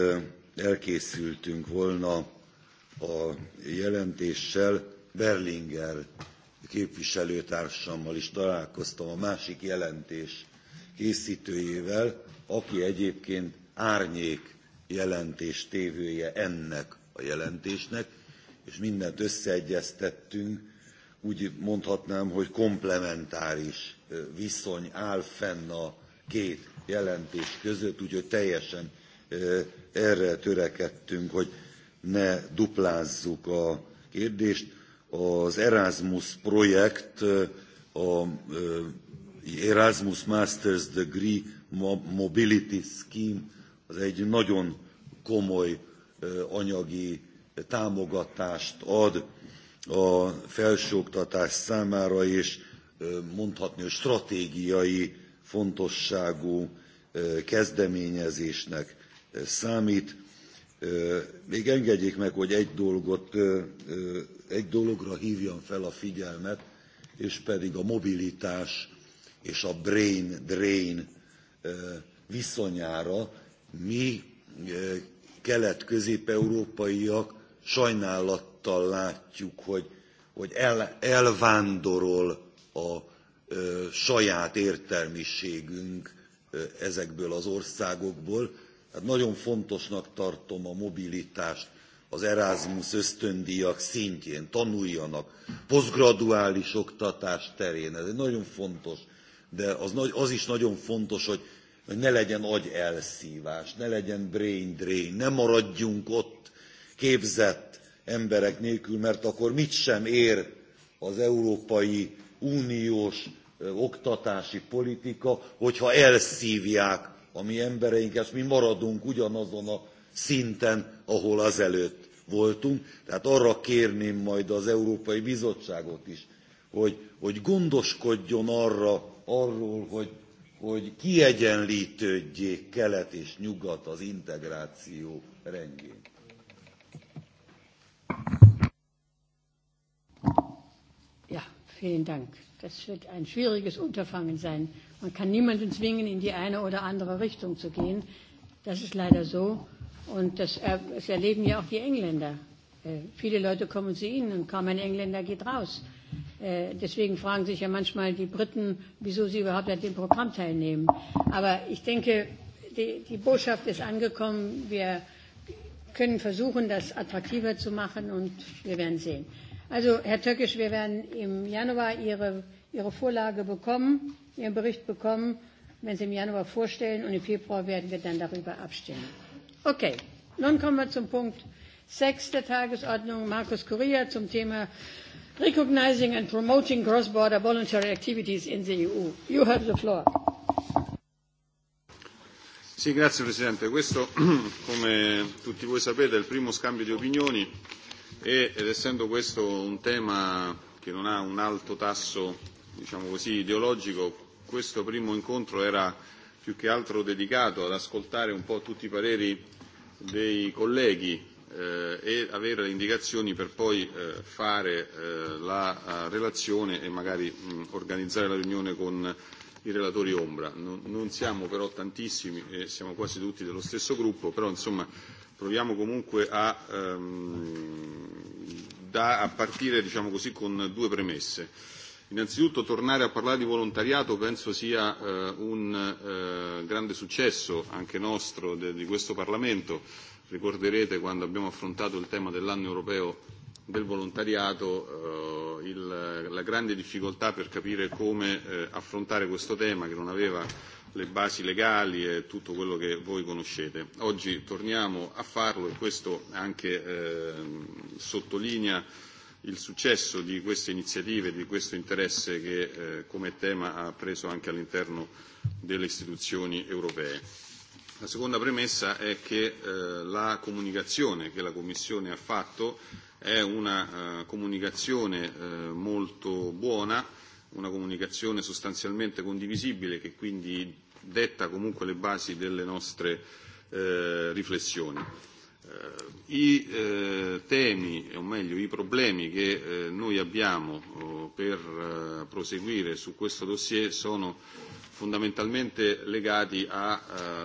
elkészültünk volna a jelentéssel, Berlinger képviselőtársammal is találkoztam, a másik jelentés készítőjével, aki egyébként árnyék jelentés tévője ennek a jelentésnek, és mindent összeegyeztettünk, úgy mondhatnám, hogy komplementáris viszony áll fenn a két jelentés között, úgyhogy teljesen erre törekedtünk, hogy ne duplázzuk a kérdést az Erasmus projekt, a Erasmus Masters Degree Mobility Scheme, az egy nagyon komoly anyagi támogatást ad a felsőoktatás számára, és mondhatni, hogy stratégiai fontosságú kezdeményezésnek számít. Még engedjék meg, hogy egy dolgot egy dologra hívjam fel a figyelmet, és pedig a mobilitás és a brain drain viszonyára mi kelet-közép-európaiak sajnálattal látjuk, hogy, hogy el, elvándorol a ö, saját értelmiségünk ö, ezekből az országokból. Hát nagyon fontosnak tartom a mobilitást az Erasmus ösztöndíjak szintjén tanuljanak, posztgraduális oktatás terén. Ez nagyon fontos, de az, az is nagyon fontos, hogy, hogy ne legyen elszívás, ne legyen brain drain, ne maradjunk ott képzett emberek nélkül, mert akkor mit sem ér az Európai Uniós oktatási politika, hogyha elszívják a mi embereinket, és mi maradunk ugyanazon a szinten, ahol azelőtt voltunk, tehát arra kérném majd az Európai Bizottságot is, hogy, hogy gondoskodjon arra, arról, hogy, hogy kiegyenlítődjék kelet és nyugat az integráció rendjén. Ja, vielen Dank. Das wird ein schwieriges Unterfangen sein. Man kann niemanden zwingen, in die eine oder andere Richtung zu gehen. Das ist leider so. Und das, das äh, erleben ja auch die Engländer. Äh, viele Leute kommen zu ihnen und kaum ein Engländer geht raus. Äh, deswegen fragen sich ja manchmal die Briten, wieso sie überhaupt an dem Programm teilnehmen. Aber ich denke, die, die Botschaft ist angekommen. Wir können versuchen, das attraktiver zu machen und wir werden sehen. Also, Herr Töckisch, wir werden im Januar Ihre, Ihre Vorlage bekommen, Ihren Bericht bekommen, wenn Sie im Januar vorstellen und im Februar werden wir dann darüber abstimmen. Okay, nun kommen wir zum Punkt 6 der Tagesordnung. Markus Correa zum Thema Recognizing and Promoting Cross-Border Voluntary Activities in the EU. You have the floor. Sì, grazie Presidente. Questo, come tutti voi sapete, è il primo scambio di opinioni e, ed essendo questo un tema che non ha un alto tasso, diciamo così, ideologico, questo primo incontro era più che altro dedicato ad ascoltare un po' tutti i pareri dei colleghi eh, e avere le indicazioni per poi eh, fare eh, la eh, relazione e magari mh, organizzare la riunione con i relatori ombra. Non, non siamo però tantissimi e siamo quasi tutti dello stesso gruppo, però insomma proviamo comunque a, ehm, da, a partire diciamo così, con due premesse Innanzitutto tornare a parlare di volontariato penso sia eh, un eh, grande successo anche nostro de, di questo Parlamento. Ricorderete quando abbiamo affrontato il tema dell'anno europeo del volontariato eh, il, la grande difficoltà per capire come eh, affrontare questo tema che non aveva le basi legali e tutto quello che voi conoscete. Oggi torniamo a farlo e questo anche eh, sottolinea il successo di queste iniziative e di questo interesse che eh, come tema ha preso anche all'interno delle istituzioni europee. La seconda premessa è che eh, la comunicazione che la Commissione ha fatto è una eh, comunicazione eh, molto buona, una comunicazione sostanzialmente condivisibile che quindi detta comunque le basi delle nostre eh, riflessioni eh, I eh, temi, o meglio i problemi che eh, noi abbiamo oh, per eh, proseguire su questo dossier sono fondamentalmente legati a,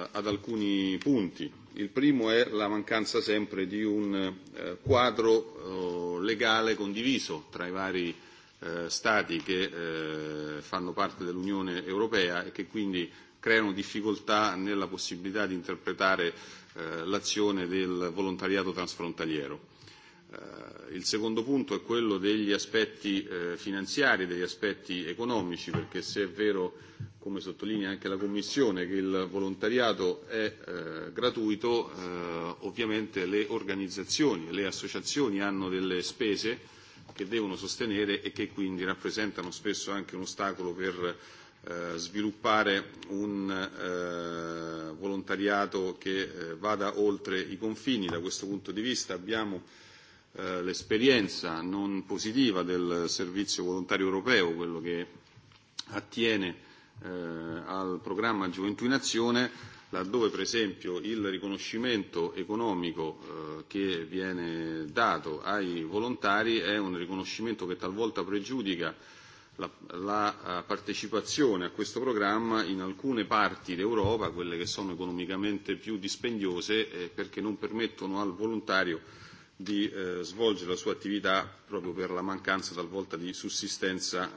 eh, ad alcuni punti. Il primo è la mancanza sempre di un eh, quadro oh, legale condiviso tra i vari eh, Stati che eh, fanno parte dell'Unione Europea e che quindi creano difficoltà nella possibilità di interpretare Eh, l'azione del volontariato transfrontaliero. Eh, il secondo punto è quello degli aspetti eh, finanziari, degli aspetti economici, perché se è vero, come sottolinea anche la Commissione, che il volontariato è eh, gratuito, ovviamente le organizzazioni, e le associazioni hanno delle spese che devono sostenere e che quindi rappresentano spesso anche un ostacolo per Eh, sviluppare un eh, volontariato che eh, vada oltre i confini. Da questo punto di vista abbiamo l'esperienza non positiva del servizio volontario europeo, quello che attiene al programma Gioventù in Azione, laddove per esempio il riconoscimento economico che viene dato ai volontari è un riconoscimento che talvolta pregiudica la, la eh, partecipazione a questo programma in alcune parti d'Europa, quelle che sono economicamente più dispendiose, eh, perché non permettono al volontario di eh, svolgere la sua attività proprio per la mancanza talvolta di sussistenza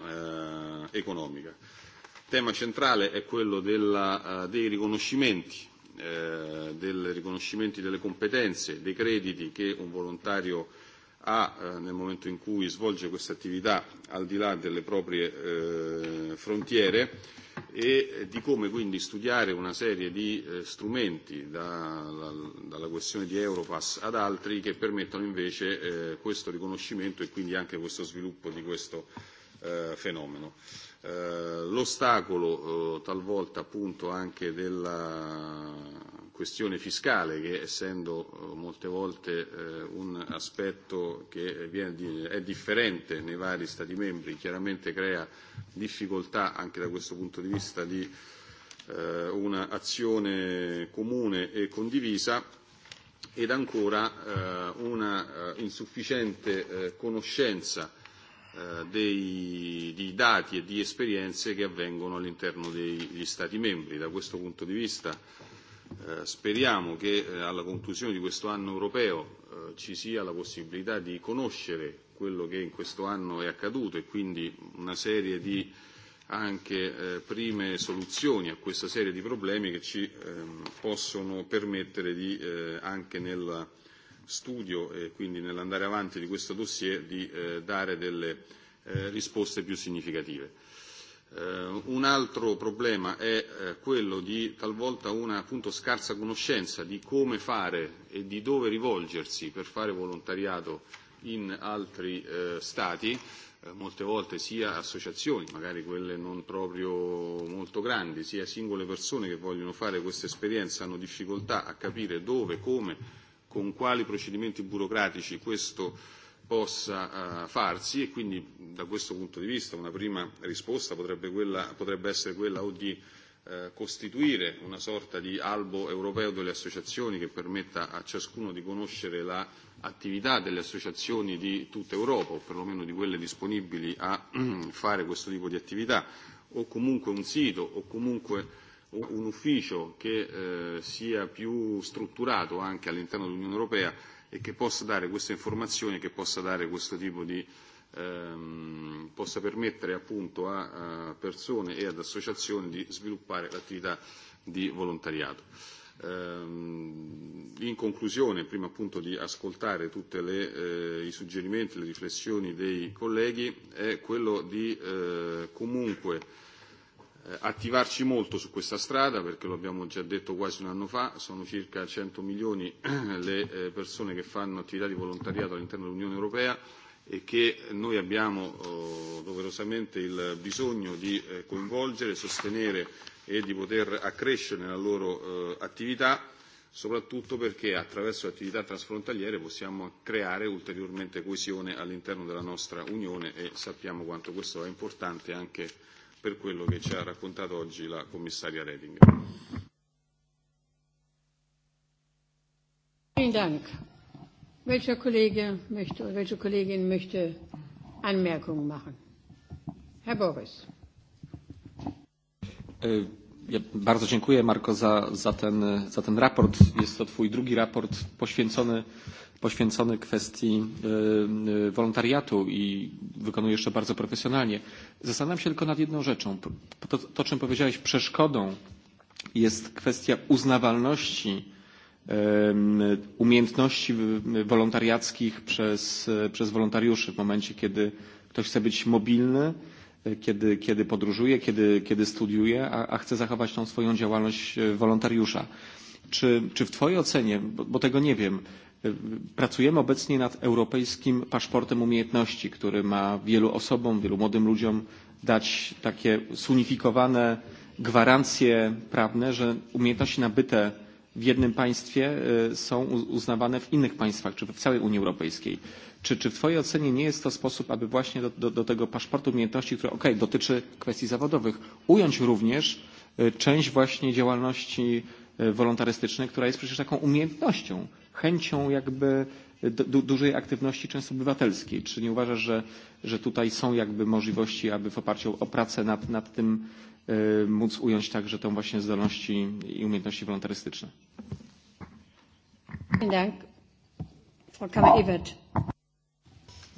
eh, economica. Il tema centrale è quello della, eh, dei riconoscimenti, eh, del riconoscimenti delle competenze, dei crediti che un volontario ha eh, nel momento in cui svolge questa attività al di là delle proprie eh, frontiere e di come quindi studiare una serie di eh, strumenti da, la, dalla questione di Europass ad altri che permettano invece eh, questo riconoscimento e quindi anche questo sviluppo di questo eh, fenomeno. Eh, Eh, l'ostacolo eh, talvolta appunto anche della questione fiscale che essendo eh, molte volte un aspetto che viene è differente nei vari Stati membri chiaramente crea difficoltà anche da questo punto di vista di un'azione comune e condivisa ed ancora una insufficiente conoscenza Eh, dei, di dati e di esperienze che avvengono all'interno degli Stati membri. Da questo punto di vista eh, speriamo che eh, alla conclusione di questo anno europeo ci sia la possibilità di conoscere quello che in questo anno è accaduto e quindi una serie di anche eh, prime soluzioni a questa serie di problemi che ci ehm, possono permettere di, eh, anche nella studio e quindi nell'andare avanti di questo dossier di eh, dare delle eh, risposte più significative. Eh, un altro problema è eh, quello di talvolta una appunto scarsa conoscenza di come fare e di dove rivolgersi per fare volontariato in altri eh, stati, eh, molte volte sia associazioni, magari quelle non proprio molto grandi, sia singole persone che vogliono fare questa esperienza hanno difficoltà a capire dove, come con quali procedimenti burocratici questo possa uh, farsi e quindi da questo punto di vista una prima risposta potrebbe, quella, potrebbe essere quella o di eh, costituire una sorta di albo europeo delle associazioni che permetta a ciascuno di conoscere l'attività la delle associazioni di tutta Europa o perlomeno di quelle disponibili a fare questo tipo di attività o comunque un sito o comunque un ufficio che eh, sia più strutturato anche all'interno dell'Unione Europea e che possa dare queste informazioni, che possa dare questo tipo di ehm, possa permettere appunto a, a persone e ad associazioni di sviluppare l'attività di volontariato. Ehm, in conclusione, prima appunto di ascoltare tutti eh, i suggerimenti, le riflessioni dei colleghi, è quello di eh, comunque Eh, attivarci molto su questa strada perché lo abbiamo già detto quasi un anno fa, sono circa 100 milioni le eh, persone che fanno attività di volontariato all'interno dell'Unione Europea e che noi abbiamo oh, doverosamente il bisogno di eh, coinvolgere, sostenere e di poter accrescere la loro attività soprattutto perché attraverso attività transfrontaliere possiamo creare ulteriormente coesione all'interno della nostra Unione e sappiamo quanto questo è importante anche per quello che ci ha raccontato oggi la commissaria Reding. Vielen Dank. Welcher Kollege möchte oder welche Kollegin möchte Anmerkungen machen? Herr Boris. E, ja bardzo dziękuję Marko za, za, ten, za ten raport. Jest to Twój drugi raport poświęcony poświęcony kwestii e, e, wolontariatu i wykonuje jeszcze bardzo profesjonalnie. Zastanawiam się tylko nad jedną rzeczą. To, to czym powiedziałeś, przeszkodą jest kwestia uznawalności e, umiejętności wolontariackich przez, przez wolontariuszy w momencie, kiedy ktoś chce być mobilny, kiedy, kiedy podróżuje, kiedy, kiedy studiuje, a, a chce zachować tą swoją działalność wolontariusza. Czy, czy w Twojej ocenie, bo, bo tego nie wiem, Pracujemy obecnie nad europejskim paszportem umiejętności, który ma wielu osobom, wielu młodym ludziom dać takie sunifikowane gwarancje prawne, że umiejętności nabyte w jednym państwie są uznawane w innych państwach czy w całej Unii Europejskiej. Czy, czy w Twojej ocenie nie jest to sposób, aby właśnie do, do, do tego paszportu umiejętności, który ok, dotyczy kwestii zawodowych, ująć również część właśnie działalności wolontarystycznej, która jest przecież taką umiejętnością, chęcią jakby du dużej aktywności często obywatelskiej. Czy nie uważasz, że, że tutaj są jakby możliwości, aby w oparciu o pracę nad, nad tym y, móc ująć także tą właśnie zdolności i umiejętności wolontarystyczne? Dziękuję. Frau kammer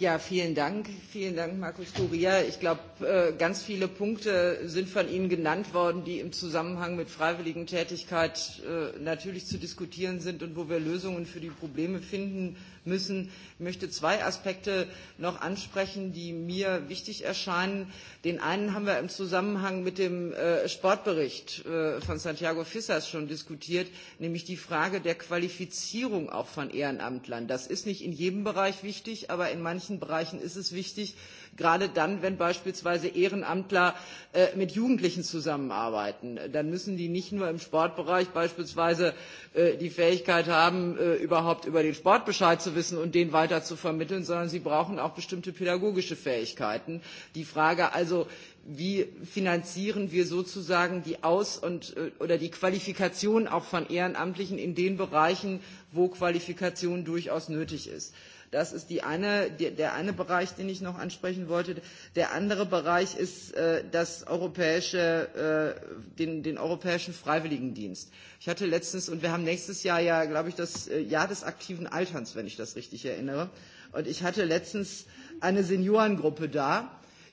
ja, vielen Dank. Vielen Dank, Markus Curia. Ich glaube, äh, ganz viele Punkte sind von Ihnen genannt worden, die im Zusammenhang mit freiwilligen Tätigkeit äh, natürlich zu diskutieren sind und wo wir Lösungen für die Probleme finden müssen. Ich möchte zwei Aspekte noch ansprechen, die mir wichtig erscheinen. Den einen haben wir im Zusammenhang mit dem äh, Sportbericht äh, von Santiago Fissas schon diskutiert, nämlich die Frage der Qualifizierung auch von Ehrenamtlern. Das ist nicht in jedem Bereich wichtig, aber in manchen Bereichen ist es wichtig, gerade dann, wenn beispielsweise Ehrenamtler äh, mit Jugendlichen zusammenarbeiten. Dann müssen die nicht nur im Sportbereich beispielsweise äh, die Fähigkeit haben, äh, überhaupt über den Sport Bescheid zu wissen und den weiter zu vermitteln, sondern sie brauchen auch bestimmte pädagogische Fähigkeiten. Die Frage also, wie finanzieren wir sozusagen die Aus- und, äh, oder die Qualifikation auch von Ehrenamtlichen in den Bereichen, wo Qualifikation durchaus nötig ist. Das ist die eine, die, der eine Bereich, den ich noch ansprechen wollte. Der andere Bereich ist äh, das europäische, äh, den, den europäischen Freiwilligendienst. Ich hatte letztens, und wir haben nächstes Jahr ja, glaube ich, das äh, Jahr des aktiven Alterns, wenn ich das richtig erinnere. Und ich hatte letztens eine Seniorengruppe da,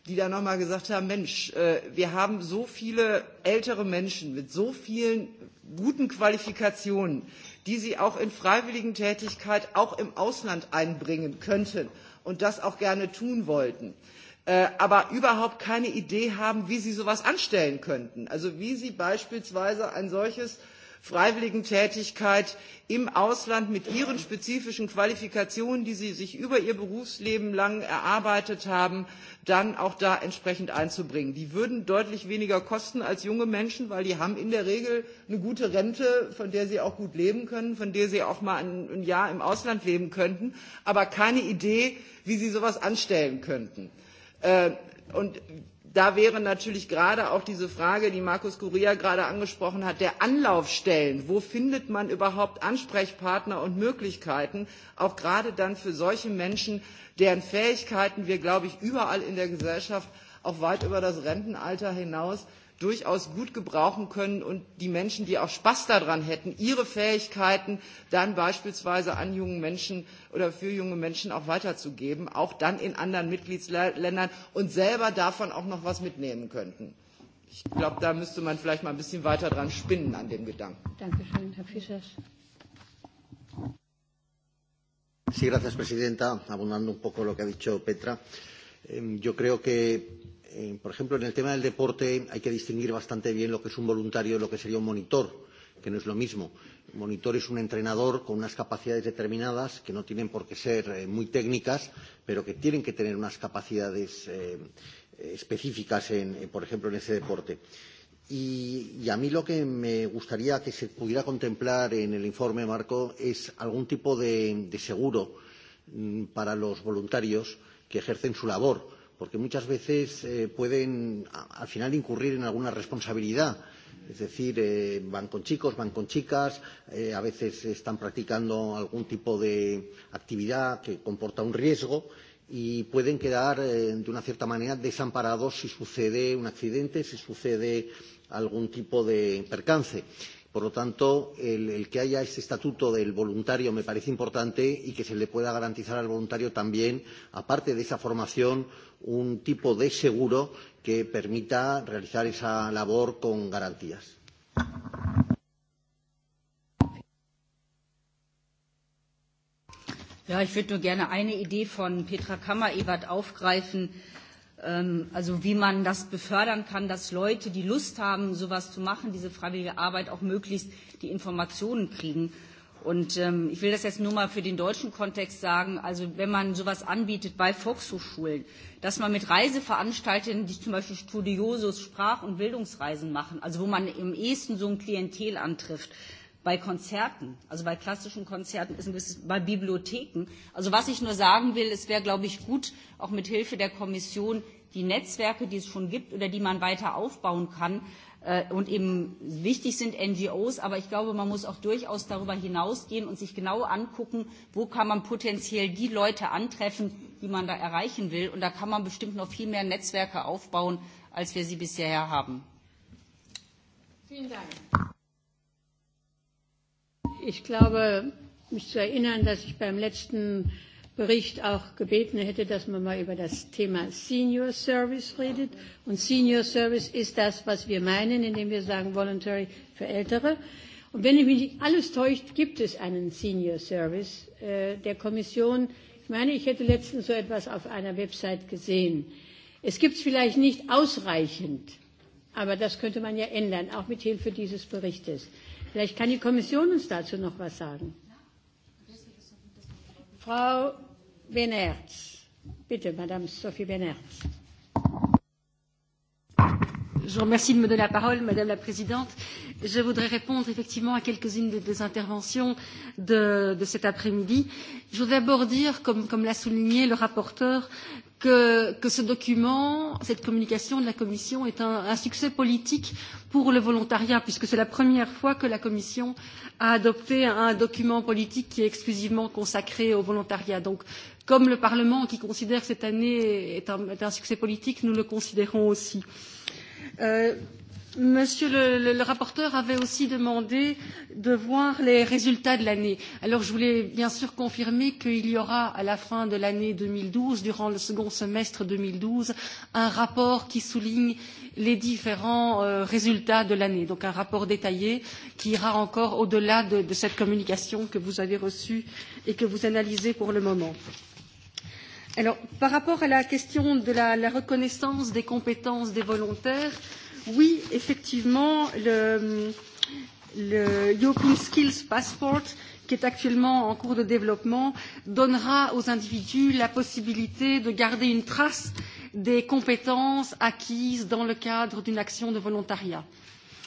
die da nochmal gesagt haben, Mensch, äh, wir haben so viele ältere Menschen mit so vielen guten Qualifikationen, die sie auch in Freiwilligentätigkeit auch im Ausland einbringen könnten und das auch gerne tun wollten äh, aber überhaupt keine Idee haben, wie sie sowas anstellen könnten. Also wie sie beispielsweise ein solches Freiwilligentätigkeit im Ausland mit ihren spezifischen Qualifikationen, die sie sich über ihr Berufsleben lang erarbeitet haben, dann auch da entsprechend einzubringen. Die würden deutlich weniger kosten als junge Menschen, weil die haben in der Regel eine gute Rente, von der sie auch gut leben können, von der sie auch mal ein, ein Jahr im Ausland leben könnten, aber keine Idee, wie sie sowas anstellen könnten. Äh, und da wäre natürlich gerade auch diese Frage, die Markus Curia gerade angesprochen hat, der Anlaufstellen. Wo findet man überhaupt Ansprechpartner und Möglichkeiten, auch gerade dann für solche Menschen, deren Fähigkeiten wir, glaube ich, überall in der Gesellschaft auch weit über das Rentenalter hinaus durchaus gut gebrauchen können und die Menschen, die auch Spaß daran hätten, ihre Fähigkeiten dann beispielsweise an jungen Menschen oder für junge Menschen auch weiterzugeben, auch dann in anderen Mitgliedsländern und selber davon auch noch was mitnehmen könnten. Ich glaube, da müsste man vielleicht mal ein bisschen weiter dran spinnen an dem Gedanken. Dankeschön, Herr Sí, gracias, Presidenta. Abundando un poco lo que ha dicho Petra, eh, yo creo que eh, por ejemplo, en el tema del deporte hay que distinguir bastante bien lo que es un voluntario de lo que sería un monitor, que no es lo mismo. Un monitor es un entrenador con unas capacidades determinadas que no tienen por qué ser eh, muy técnicas, pero que tienen que tener unas capacidades eh, específicas, en, eh, por ejemplo, en ese deporte. Y, y a mí lo que me gustaría que se pudiera contemplar en el informe, Marco, es algún tipo de, de seguro mm, para los voluntarios que ejercen su labor eh, porque muchas veces eh, pueden al final incurrir en alguna responsabilidad. Es decir, eh, van con chicos, van con chicas, eh, a veces están practicando algún tipo de actividad que comporta un riesgo y pueden quedar, eh, de una cierta manera, desamparados si sucede un accidente, si sucede algún tipo de percance. Por lo tanto, el, el que haya ese estatuto del voluntario me parece importante y que se le pueda garantizar al voluntario también, aparte de esa formación, un tipo de seguro que permita realizar esa labor con garantías. Ja, ich würde nur gerne eine Idee von Petra Kammer-Ebert aufgreifen, ähm, also wie man das befördern kann, dass Leute, die Lust haben, sowas zu machen, diese freiwillige Arbeit auch möglichst die Informationen kriegen. Und ähm, ich will das jetzt nur mal für den deutschen Kontext sagen. Also wenn man sowas anbietet bei Volkshochschulen, dass man mit Reiseveranstaltern, die zum Beispiel Studiosus Sprach- und Bildungsreisen machen, also wo man im ehesten so ein Klientel antrifft, bei Konzerten, also bei klassischen Konzerten, ist ein bisschen, bei Bibliotheken. Also was ich nur sagen will, es wäre, glaube ich, gut, auch mit Hilfe der Kommission die Netzwerke, die es schon gibt oder die man weiter aufbauen kann, Äh, und eben wichtig sind NGOs, aber ich glaube, man muss auch durchaus darüber hinausgehen und sich genau angucken, wo kann man potenziell die Leute antreffen, die man da erreichen will. Und da kann man bestimmt noch viel mehr Netzwerke aufbauen, als wir sie bisher haben. Vielen Dank. Ich glaube, mich zu erinnern, dass ich beim letzten Bericht auch gebeten hätte, dass man mal über das Thema Senior Service redet. Und Senior Service ist das, was wir meinen, indem wir sagen Voluntary für Ältere. Und wenn ich mich nicht alles täuscht, gibt es einen Senior Service äh, der Kommission. Ich meine, ich hätte letztens so etwas auf einer Website gesehen. Es gibt es vielleicht nicht ausreichend, aber das könnte man ja ändern, auch mit Hilfe dieses Berichtes. Vielleicht kann die Kommission uns dazu noch was sagen. Frau Benerz. Bitte, Madame Sophie Benerz. Je remercie de me donner la parole, Madame la Présidente. Je voudrais répondre effectivement à quelques-unes des, des interventions de, de cet après-midi. Je voudrais d'abord dire, comme, comme l'a souligné le rapporteur, que, que ce document, cette communication de la Commission est un, un succès politique pour le volontariat, puisque c'est la première fois que la Commission a adopté un document politique qui est exclusivement consacré au volontariat. Donc, comme le Parlement, qui considère que cette année est un, est un succès politique, nous le considérons aussi. Euh, Monsieur le, le, le rapporteur avait aussi demandé de voir les résultats de l'année. Alors je voulais bien sûr confirmer qu'il y aura à la fin de l'année 2012, durant le second semestre 2012, un rapport qui souligne les différents euh, résultats de l'année. Donc un rapport détaillé qui ira encore au-delà de, de cette communication que vous avez reçue et que vous analysez pour le moment. Alors par rapport à la question de la, la reconnaissance des compétences des volontaires, Oui, effectivement, le, le European Skills Passport qui est actuellement en cours de développement donnera aux individus la possibilité de garder une trace des compétences acquises dans le cadre d'une action de volontariat.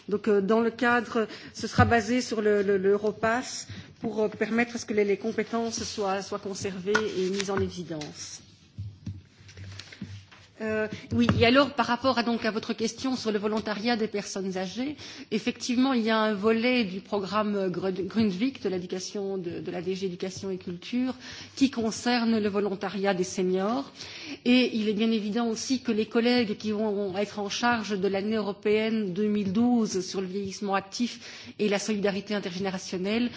Donc, euh, dans le cadre, ce sera basé sur l'Europass le, le, pour euh, permettre à ce que les, les compétences soient, soient conservées et mises en évidence. Euh, oui, et alors par rapport à, donc, à votre question sur le volontariat des personnes âgées, effectivement, il y a un volet du programme Grundvik de l'éducation de, de la DG Éducation et Culture qui concerne le volontariat des seniors. Et il est bien évident aussi que les collègues qui vont être en charge de l'année européenne 2012 sur le vieillissement actif et la solidarité intergénérationnelle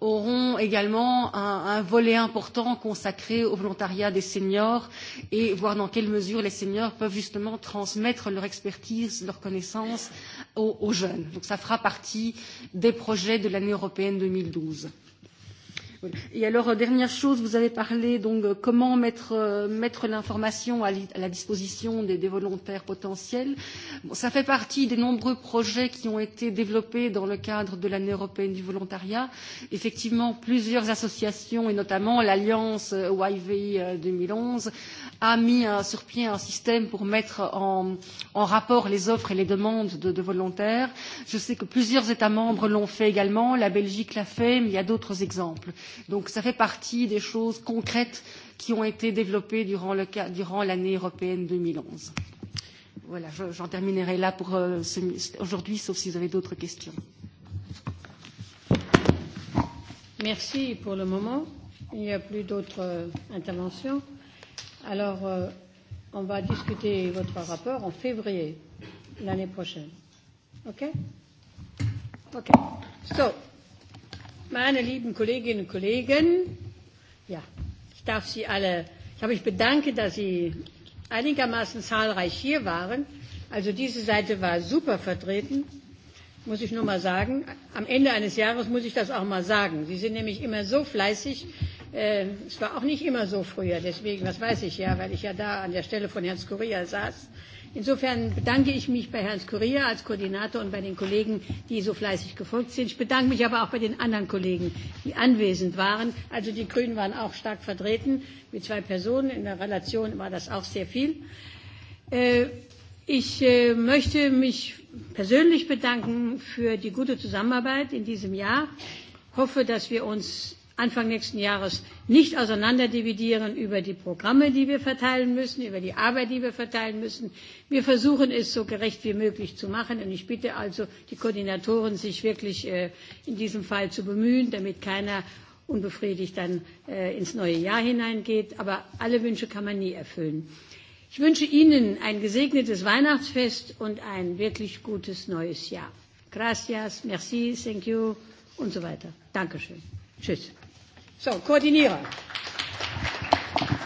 auront également un, un volet important consacré au volontariat des seniors et voir dans quelle mesure les seniors seniors peuvent justement transmettre leur expertise, leurs connaissances aux, aux jeunes. Donc ça fera partie des projets de l'année européenne 2012. Et alors, euh, dernière chose, vous avez parlé donc euh, comment mettre, euh, mettre l'information à, à la disposition des, des volontaires potentiels. Bon, ça fait partie des nombreux projets qui ont été développés dans le cadre de l'année européenne du volontariat. Effectivement, plusieurs associations, et notamment l'Alliance YVI 2011, a mis un, sur pied un système pour mettre en, en rapport les offres et les demandes de, de volontaires. Je sais que plusieurs États membres l'ont fait également, la Belgique l'a fait, mais il y a d'autres exemples. Donc ça fait partie des choses concrètes qui ont été développées durant, le, durant l'année européenne 2011. Voilà, j'en terminerai là pour euh, ce, aujourd'hui, sauf si vous avez d'autres questions. Merci pour le moment. Il n'y a plus d'autres euh, interventions. Alors, euh, on va discuter votre rapport en février l'année prochaine. OK? OK. So, Meine lieben Kolleginnen und Kollegen, ja, ich darf Sie alle, ich habe mich bedanke, dass Sie einigermaßen zahlreich hier waren. Also diese Seite war super vertreten, muss ich nur mal sagen. Am Ende eines Jahres muss ich das auch mal sagen. Sie sind nämlich immer so fleißig. Äh, es war auch nicht immer so früher, deswegen, was weiß ich ja, weil ich ja da an der Stelle von Herrn Skoria saß. Insofern bedanke ich mich bei Herrn Skurria als Koordinator und bei den Kollegen, die so fleißig gefolgt sind. Ich bedanke mich aber auch bei den anderen Kollegen, die anwesend waren. Also die Grünen waren auch stark vertreten mit zwei Personen. In der Relation war das auch sehr viel. Äh, ich äh, möchte mich persönlich bedanken für die gute Zusammenarbeit in diesem Jahr. Ich hoffe, dass wir uns Anfang nächsten Jahres nicht auseinanderdividieren über die Programme, die wir verteilen müssen, über die Arbeit, die wir verteilen müssen. Wir versuchen es so gerecht wie möglich zu machen. Und ich bitte also die Koordinatoren, sich wirklich äh, in diesem Fall zu bemühen, damit keiner unbefriedigt dann äh, ins neue Jahr hineingeht. Aber alle Wünsche kann man nie erfüllen. Ich wünsche Ihnen ein gesegnetes Weihnachtsfest und ein wirklich gutes neues Jahr. Gracias, merci, thank you und so weiter. Dankeschön. Tschüss. So, koordinieren.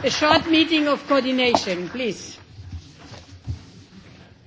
A short meeting of coordination, please.